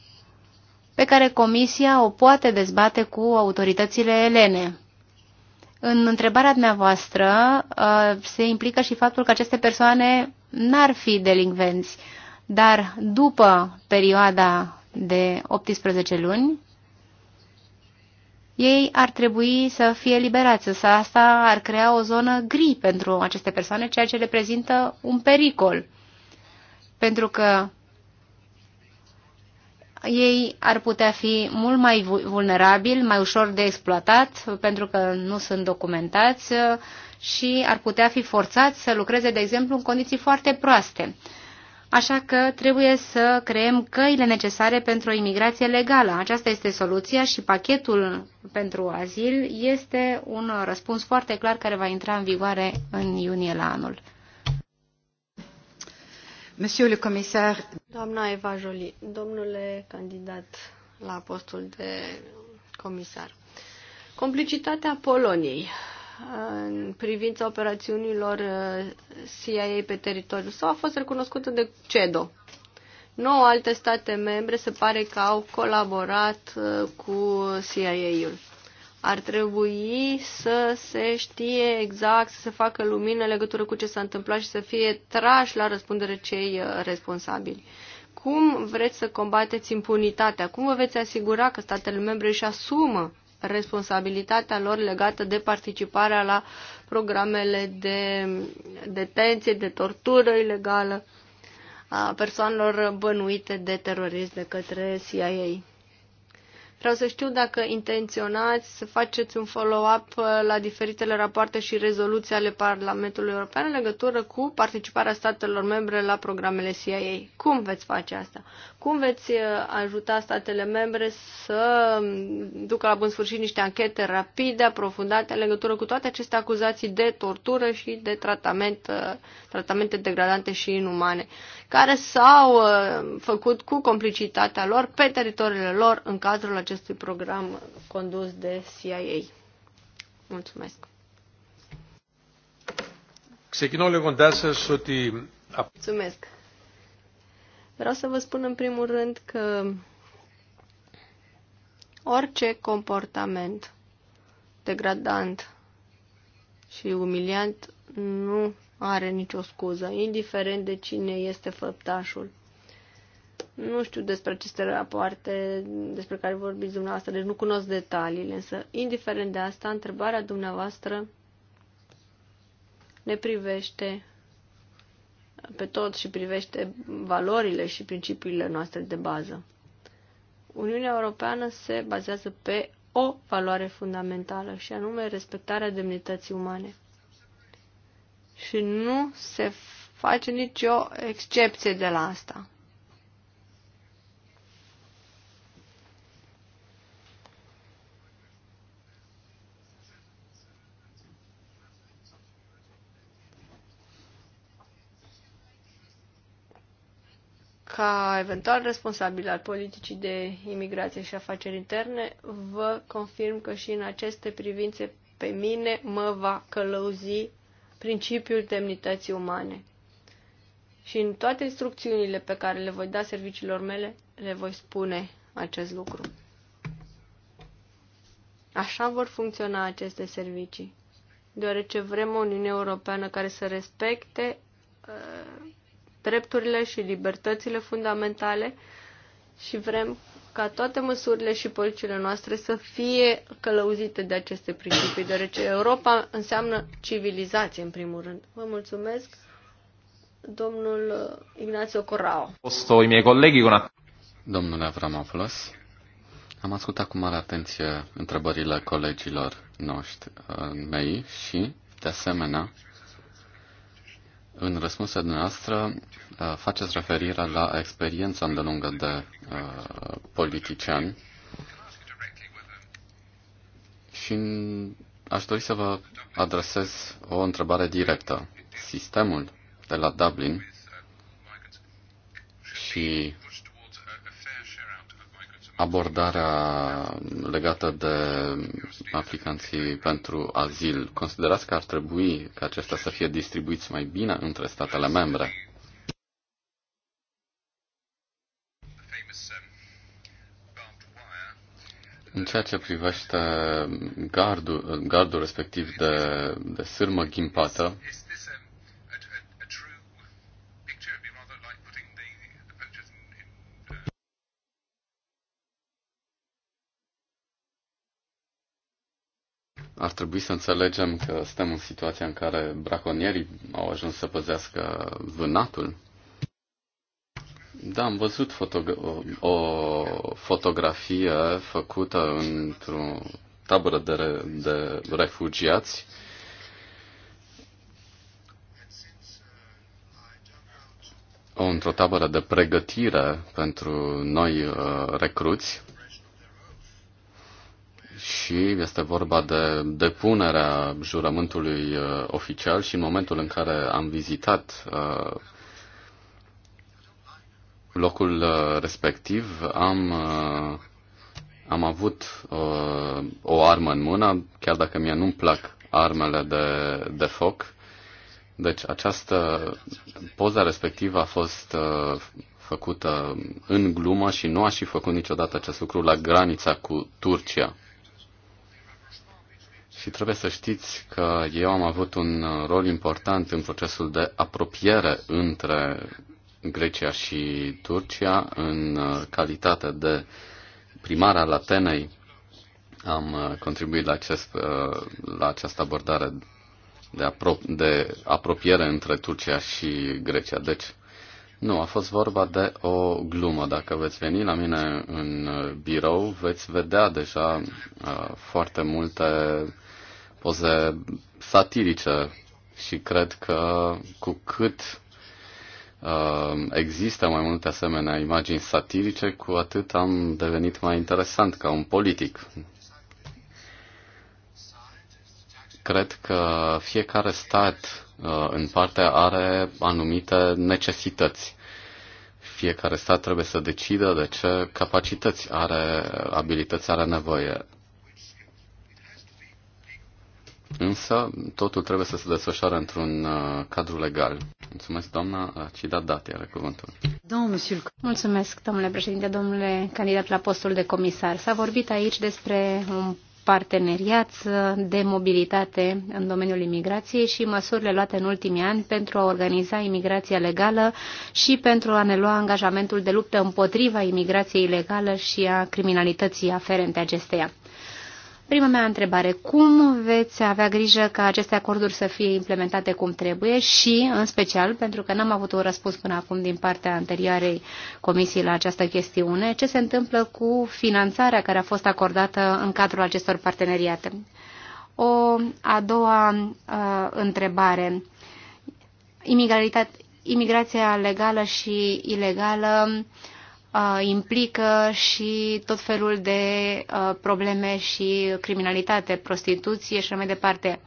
pe care Comisia o poate dezbate cu autoritățile elene. În întrebarea dumneavoastră uh, se implică și faptul că aceste persoane n-ar fi delinvenți, dar după perioada de 18 luni, ei ar trebui să fie liberați, însă asta ar crea o zonă gri pentru aceste persoane, ceea ce reprezintă un pericol. Pentru că ei ar putea fi mult mai vulnerabili, mai ușor de exploatat, pentru că nu sunt documentați uh, și ar putea fi forțați să lucreze, de exemplu, în condiții foarte proaste. Așa că trebuie să creăm căile necesare pentru o imigrație legală. Aceasta este soluția și pachetul pentru azil este un răspuns foarte clar care va intra în vigoare în iunie la anul. Monsieur le comisar... Doamna Eva Joli, domnule candidat la postul de comisar, complicitatea Poloniei în privința operațiunilor uh, CIA pe teritoriul său a fost recunoscută de CEDO. Nouă alte state membre se pare că au colaborat uh, cu CIA-ul. Ar trebui să se știe exact, să se facă lumină în legătură cu ce s-a întâmplat și să fie trași la răspundere cei uh, responsabili. Cum vreți să combateți impunitatea? Cum vă veți asigura că statele membre își asumă responsabilitatea lor legată de participarea la programele de detenție, de tortură ilegală a persoanelor bănuite de terorism de către CIA. Vreau să știu dacă intenționați să faceți un follow-up uh, la diferitele rapoarte și rezoluții ale Parlamentului European în legătură cu participarea statelor membre la programele CIA. Cum veți face asta? Cum veți uh, ajuta statele membre să um, ducă la bun sfârșit niște anchete rapide, aprofundate, în legătură cu toate aceste acuzații de tortură și de tratament, uh, tratamente degradante și inumane, care s-au uh, făcut cu complicitatea lor pe teritoriile lor în cadrul acestui program condus de CIA? Mulțumesc. Mulțumesc. Vreau să vă spun în primul rând că orice comportament degradant și umiliant nu are nicio scuză, indiferent de cine este făptașul. Nu știu despre aceste rapoarte despre care vorbiți dumneavoastră, deci nu cunosc detaliile, însă, indiferent de asta, întrebarea dumneavoastră ne privește pe tot și privește valorile și principiile noastre de bază. Uniunea Europeană se bazează pe o valoare fundamentală și anume respectarea demnității umane. Și nu se face nicio excepție de la asta. ca eventual responsabil al politicii de imigrație și afaceri interne, vă confirm că și în aceste privințe pe mine mă va călăuzi principiul demnității umane. Și în toate instrucțiunile pe care le voi da serviciilor mele, le voi spune acest lucru. Așa vor funcționa aceste servicii, deoarece vrem o Uniune Europeană care să respecte uh, drepturile și libertățile fundamentale și vrem ca toate măsurile și politicile noastre să fie călăuzite de aceste principii, deoarece Europa înseamnă civilizație, în primul rând. Vă mulțumesc, domnul Ignacio Corrao. Sto i miei colleghi con Domnule Avramopoulos, am ascultat cu mare atenție întrebările colegilor noștri uh, mei și, de asemenea, în răspunsul dumneavoastră uh, faceți referire la experiența îndelungă de uh, politician și aș dori să vă adresez o întrebare directă. Sistemul de la Dublin și abordarea legată de aplicanții pentru azil. Considerați că ar trebui ca acestea să fie distribuiți mai bine între statele membre? În ceea ce privește gardul, gardul respectiv de, de sârmă ghimpată, ar trebui să înțelegem că suntem în situația în care braconierii au ajuns să păzească vânatul. Da, am văzut fotogra- o, o fotografie făcută într-o tabără de, re- de refugiați. într-o tabără de pregătire pentru noi uh, recruți și este vorba de depunerea jurământului uh, oficial și în momentul în care am vizitat uh, locul uh, respectiv am, uh, am avut uh, o armă în mână, chiar dacă mie nu-mi plac armele de, de foc. Deci această poza respectivă a fost uh, făcută în glumă și nu aș fi făcut niciodată acest lucru la granița cu Turcia. Și trebuie să știți că eu am avut un rol important în procesul de apropiere între Grecia și Turcia în calitate de primar al Atenei. Am contribuit la, acest, la această abordare de, apro- de apropiere între Turcia și Grecia. Deci, nu, a fost vorba de o glumă. Dacă veți veni la mine în birou, veți vedea deja uh, foarte multe poze satirice și cred că cu cât uh, există mai multe asemenea imagini satirice, cu atât am devenit mai interesant ca un politic. Cred că fiecare stat uh, în parte are anumite necesități fiecare stat trebuie să decidă de ce capacități are, abilități are nevoie. Însă, totul trebuie să se desfășoare într-un uh, cadru legal. Mulțumesc, doamna uh, Cida Dati, are cuvântul. Mulțumesc, domnule președinte, domnule candidat la postul de comisar. S-a vorbit aici despre un parteneriat uh, de mobilitate în domeniul imigrației și măsurile luate în ultimii ani pentru a organiza imigrația legală și pentru a ne lua angajamentul de luptă împotriva imigrației ilegale și a criminalității aferente acesteia. Prima mea întrebare, cum veți avea grijă ca aceste acorduri să fie implementate cum trebuie și, în special, pentru că n-am avut un răspuns până acum din partea anterioarei comisii la această chestiune, ce se întâmplă cu finanțarea care a fost acordată în cadrul acestor parteneriate? O a doua uh, întrebare, imigrația legală și ilegală implică și tot felul de probleme și criminalitate, prostituție și mai departe.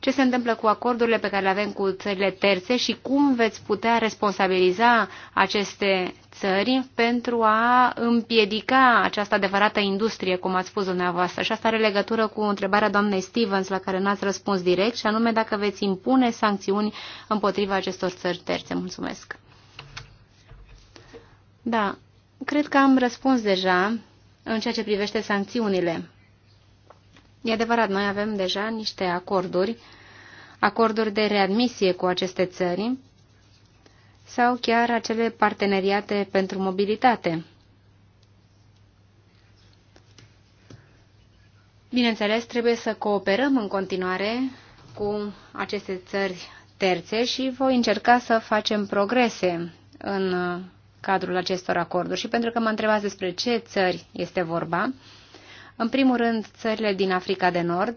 Ce se întâmplă cu acordurile pe care le avem cu țările terțe și cum veți putea responsabiliza aceste țări pentru a împiedica această adevărată industrie, cum ați spus dumneavoastră. Și asta are legătură cu întrebarea doamnei Stevens, la care n-ați răspuns direct, și anume dacă veți impune sancțiuni împotriva acestor țări terțe. Mulțumesc. Da, Cred că am răspuns deja în ceea ce privește sancțiunile. E adevărat, noi avem deja niște acorduri, acorduri de readmisie cu aceste țări sau chiar acele parteneriate pentru mobilitate. Bineînțeles, trebuie să cooperăm în continuare cu aceste țări terțe și voi încerca să facem progrese în cadrul acestor acorduri. Și pentru că mă întrebați despre ce țări este vorba, în primul rând țările din Africa de Nord,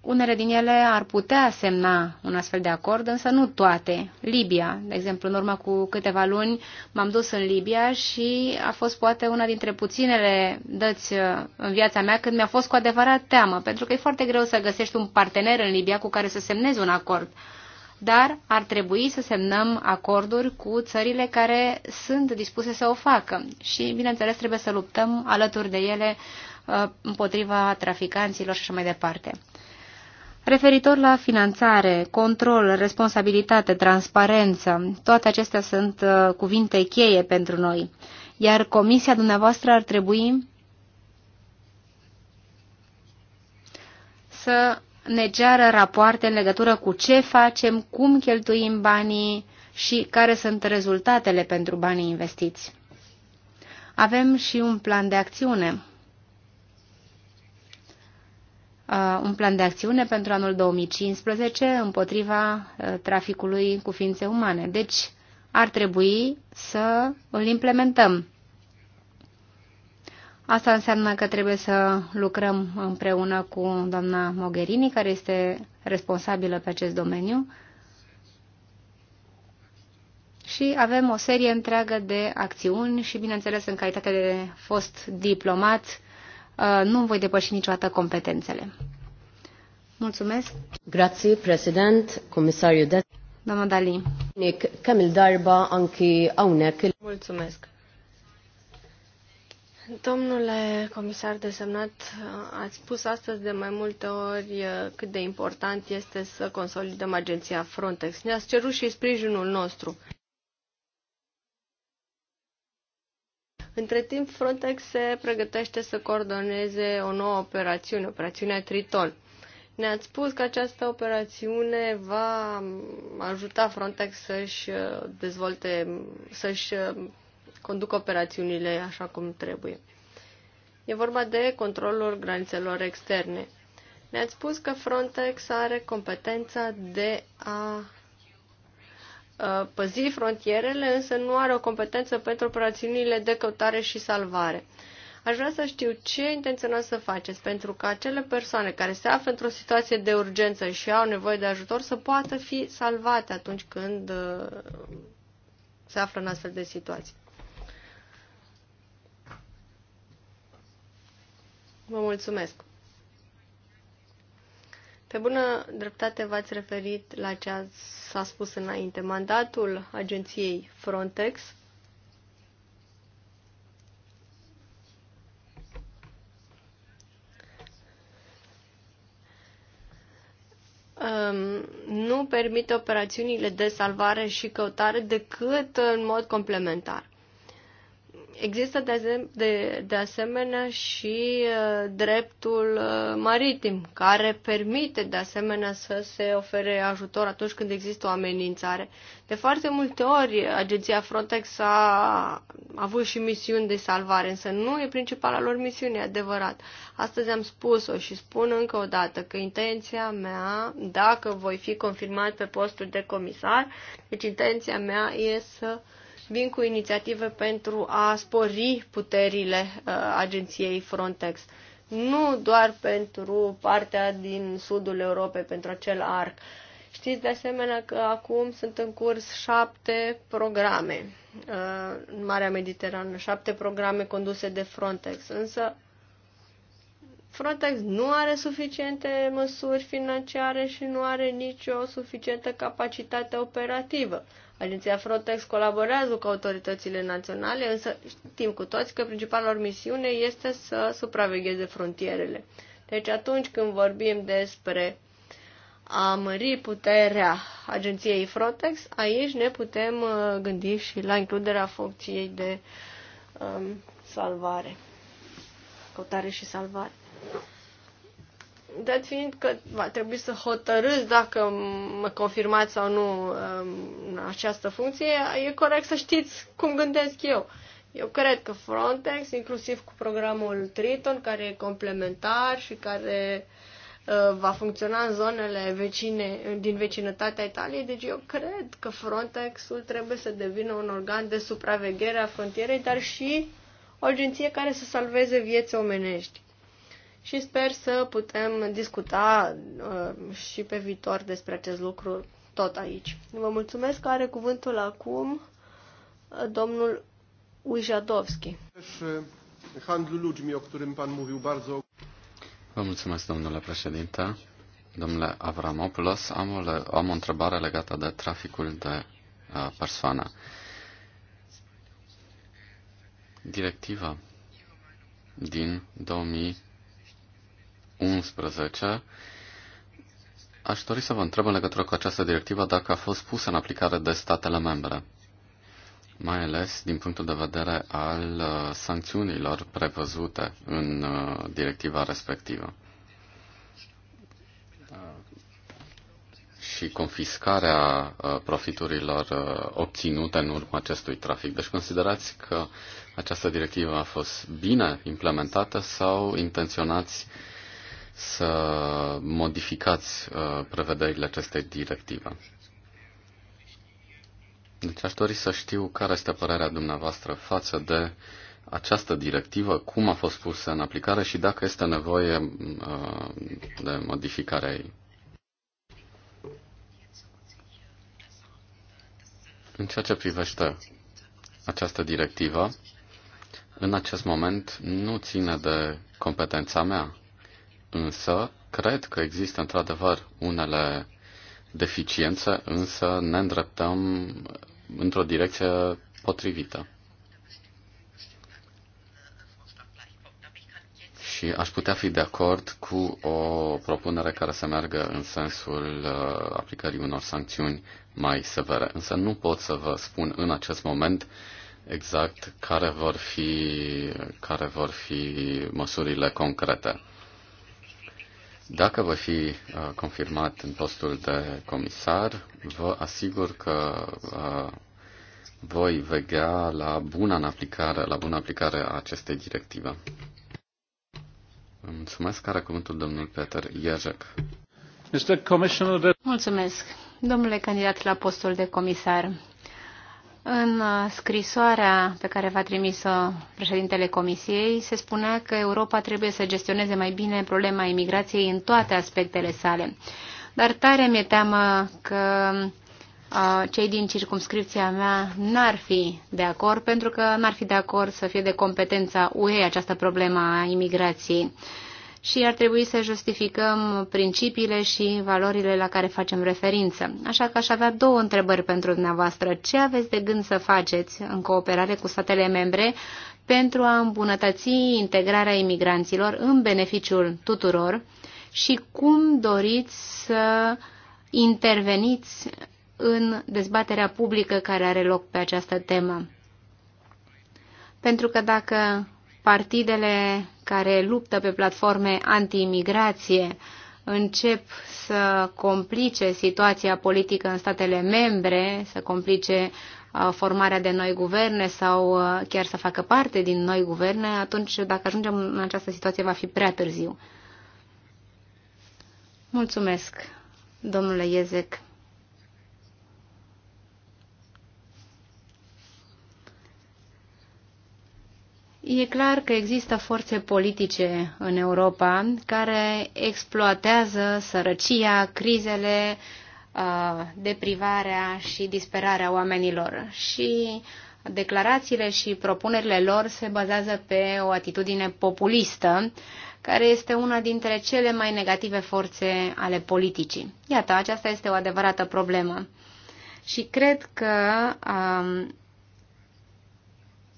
unele din ele ar putea semna un astfel de acord, însă nu toate. Libia, de exemplu, în urmă cu câteva luni m-am dus în Libia și a fost poate una dintre puținele dăți uh, în viața mea când mi-a fost cu adevărat teamă, pentru că e foarte greu să găsești un partener în Libia cu care să semnezi un acord dar ar trebui să semnăm acorduri cu țările care sunt dispuse să o facă și, bineînțeles, trebuie să luptăm alături de ele uh, împotriva traficanților și așa mai departe. Referitor la finanțare, control, responsabilitate, transparență, toate acestea sunt uh, cuvinte cheie pentru noi, iar comisia dumneavoastră ar trebui să ne ceară rapoarte în legătură cu ce facem, cum cheltuim banii și care sunt rezultatele pentru banii investiți. Avem și un plan de acțiune. Uh, un plan de acțiune pentru anul 2015 împotriva uh, traficului cu ființe umane. Deci ar trebui să îl implementăm. Asta înseamnă că trebuie să lucrăm împreună cu doamna Mogherini, care este responsabilă pe acest domeniu. Și avem o serie întreagă de acțiuni și, bineînțeles, în calitate de fost diplomat, uh, nu voi depăși niciodată competențele. Mulțumesc. Grazie, president, comisariu de... Doamna Dali. Camil Darba, anche Aunec. Mulțumesc. Domnule comisar desemnat, ați spus astăzi de mai multe ori uh, cât de important este să consolidăm agenția Frontex. Ne-ați cerut și sprijinul nostru. Între timp, Frontex se pregătește să coordoneze o nouă operațiune, operațiunea Triton. Ne-ați spus că această operațiune va ajuta Frontex să-și uh, dezvolte, să-și uh, conduc operațiunile așa cum trebuie. E vorba de controlul granițelor externe. Ne-ați spus că Frontex are competența de a păzi frontierele, însă nu are o competență pentru operațiunile de căutare și salvare. Aș vrea să știu ce intenționați să faceți pentru ca acele persoane care se află într-o situație de urgență și au nevoie de ajutor să poată fi salvate atunci când uh, se află în astfel de situații. Vă mulțumesc. Pe bună dreptate v-ați referit la ce s-a spus înainte. Mandatul agenției Frontex um, nu permite operațiunile de salvare și căutare decât în mod complementar. Există de, de, de asemenea și uh, dreptul uh, maritim, care permite de asemenea să se ofere ajutor atunci când există o amenințare. De foarte multe ori, agenția Frontex a avut și misiuni de salvare, însă nu e principala lor misiune, e adevărat. Astăzi am spus-o și spun încă o dată că intenția mea, dacă voi fi confirmat pe postul de comisar, deci intenția mea e să uh, vin cu inițiative pentru a spori puterile uh, agenției Frontex. Nu doar pentru partea din sudul Europei, pentru acel arc. Știți de asemenea că acum sunt în curs șapte programe uh, în Marea Mediterană, șapte programe conduse de Frontex, însă Frontex nu are suficiente măsuri financiare și nu are nicio suficientă capacitate operativă. Agenția Frontex colaborează cu autoritățile naționale, însă știm cu toți că principala lor misiune este să supravegheze frontierele. Deci atunci când vorbim despre a mări puterea agenției Frontex, aici ne putem uh, gândi și la includerea funcției de um, salvare, căutare și salvare. Dat fiind că va trebui să hotărâți dacă mă confirmați sau nu um, în această funcție, e corect să știți cum gândesc eu. Eu cred că Frontex, inclusiv cu programul Triton, care e complementar și care uh, va funcționa în zonele vecine, din vecinătatea Italiei, deci eu cred că Frontexul trebuie să devină un organ de supraveghere a frontierei, dar și o agenție care să salveze vieți omenești și sper să putem discuta uh, și pe viitor despre acest lucru tot aici. Vă mulțumesc, are cuvântul acum uh, domnul Ujadovski. Vă mulțumesc, domnule președinte. Domnule Avramopoulos, am o, am o întrebare legată de traficul de uh, persoane. Directiva din 2000 11. Aș dori să vă întreb în legătură cu această directivă dacă a fost pusă în aplicare de statele membre, mai ales din punctul de vedere al uh, sancțiunilor prevăzute în uh, directiva respectivă. și confiscarea uh, profiturilor obținute în urma acestui trafic. Deci considerați că această directivă a fost bine implementată sau intenționați să modificați uh, prevederile acestei directive. Deci aș dori să știu care este părerea dumneavoastră față de această directivă, cum a fost pusă în aplicare și dacă este nevoie uh, de modificarea ei. În ceea ce privește această directivă, în acest moment nu ține de competența mea. Însă, cred că există într-adevăr unele deficiențe, însă ne îndreptăm într-o direcție potrivită. și aș putea fi de acord cu o propunere care să meargă în sensul uh, aplicării unor sancțiuni mai severe. Însă nu pot să vă spun în acest moment exact care vor fi, care vor fi măsurile concrete. Dacă vă fi uh, confirmat în postul de comisar, vă asigur că uh, voi vegea la bună aplicare, la bună aplicare a acestei directive. Mulțumesc, are cuvântul domnul Peter Iezec. Mulțumesc. Domnule candidat la postul de comisar, în uh, scrisoarea pe care v-a trimis-o președintele Comisiei, se spunea că Europa trebuie să gestioneze mai bine problema imigrației în toate aspectele sale. Dar tare mi-e teamă că uh, cei din circumscripția mea n-ar fi de acord, pentru că n-ar fi de acord să fie de competența UE această problemă a imigrației și ar trebui să justificăm principiile și valorile la care facem referință. Așa că aș avea două întrebări pentru dumneavoastră. Ce aveți de gând să faceți în cooperare cu statele membre pentru a îmbunătăți integrarea imigranților în beneficiul tuturor și cum doriți să interveniți în dezbaterea publică care are loc pe această temă? Pentru că dacă partidele care luptă pe platforme anti-imigrație încep să complice situația politică în statele membre, să complice uh, formarea de noi guverne sau uh, chiar să facă parte din noi guverne, atunci dacă ajungem în această situație va fi prea târziu. Mulțumesc, domnule Iezec. E clar că există forțe politice în Europa care exploatează sărăcia, crizele, deprivarea și disperarea oamenilor. Și declarațiile și propunerile lor se bazează pe o atitudine populistă, care este una dintre cele mai negative forțe ale politicii. Iată, aceasta este o adevărată problemă. Și cred că um,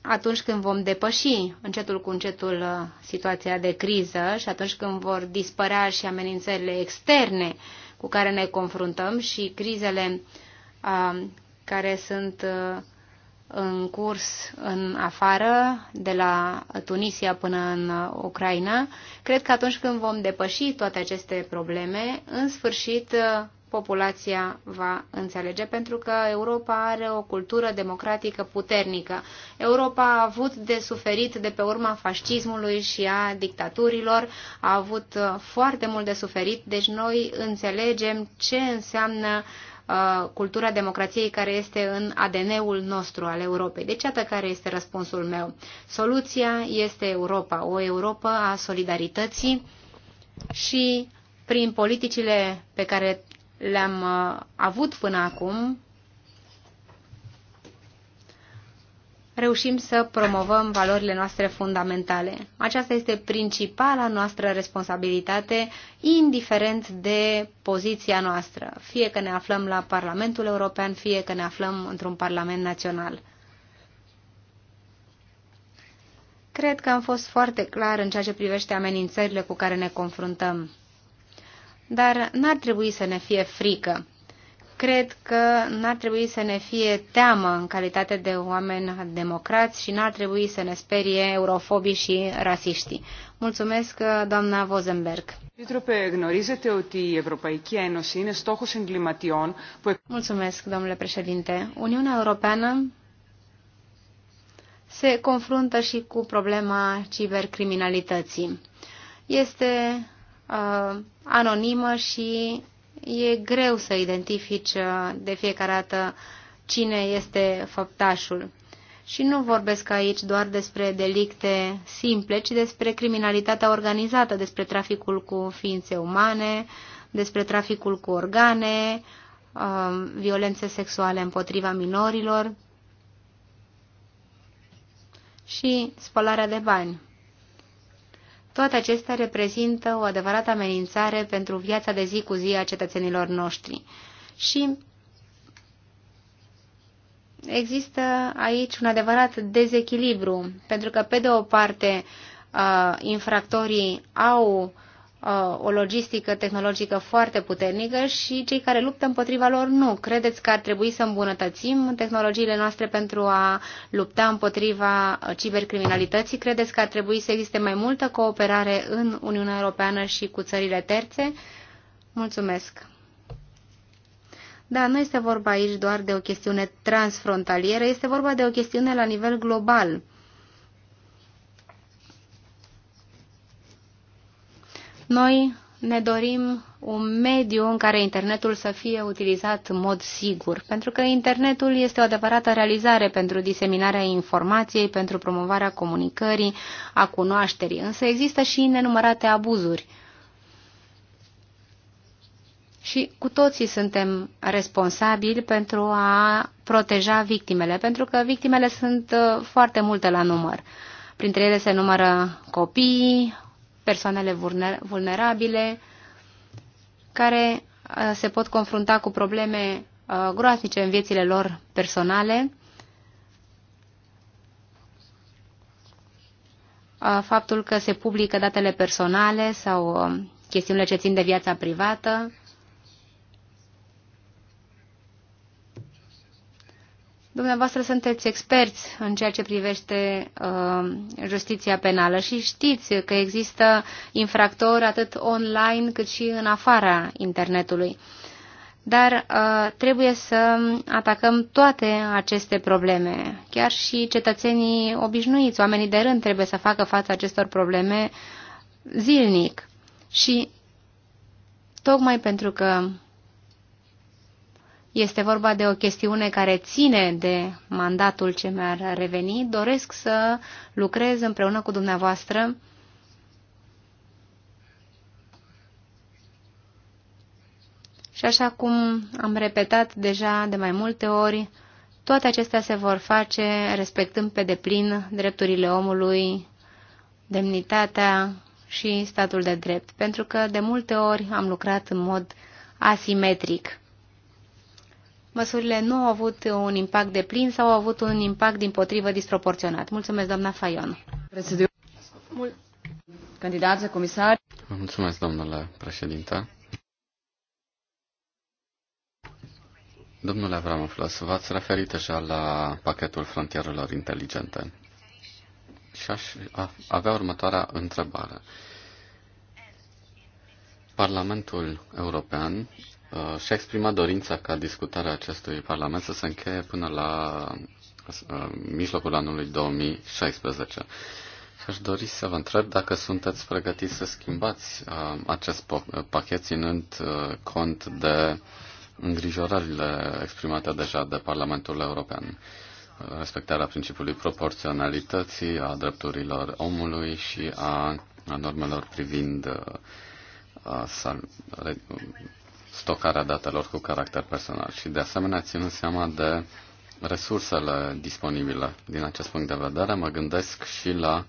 atunci când vom depăși încetul cu încetul uh, situația de criză și atunci când vor dispărea și amenințările externe cu care ne confruntăm și crizele uh, care sunt uh, în curs în afară, de la Tunisia până în Ucraina, cred că atunci când vom depăși toate aceste probleme, în sfârșit populația va înțelege, pentru că Europa are o cultură democratică puternică. Europa a avut de suferit de pe urma fascismului și a dictaturilor, a avut uh, foarte mult de suferit, deci noi înțelegem ce înseamnă uh, cultura democrației care este în ADN-ul nostru al Europei. Deci, atât care este răspunsul meu. Soluția este Europa, o Europa a solidarității și prin politicile pe care le-am uh, avut până acum, reușim să promovăm valorile noastre fundamentale. Aceasta este principala noastră responsabilitate, indiferent de poziția noastră, fie că ne aflăm la Parlamentul European, fie că ne aflăm într-un Parlament național. Cred că am fost foarte clar în ceea ce privește amenințările cu care ne confruntăm dar n-ar trebui să ne fie frică. Cred că n-ar trebui să ne fie teamă în calitate de oameni democrați și n-ar trebui să ne sperie eurofobii și rasiștii. Mulțumesc, doamna Vozenberg. Mulțumesc, domnule președinte. Uniunea Europeană se confruntă și cu problema cibercriminalității. Este uh, anonimă și e greu să identifici uh, de fiecare dată cine este făptașul. Și nu vorbesc aici doar despre delicte simple, ci despre criminalitatea organizată, despre traficul cu ființe umane, despre traficul cu organe, uh, violențe sexuale împotriva minorilor și spălarea de bani. Toate acestea reprezintă o adevărată amenințare pentru viața de zi cu zi a cetățenilor noștri. Și există aici un adevărat dezechilibru, pentru că, pe de o parte, infractorii au Uh, o logistică tehnologică foarte puternică și cei care luptă împotriva lor nu. Credeți că ar trebui să îmbunătățim tehnologiile noastre pentru a lupta împotriva cibercriminalității? Credeți că ar trebui să existe mai multă cooperare în Uniunea Europeană și cu țările terțe? Mulțumesc! Da, nu este vorba aici doar de o chestiune transfrontalieră, este vorba de o chestiune la nivel global Noi ne dorim un mediu în care internetul să fie utilizat în mod sigur, pentru că internetul este o adevărată realizare pentru diseminarea informației, pentru promovarea comunicării, a cunoașterii, însă există și nenumărate abuzuri. Și cu toții suntem responsabili pentru a proteja victimele, pentru că victimele sunt uh, foarte multe la număr. Printre ele se numără copii, persoanele vulnerabile, care uh, se pot confrunta cu probleme uh, groaznice în viețile lor personale. Uh, faptul că se publică datele personale sau chestiunile ce țin de viața privată Dumneavoastră sunteți experți în ceea ce privește uh, justiția penală și știți că există infractori atât online cât și în afara internetului. Dar uh, trebuie să atacăm toate aceste probleme. Chiar și cetățenii obișnuiți, oamenii de rând, trebuie să facă față acestor probleme zilnic. Și tocmai pentru că este vorba de o chestiune care ține de mandatul ce mi-ar reveni. Doresc să lucrez împreună cu dumneavoastră Și așa cum am repetat deja de mai multe ori, toate acestea se vor face respectând pe deplin drepturile omului, demnitatea și statul de drept, pentru că de multe ori am lucrat în mod asimetric măsurile nu au avut un impact de plin sau au avut un impact din potrivă disproporționat. Mulțumesc, doamna Faion. Mul- Candidat comisar. mulțumesc, domnule președinte. Domnule Avramoflos, v-ați referit deja la pachetul frontierelor inteligente și aș avea următoarea întrebare. Parlamentul European Uh, și-a exprimat dorința ca discutarea acestui Parlament să se încheie până la uh, mijlocul anului 2016. Și aș dori să vă întreb dacă sunteți pregătiți să schimbați uh, acest pachet ținând cont de îngrijorările exprimate deja de Parlamentul European respectarea principiului proporționalității, a drepturilor omului și a, a normelor privind uh, sal, stocarea datelor cu caracter personal și de asemenea ținând seama de resursele disponibile. Din acest punct de vedere mă gândesc și la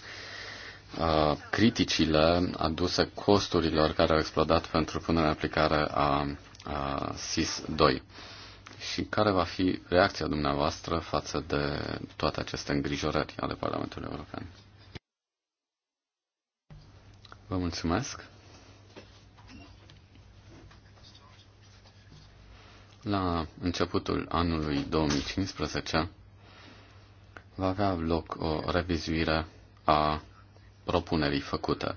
uh, criticile aduse costurilor care au explodat pentru punerea în aplicare a, uh, SIS-2 și care va fi reacția dumneavoastră față de toate aceste îngrijorări ale Parlamentului European. Vă mulțumesc! La începutul anului 2015 va avea loc o revizuire a propunerii făcute.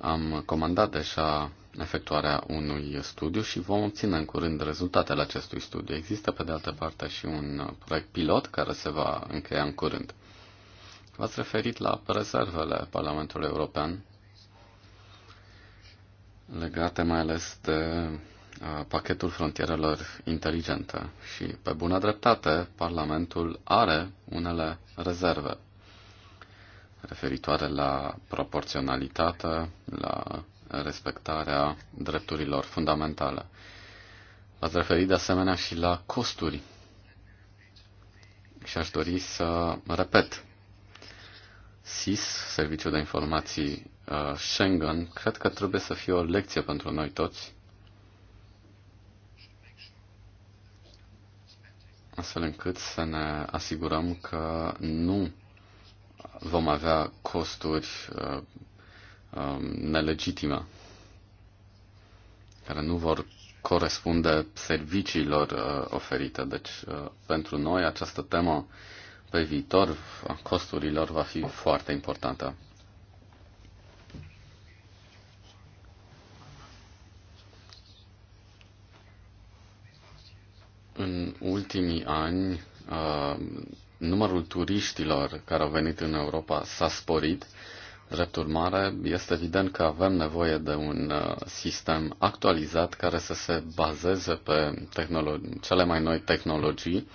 Am comandat deja efectuarea unui studiu și vom obține în curând rezultatele acestui studiu. Există, pe de altă parte, și un proiect pilot care se va încheia în curând. V-ați referit la rezervele Parlamentului European legate mai ales de pachetul frontierelor inteligente și, pe bună dreptate, Parlamentul are unele rezerve referitoare la proporționalitate, la respectarea drepturilor fundamentale. ați referit de asemenea și la costuri și aș dori să repet. SIS, Serviciul de Informații uh, Schengen, cred că trebuie să fie o lecție pentru noi toți astfel încât să ne asigurăm că nu vom avea costuri uh, uh, nelegitime care nu vor corespunde serviciilor uh, oferite. Deci, uh, pentru noi, această temă pe viitor a costurilor va fi foarte importantă. În ultimii ani, numărul turiștilor care au venit în Europa s-a sporit. Drept urmare, este evident că avem nevoie de un sistem actualizat care să se bazeze pe cele mai noi tehnologii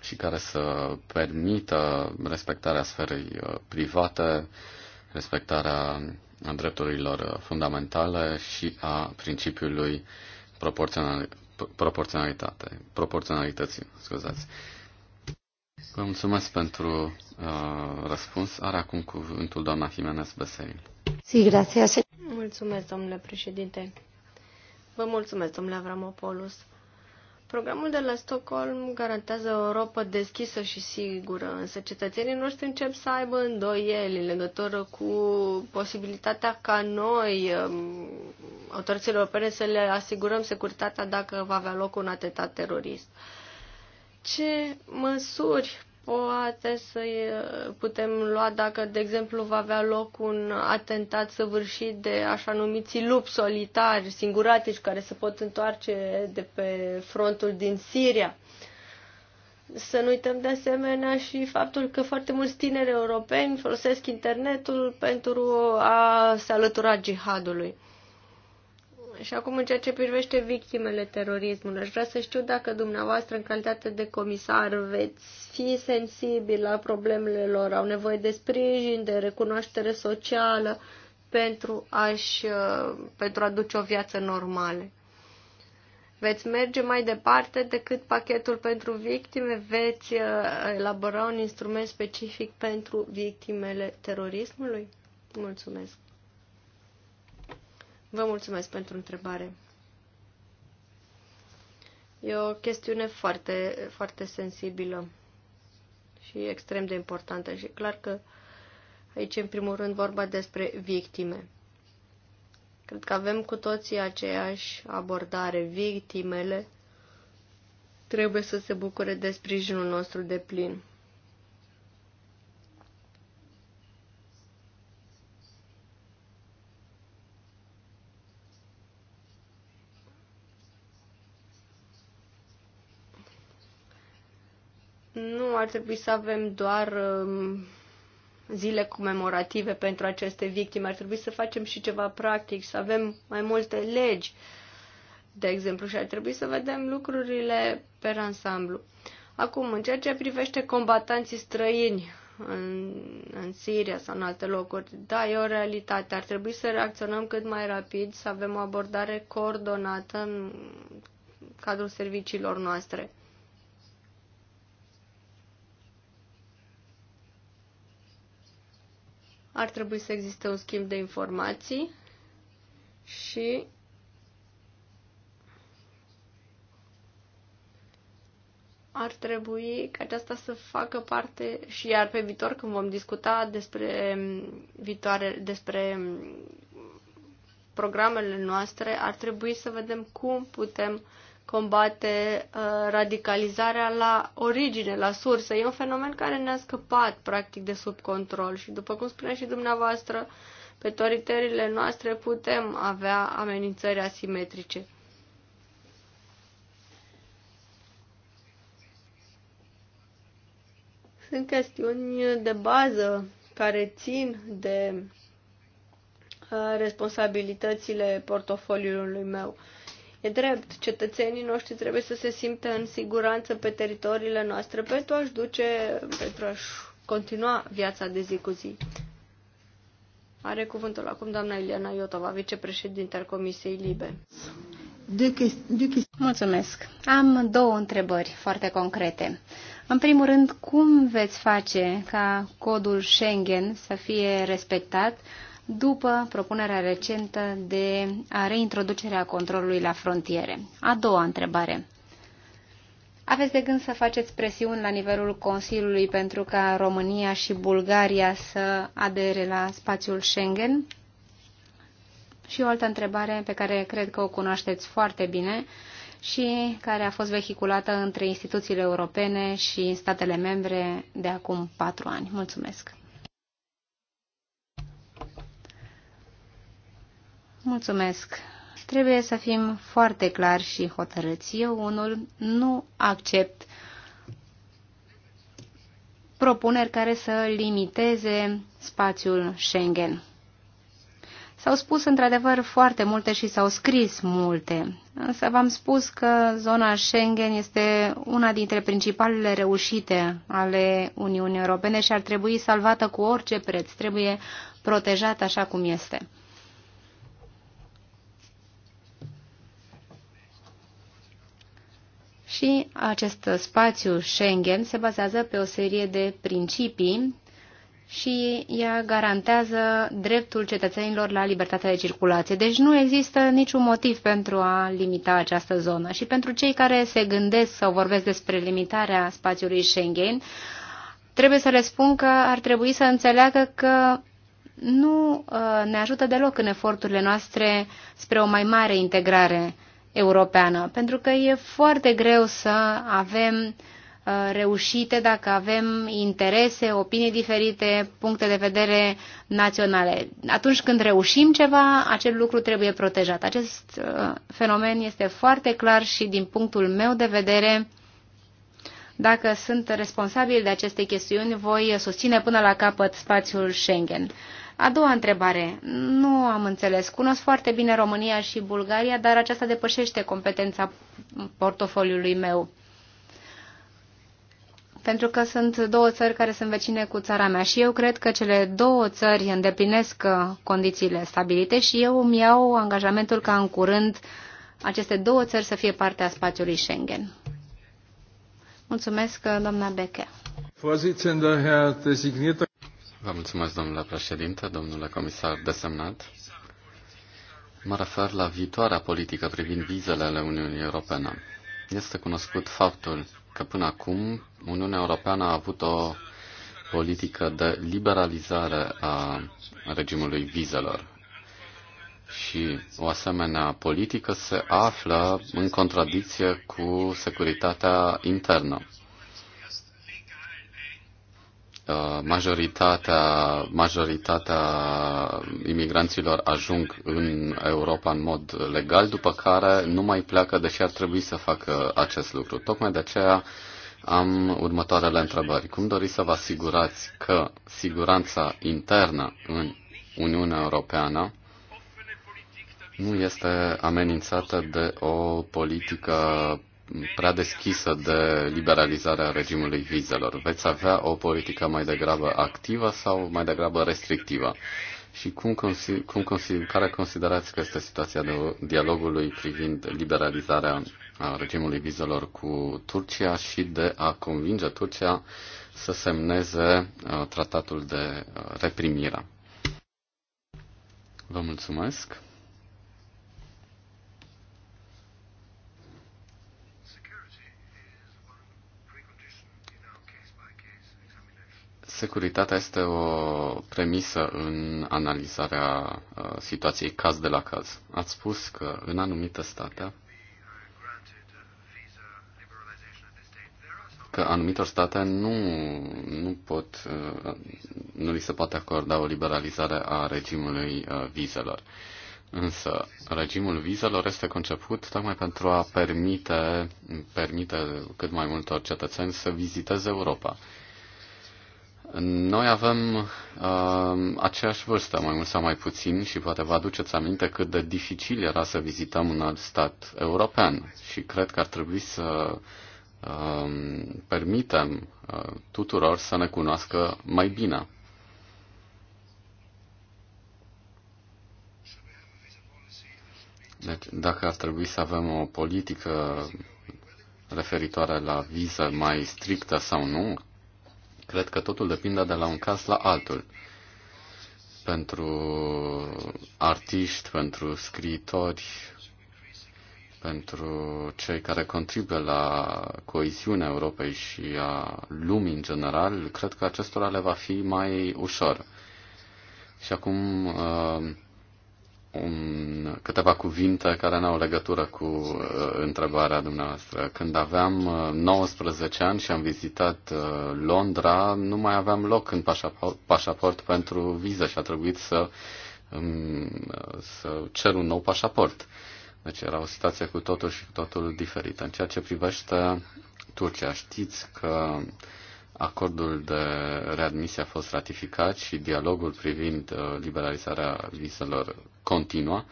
și care să permită respectarea sferei private, respectarea drepturilor fundamentale și a principiului proporționalitate, proporționalității, scuzați. Vă mulțumesc pentru uh, răspuns. Are acum cuvântul doamna Jimenez Beseril. Si, gracias. Mulțumesc, domnule președinte. Vă mulțumesc, domnule Avramopoulos. Programul de la Stockholm garantează o Europa deschisă și sigură, însă cetățenii noștri încep să aibă îndoieli în legătură cu posibilitatea ca noi, um, autoritățile europene, să le asigurăm securitatea dacă va avea loc un atentat terorist. Ce măsuri poate să putem lua dacă, de exemplu, va avea loc un atentat săvârșit de așa numiți lupi solitari, singuratici, care se pot întoarce de pe frontul din Siria. Să nu uităm de asemenea și faptul că foarte mulți tineri europeni folosesc internetul pentru a se alătura jihadului. Și acum, în ceea ce privește victimele terorismului, aș vrea să știu dacă dumneavoastră, în calitate de comisar, veți fi sensibili la problemele lor, au nevoie de sprijin, de recunoaștere socială pentru, a-și, uh, pentru a duce o viață normală. Veți merge mai departe decât pachetul pentru victime, veți uh, elabora un instrument specific pentru victimele terorismului? Mulțumesc! Vă mulțumesc pentru întrebare. E o chestiune foarte, foarte sensibilă și extrem de importantă și clar că aici în primul rând vorba despre victime. Cred că avem cu toții aceeași abordare. Victimele trebuie să se bucure de sprijinul nostru de plin. ar trebui să avem doar um, zile comemorative pentru aceste victime. Ar trebui să facem și ceva practic, să avem mai multe legi, de exemplu, și ar trebui să vedem lucrurile pe ansamblu. Acum, în ceea ce privește combatanții străini în, în Siria sau în alte locuri, da, e o realitate. Ar trebui să reacționăm cât mai rapid, să avem o abordare coordonată în cadrul serviciilor noastre. ar trebui să existe un schimb de informații și ar trebui ca aceasta să facă parte și iar pe viitor când vom discuta despre viitoare, despre programele noastre, ar trebui să vedem cum putem combate uh, radicalizarea la origine, la sursă. E un fenomen care ne-a scăpat, practic, de sub control și, după cum spunea și dumneavoastră, pe toriterile noastre putem avea amenințări asimetrice. Sunt chestiuni de bază care țin de uh, responsabilitățile portofoliului meu. Uh, E drept, cetățenii noștri trebuie să se simtă în siguranță pe teritoriile noastre pentru a-și duce, pentru a-și continua viața de zi cu zi. Are cuvântul acum doamna Iliana Iotova, vicepreședinte al Comisiei Libe. Mulțumesc. Am două întrebări foarte concrete. În primul rând, cum veți face ca codul Schengen să fie respectat după propunerea recentă de a reintroducerea controlului la frontiere. A doua întrebare. Aveți de gând să faceți presiuni la nivelul Consiliului pentru ca România și Bulgaria să adere la spațiul Schengen? Și o altă întrebare pe care cred că o cunoașteți foarte bine și care a fost vehiculată între instituțiile europene și statele membre de acum patru ani. Mulțumesc! Mulțumesc. Trebuie să fim foarte clari și hotărâți. Eu unul nu accept propuneri care să limiteze spațiul Schengen. S-au spus într-adevăr foarte multe și s-au scris multe, însă v-am spus că zona Schengen este una dintre principalele reușite ale Uniunii Europene și ar trebui salvată cu orice preț, trebuie protejată așa cum este. Și acest spațiu Schengen se bazează pe o serie de principii și ea garantează dreptul cetățenilor la libertatea de circulație. Deci nu există niciun motiv pentru a limita această zonă. Și pentru cei care se gândesc sau vorbesc despre limitarea spațiului Schengen, trebuie să le spun că ar trebui să înțeleagă că nu uh, ne ajută deloc în eforturile noastre spre o mai mare integrare europeană, pentru că e foarte greu să avem uh, reușite dacă avem interese, opinii diferite, puncte de vedere naționale. Atunci când reușim ceva, acel lucru trebuie protejat. Acest uh, fenomen este foarte clar și din punctul meu de vedere, dacă sunt responsabil de aceste chestiuni, voi susține până la capăt spațiul Schengen. A doua întrebare. Nu am înțeles. Cunosc foarte bine România și Bulgaria, dar aceasta depășește competența portofoliului meu. Pentru că sunt două țări care sunt vecine cu țara mea și eu cred că cele două țări îndeplinesc condițiile stabilite și eu îmi iau angajamentul ca în curând aceste două țări să fie parte a spațiului Schengen. Mulțumesc, doamna Becker. Vă mulțumesc, domnule președinte, domnule comisar desemnat. Mă refer la viitoarea politică privind vizele ale Uniunii Europene. Este cunoscut faptul că până acum Uniunea Europeană a avut o politică de liberalizare a regimului vizelor. Și o asemenea politică se află în contradicție cu securitatea internă. Uh, majoritatea, majoritatea imigranților ajung în Europa în mod legal, după care nu mai pleacă, deși ar trebui să facă acest lucru. Tocmai de aceea am următoarele întrebări. Cum doriți să vă asigurați că siguranța internă în Uniunea Europeană nu este amenințată de o politică prea deschisă de liberalizarea regimului vizelor? Veți avea o politică mai degrabă activă sau mai degrabă restrictivă? Și cum, cum care considerați că este situația de dialogului privind liberalizarea a regimului vizelor cu Turcia și de a convinge Turcia să semneze uh, tratatul de uh, reprimire? Vă mulțumesc. Securitatea este o premisă în analizarea uh, situației caz de la caz. Ați spus că în anumite state că anumitor state nu, nu, pot, uh, nu li se poate acorda o liberalizare a regimului uh, vizelor. Însă, regimul vizelor este conceput tocmai pentru a permite, permite cât mai multor cetățeni să viziteze Europa. Noi avem uh, aceeași vârstă, mai mult sau mai puțin, și poate vă aduceți aminte cât de dificil era să vizităm un alt stat european. Și cred că ar trebui să uh, permitem uh, tuturor să ne cunoască mai bine. Deci, dacă ar trebui să avem o politică referitoare la viză mai strictă sau nu, Cred că totul depinde de la un caz la altul. Pentru artiști, pentru scriitori, pentru cei care contribuie la coeziunea Europei și a lumii în general, cred că acestora le va fi mai ușor. Și acum uh, un, câteva cuvinte care n-au legătură cu uh, întrebarea dumneavoastră. Când aveam uh, 19 ani și am vizitat uh, Londra, nu mai aveam loc în pașaport, pașaport pentru viză și a trebuit să, um, să cer un nou pașaport. Deci era o situație cu totul și cu totul diferită. În ceea ce privește Turcia, știți că uh, Acordul de readmisie a fost ratificat și dialogul privind uh, liberalizarea vizelor continua.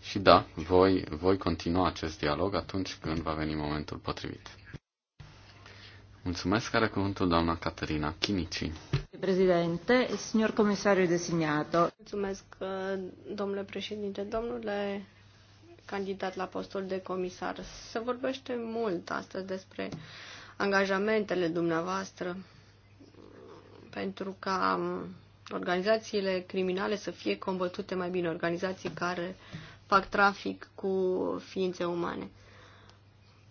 Și da, voi, voi continua acest dialog atunci când va veni momentul potrivit. Mulțumesc, are cuvântul doamna Caterina Chinici. Președinte, signor comisariu designato. Mulțumesc, uh, domnule președinte, domnule candidat la postul de comisar. Se vorbește mult astăzi despre angajamentele dumneavoastră pentru ca organizațiile criminale să fie combătute mai bine, organizații care fac trafic cu ființe umane.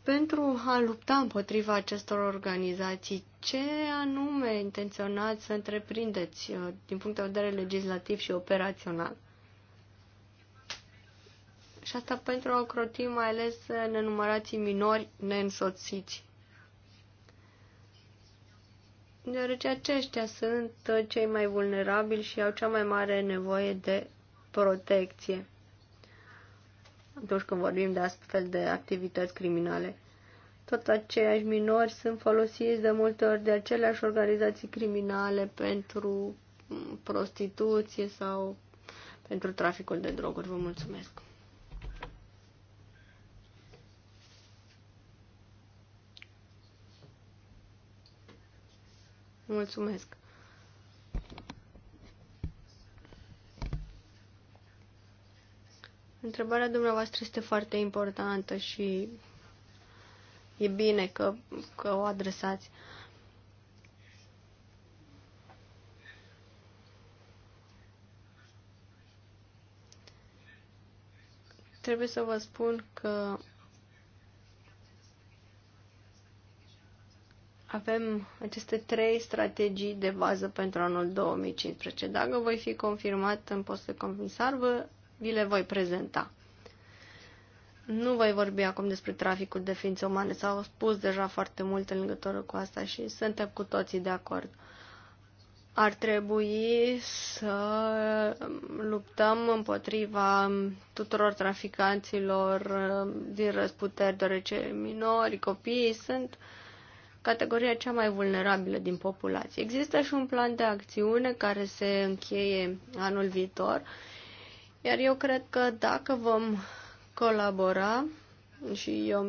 Pentru a lupta împotriva acestor organizații, ce anume intenționați să întreprindeți uh, din punct de vedere legislativ și operațional? Și asta pentru a ocroti mai ales nenumărații minori neînsoțiți deoarece aceștia sunt cei mai vulnerabili și au cea mai mare nevoie de protecție atunci când vorbim de astfel de activități criminale. Tot aceiași minori sunt folosiți de multe ori de aceleași organizații criminale pentru prostituție sau pentru traficul de droguri. Vă mulțumesc! Mulțumesc. Întrebarea dumneavoastră este foarte importantă și e bine că, că o adresați. Trebuie să vă spun că avem aceste trei strategii de bază pentru anul 2015. Dacă voi fi confirmat în post de comisar, vă, vi le voi prezenta. Nu voi vorbi acum despre traficul de ființe umane. S-au spus deja foarte multe în legătură cu asta și suntem cu toții de acord. Ar trebui să luptăm împotriva tuturor traficanților uh, din răsputeri, deoarece minori, copiii sunt uh, categoria cea mai vulnerabilă din populație. Există și un plan de acțiune care se încheie anul viitor, iar eu cred că dacă vom colabora, și eu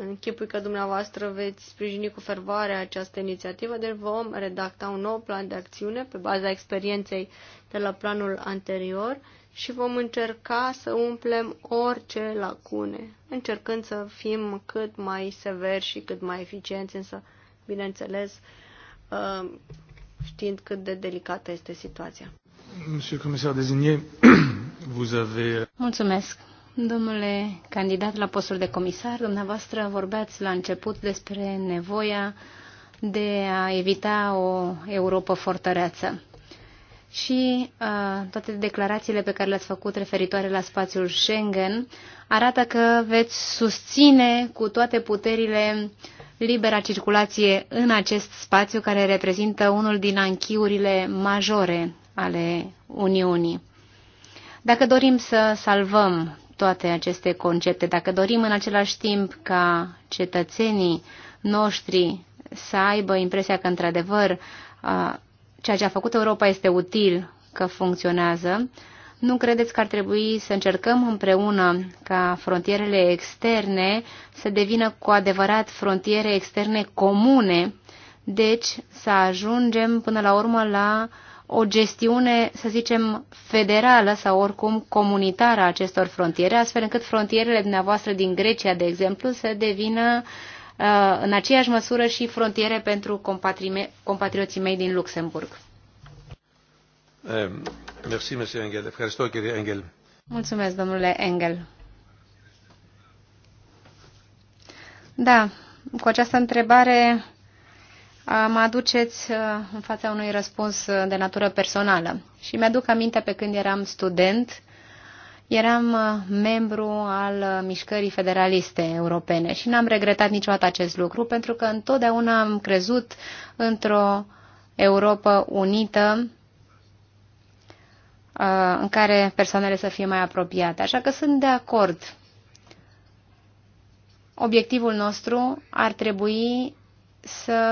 închipui că dumneavoastră veți sprijini cu fervoare această inițiativă, deci vom redacta un nou plan de acțiune pe baza experienței de la planul anterior, și vom încerca să umplem orice lacune, încercând să fim cât mai severi și cât mai eficienți, însă, bineînțeles, uh, știind cât de delicată este situația. Monsieur comisar Dezigné, vous avez... Mulțumesc. Domnule candidat la postul de comisar, dumneavoastră vorbeați la început despre nevoia de a evita o Europa fortăreață și uh, toate declarațiile pe care le-ați făcut referitoare la spațiul Schengen arată că veți susține cu toate puterile libera circulație în acest spațiu care reprezintă unul din anchiurile majore ale Uniunii. Dacă dorim să salvăm toate aceste concepte, dacă dorim în același timp ca cetățenii noștri să aibă impresia că într-adevăr uh, ceea ce a făcut Europa este util că funcționează, nu credeți că ar trebui să încercăm împreună ca frontierele externe să devină cu adevărat frontiere externe comune, deci să ajungem până la urmă la o gestiune, să zicem, federală sau oricum comunitară a acestor frontiere, astfel încât frontierele dumneavoastră din Grecia, de exemplu, să devină Uh, în aceeași măsură și frontiere pentru compatrioții mei din Luxemburg. Eh, Mulțumesc, domnule Engel. Da, cu această întrebare uh, mă aduceți uh, în fața unui răspuns de natură personală. Și mi-aduc aminte pe când eram student, eram uh, membru al uh, mișcării federaliste europene și n-am regretat niciodată acest lucru, pentru că întotdeauna am crezut într-o Europa unită uh, în care persoanele să fie mai apropiate. Așa că sunt de acord. Obiectivul nostru ar trebui să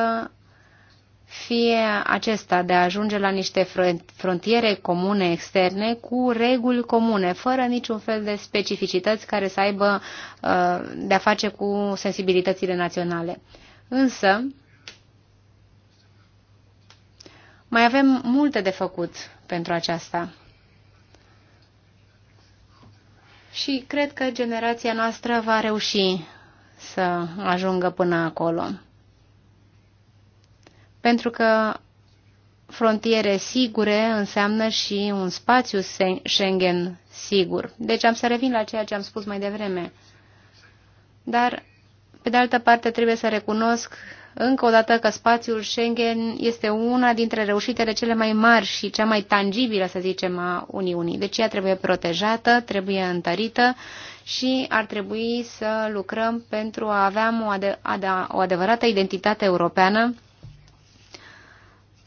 fie acesta de a ajunge la niște frontiere comune externe cu reguli comune, fără niciun fel de specificități care să aibă uh, de-a face cu sensibilitățile naționale. Însă, mai avem multe de făcut pentru aceasta. Și cred că generația noastră va reuși să ajungă până acolo. Pentru că frontiere sigure înseamnă și un spațiu Schengen sigur. Deci am să revin la ceea ce am spus mai devreme. Dar, pe de altă parte, trebuie să recunosc încă o dată că spațiul Schengen este una dintre reușitele cele mai mari și cea mai tangibilă, să zicem, a Uniunii. Deci ea trebuie protejată, trebuie întărită și ar trebui să lucrăm pentru a avea o, ade- o adevărată identitate europeană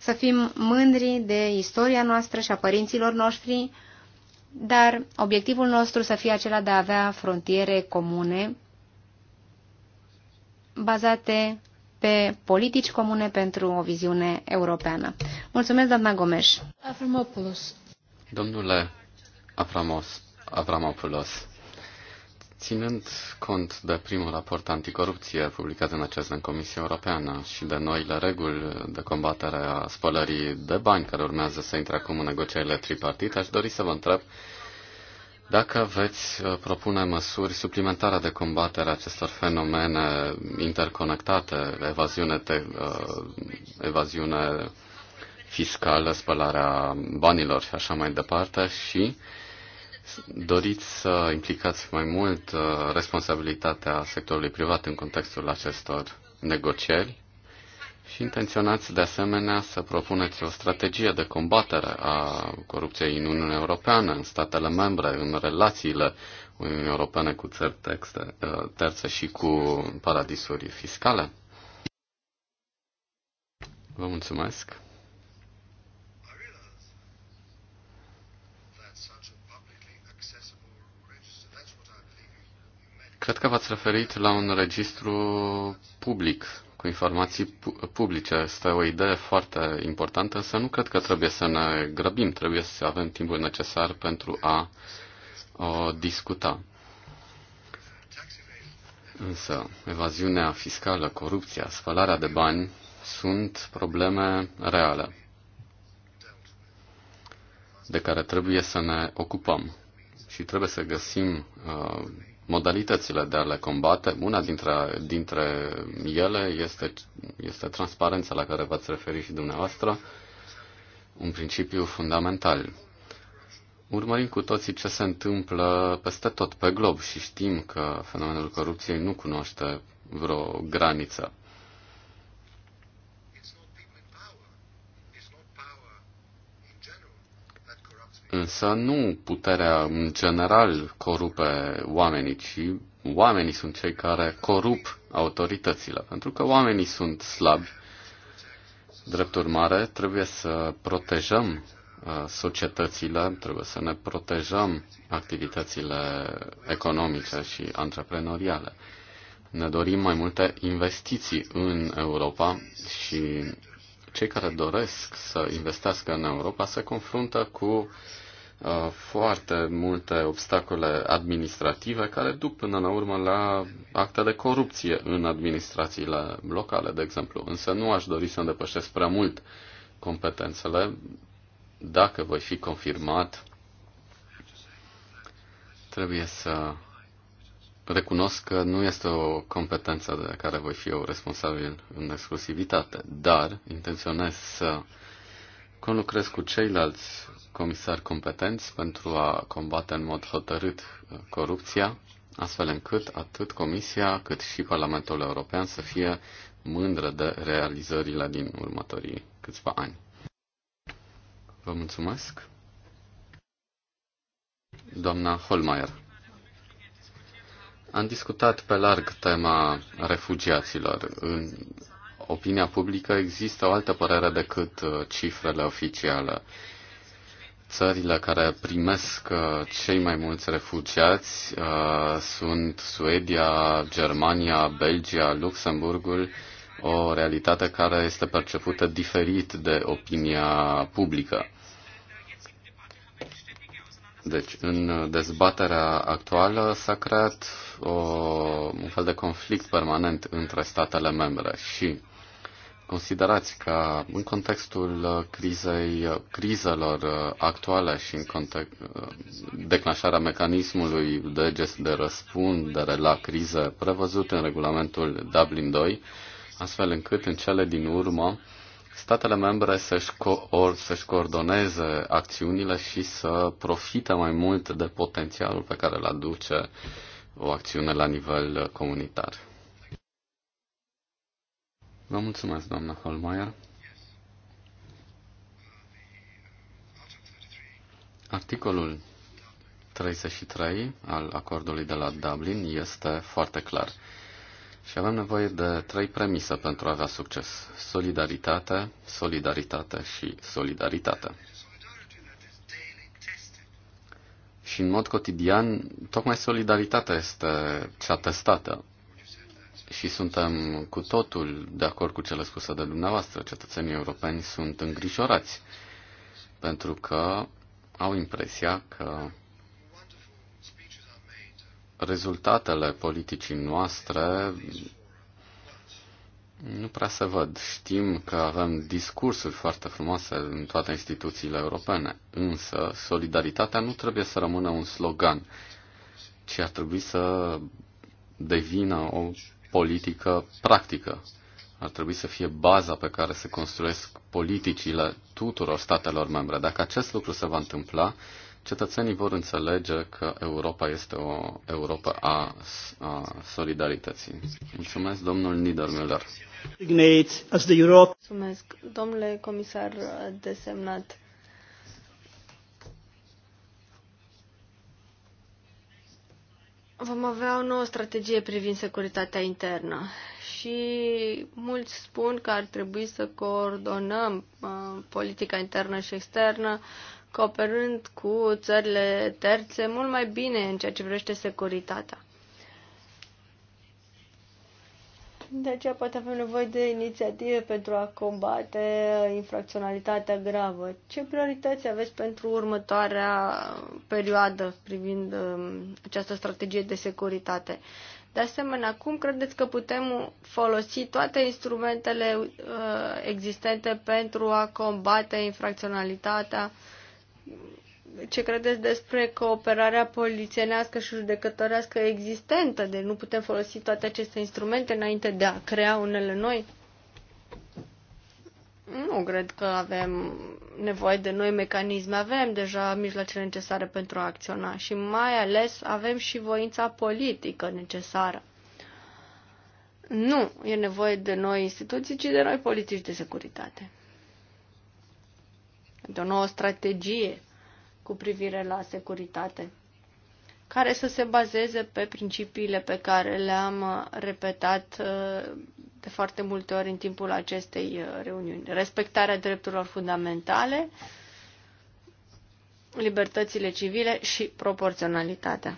să fim mândri de istoria noastră și a părinților noștri, dar obiectivul nostru să fie acela de a avea frontiere comune bazate pe politici comune pentru o viziune europeană. Mulțumesc, doamna Gomes. Avramopoulos. Domnule Avramos, Avramopoulos, Ținând cont de primul raport anticorupție publicat în acest în Comisia Europeană și de noile reguli de combatere a spălării de bani care urmează să intre acum în negocierile tripartite, aș dori să vă întreb dacă veți uh, propune măsuri suplimentare de combatere a acestor fenomene interconectate, evaziune, te, uh, evaziune fiscală, spălarea banilor și așa mai departe și uh, Doriți să implicați mai mult uh, responsabilitatea sectorului privat în contextul acestor negocieri și intenționați de asemenea să propuneți o strategie de combatere a corupției în Uniunea Europeană, în statele membre, în relațiile Uniunii Europene cu țări uh, terțe și cu paradisuri fiscale? Vă mulțumesc. Cred că v-ați referit la un registru public cu informații pu- publice. Este o idee foarte importantă, însă nu cred că trebuie să ne grăbim, trebuie să avem timpul necesar pentru a o discuta. Însă, evaziunea fiscală, corupția, spălarea de bani sunt probleme reale de care trebuie să ne ocupăm și trebuie să găsim uh, modalitățile de a le combate. Una dintre, dintre ele este, este transparența la care v-ați referit și dumneavoastră, un principiu fundamental. Urmărim cu toții ce se întâmplă peste tot pe glob și știm că fenomenul corupției nu cunoaște vreo graniță. Însă nu puterea în general corupe oamenii, ci oamenii sunt cei care corup autoritățile, pentru că oamenii sunt slabi. Drept urmare, trebuie să protejăm uh, societățile, trebuie să ne protejăm activitățile economice și antreprenoriale. Ne dorim mai multe investiții în Europa și cei care doresc să investească în Europa se confruntă cu Uh, foarte multe obstacole administrative care duc până la urmă la acte de corupție în administrațiile locale, de exemplu. Însă nu aș dori să îndepășesc prea mult competențele. Dacă voi fi confirmat, trebuie să recunosc că nu este o competență de care voi fi eu responsabil în exclusivitate, dar intenționez să conlucrez cu ceilalți comisari competenți pentru a combate în mod hotărât uh, corupția, astfel încât atât Comisia cât și Parlamentul European să fie mândră de realizările din următorii câțiva ani. Vă mulțumesc. Doamna Holmeier. Am discutat pe larg tema refugiaților. În opinia publică există o altă părere decât uh, cifrele oficiale. Țările care primesc uh, cei mai mulți refugiați uh, sunt Suedia, Germania, Belgia, Luxemburgul, o realitate care este percepută diferit de opinia publică. Deci, în dezbaterea actuală s-a creat o, un fel de conflict permanent între statele membre și considerați că în contextul uh, crizei, uh, crizelor uh, actuale și în context, declanșarea mecanismului de gest de răspundere la crize prevăzut în regulamentul Dublin 2, astfel încât în cele din urmă statele membre să-și, co- să-și coordoneze acțiunile și să profite mai mult de potențialul pe care îl aduce o acțiune la nivel comunitar. Vă mulțumesc, doamna Holmeier. Articolul 33 al acordului de la Dublin este foarte clar. Și avem nevoie de trei premise pentru a avea succes. Solidaritate, solidaritate și solidaritate. Și în mod cotidian, tocmai solidaritatea este cea testată și suntem cu totul de acord cu cele spuse de dumneavoastră. Cetățenii europeni sunt îngrijorați pentru că au impresia că rezultatele politicii noastre nu prea se văd. Știm că avem discursuri foarte frumoase în toate instituțiile europene, însă solidaritatea nu trebuie să rămână un slogan, ci ar trebui să devină o politică practică. Ar trebui să fie baza pe care se construiesc politicile tuturor statelor membre. Dacă acest lucru se va întâmpla, cetățenii vor înțelege că Europa este o Europa a, a solidarității. Mulțumesc, domnul Niedermüller. Mulțumesc, domnule comisar desemnat. vom avea o nouă strategie privind securitatea internă și mulți spun că ar trebui să coordonăm uh, politica internă și externă cooperând cu țările terțe mult mai bine în ceea ce privește securitatea. De aceea poate avem nevoie de inițiative pentru a combate infracționalitatea gravă. Ce priorități aveți pentru următoarea perioadă privind um, această strategie de securitate? De asemenea, cum credeți că putem folosi toate instrumentele uh, existente pentru a combate infracționalitatea ce credeți despre cooperarea polițienească și judecătorească existentă? de? Deci nu putem folosi toate aceste instrumente înainte de a crea unele noi? Nu cred că avem nevoie de noi mecanisme. Avem deja mijloacele necesare pentru a acționa și mai ales avem și voința politică necesară. Nu e nevoie de noi instituții, ci de noi politici de securitate. De o nouă strategie cu privire la securitate, care să se bazeze pe principiile pe care le-am uh, repetat uh, de foarte multe ori în timpul acestei uh, reuniuni. Respectarea drepturilor fundamentale, libertățile civile și proporționalitatea.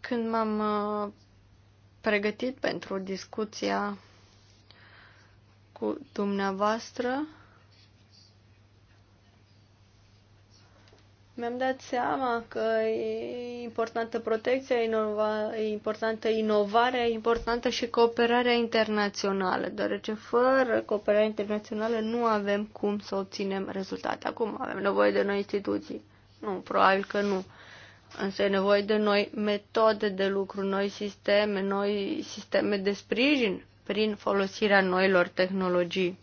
Când m-am pregătit pentru discuția cu dumneavoastră, mi-am dat seama că e importantă protecția, inova, e importantă inovarea, e importantă și cooperarea internațională, deoarece fără cooperarea internațională nu avem cum să obținem rezultate. Acum avem nevoie de noi instituții. Nu, probabil că nu. Însă e nevoie de noi metode de lucru, noi sisteme, noi sisteme de sprijin prin folosirea noilor tehnologii.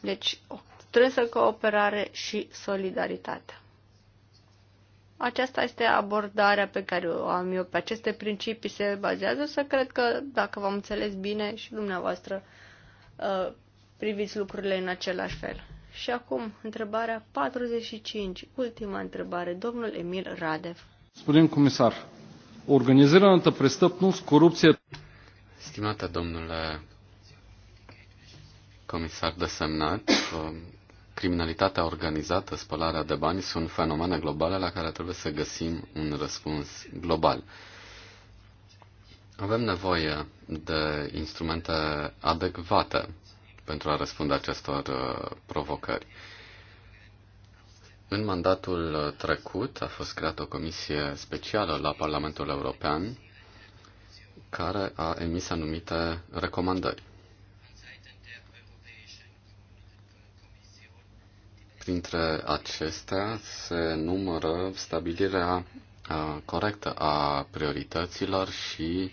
Deci, o strânsă cooperare și solidaritate. Aceasta este abordarea pe care o am eu. Pe aceste principii se bazează, să cred că, dacă v-am înțeles bine, și dumneavoastră uh, priviți lucrurile în același fel. Și acum, întrebarea 45, ultima întrebare, domnul Emil Radev. Spune comisar, организираната престъпност, корупцията. Stimate domnule comisar semnat, uh, criminalitatea organizată, spalarea de bani sunt fenomene globale la care trebuie să găsim un răspuns global. Avem nevoie de instrumente adecvate pentru a răspunde acestor uh, provocări. În mandatul uh, trecut a fost creată o comisie specială la Parlamentul European care a emis anumite recomandări. Printre acestea se numără stabilirea uh, corectă a priorităților și uh,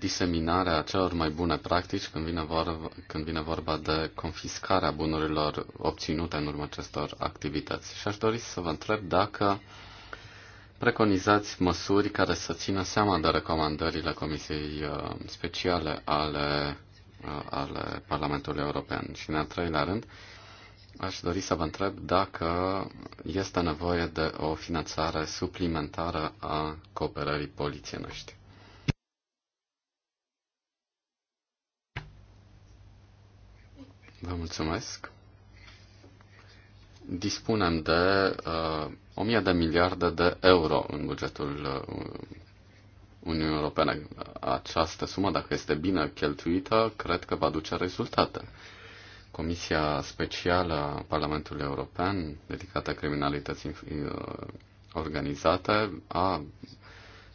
diseminarea celor mai bune practici când vine vorba, când vine vorba de confiscarea bunurilor obținute în urma acestor activități. Și aș dori să vă întreb dacă preconizați măsuri care să țină seama de recomandările Comisiei uh, Speciale ale, uh, ale Parlamentului European. Și în al treilea rând, aș dori să vă întreb dacă este nevoie de o finanțare suplimentară a cooperării polițienești. Vă mulțumesc. Dispunem de uh, 1000 de miliarde de euro în bugetul uh, Uniunii Europene. Această sumă, dacă este bine cheltuită, cred că va duce rezultate. Comisia Specială a Parlamentului European, dedicată criminalității uh, organizate, a, a,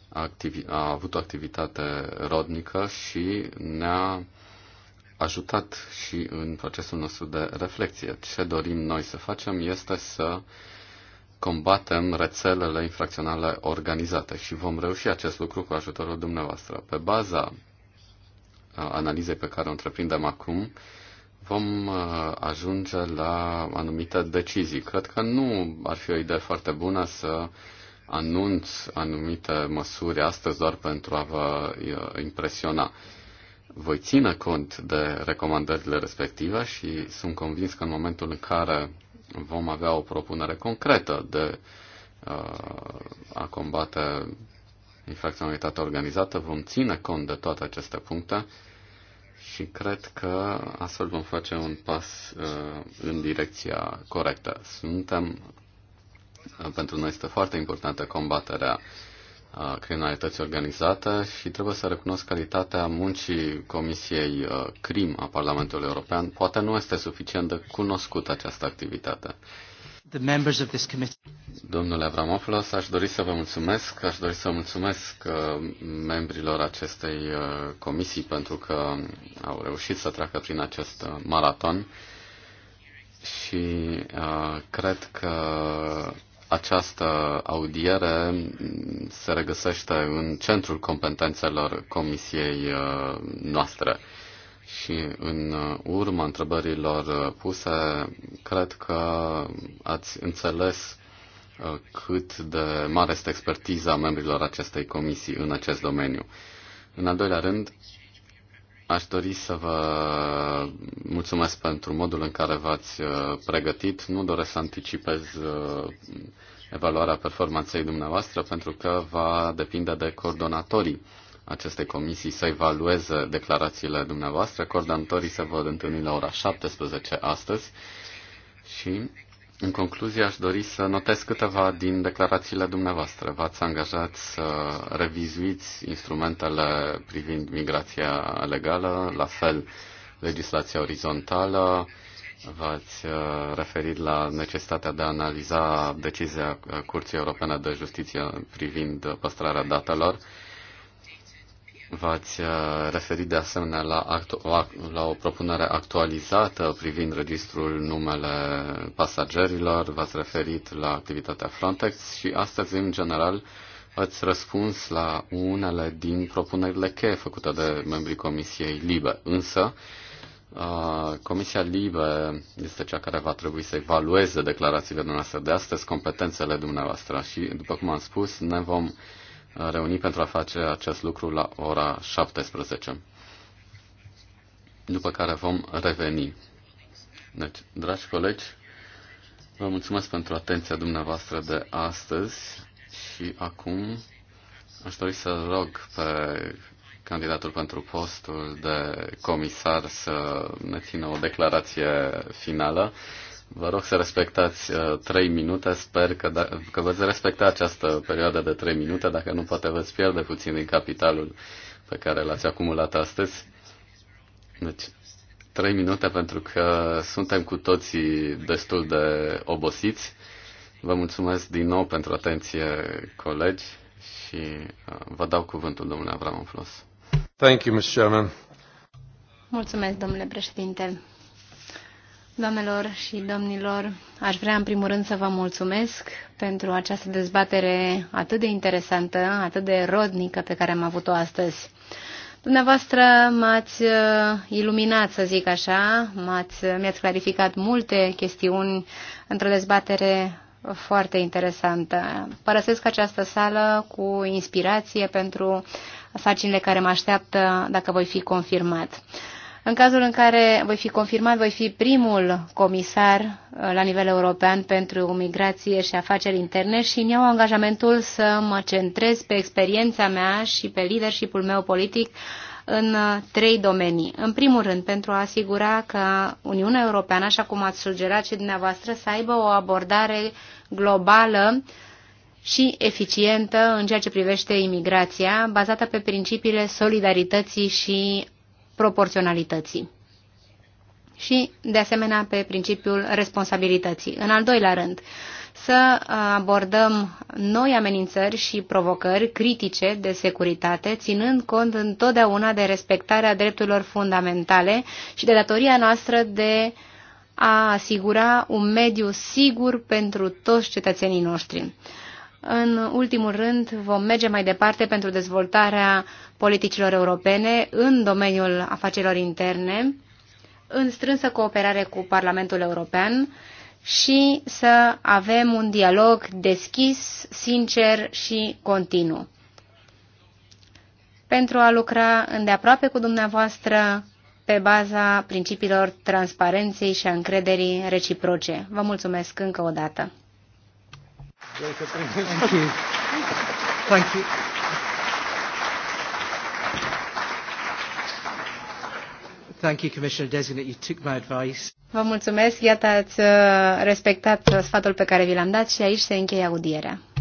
activi, a avut o activitate rodnică și ne-a ajutat și în procesul nostru de reflexie. Ce dorim noi să facem este să combatem rețelele infracționale organizate și vom reuși acest lucru cu ajutorul dumneavoastră. Pe baza uh, analizei pe care o întreprindem acum, vom uh, ajunge la anumite decizii. Cred că nu ar fi o idee foarte bună să anunț anumite măsuri astăzi doar pentru a vă uh, impresiona voi ține cont de recomandările respective și sunt convins că în momentul în care vom avea o propunere concretă de uh, a combate infracționalitatea organizată, vom ține cont de toate aceste puncte și cred că astfel vom face un pas uh, în direcția corectă. Suntem, pentru noi este foarte importantă combaterea uh, criminalității organizate și trebuie să recunosc calitatea muncii Comisiei uh, CRIM a Parlamentului European. Poate nu este suficient de cunoscută această activitate. The members of this committee. Domnule Avramopoulos, aș dori să vă mulțumesc, aș dori să mulțumesc uh, membrilor acestei uh, comisii pentru că au reușit să treacă prin acest maraton și uh, cred că această audiere se regăsește în centrul competențelor comisiei uh, noastre. Și în urma întrebărilor puse, cred că ați înțeles uh, cât de mare este expertiza membrilor acestei comisii în acest domeniu. În al doilea rând, Aș dori să vă mulțumesc pentru modul în care v-ați uh, pregătit. Nu doresc să anticipez uh, evaluarea performanței dumneavoastră, pentru că va depinde de coordonatorii acestei comisii să evalueze declarațiile dumneavoastră. Coordonatorii se vor întâlni la ora 17 astăzi și în concluzie, aș dori să notez câteva din declarațiile dumneavoastră. V-ați angajat să revizuiți instrumentele privind migrația legală, la fel legislația orizontală, v-ați uh, referit la necesitatea de a analiza decizia Curții Europene de Justiție privind păstrarea datelor V-ați uh, referit de asemenea la, la o propunere actualizată privind registrul numele pasagerilor, v-ați referit la activitatea Frontex și astăzi, în general, ați răspuns la unele din propunerile cheie făcute de membrii Comisiei Libe. Însă, uh, Comisia Libe este cea care va trebui să evalueze declarațiile dumneavoastră de astăzi, competențele dumneavoastră și, după cum am spus, ne vom reuni pentru a face acest lucru la ora 17. După care vom reveni. Deci, dragi colegi, vă mulțumesc pentru atenția dumneavoastră de astăzi și acum aș dori să rog pe candidatul pentru postul de comisar să ne țină o declarație finală. Vă rog să respectați uh, minute. Sper că, da, că veți respecta această perioadă de trei minute. Dacă nu, poate veți pierde puțin din capitalul pe care l-ați acumulat astăzi. Deci, trei minute pentru că suntem cu toții destul de obosiți. Vă mulțumesc din nou pentru atenție, colegi, și uh, vă dau cuvântul, domnule Flos. Thank you, Mr. Chairman. Mulțumesc, domnule președinte. Doamnelor și domnilor, aș vrea în primul rând să vă mulțumesc pentru această dezbatere atât de interesantă, atât de rodnică pe care am avut-o astăzi. Dumneavoastră m-ați uh, iluminat, să zic așa, m-ați, mi-ați clarificat multe chestiuni într-o dezbatere foarte interesantă. Părăsesc această sală cu inspirație pentru sarcinile care mă așteaptă dacă voi fi confirmat. În cazul în care voi fi confirmat, voi fi primul comisar uh, la nivel european pentru migrație și afaceri interne și îmi iau angajamentul să mă centrez pe experiența mea și pe leadership-ul meu politic în uh, trei domenii. În primul rând, pentru a asigura că Uniunea Europeană, așa cum ați sugerat și dumneavoastră, să aibă o abordare globală și eficientă în ceea ce privește imigrația, bazată pe principiile solidarității și proporționalității și, de asemenea, pe principiul responsabilității. În al doilea rând, să abordăm noi amenințări și provocări critice de securitate, ținând cont întotdeauna de respectarea drepturilor fundamentale și de datoria noastră de a asigura un mediu sigur pentru toți cetățenii noștri. În ultimul rând, vom merge mai departe pentru dezvoltarea politicilor europene în domeniul afacerilor interne, în strânsă cooperare cu Parlamentul European și să avem un dialog deschis, sincer și continuu. Pentru a lucra îndeaproape cu dumneavoastră pe baza principiilor transparenței și a încrederii reciproce. Vă mulțumesc încă o dată. Thank you. Thank you. Thank you, Commissioner Designate. You took my advice. Vă mulțumesc. Iată, ați uh, respectat uh, sfatul pe care vi l-am dat și aici se încheie audierea.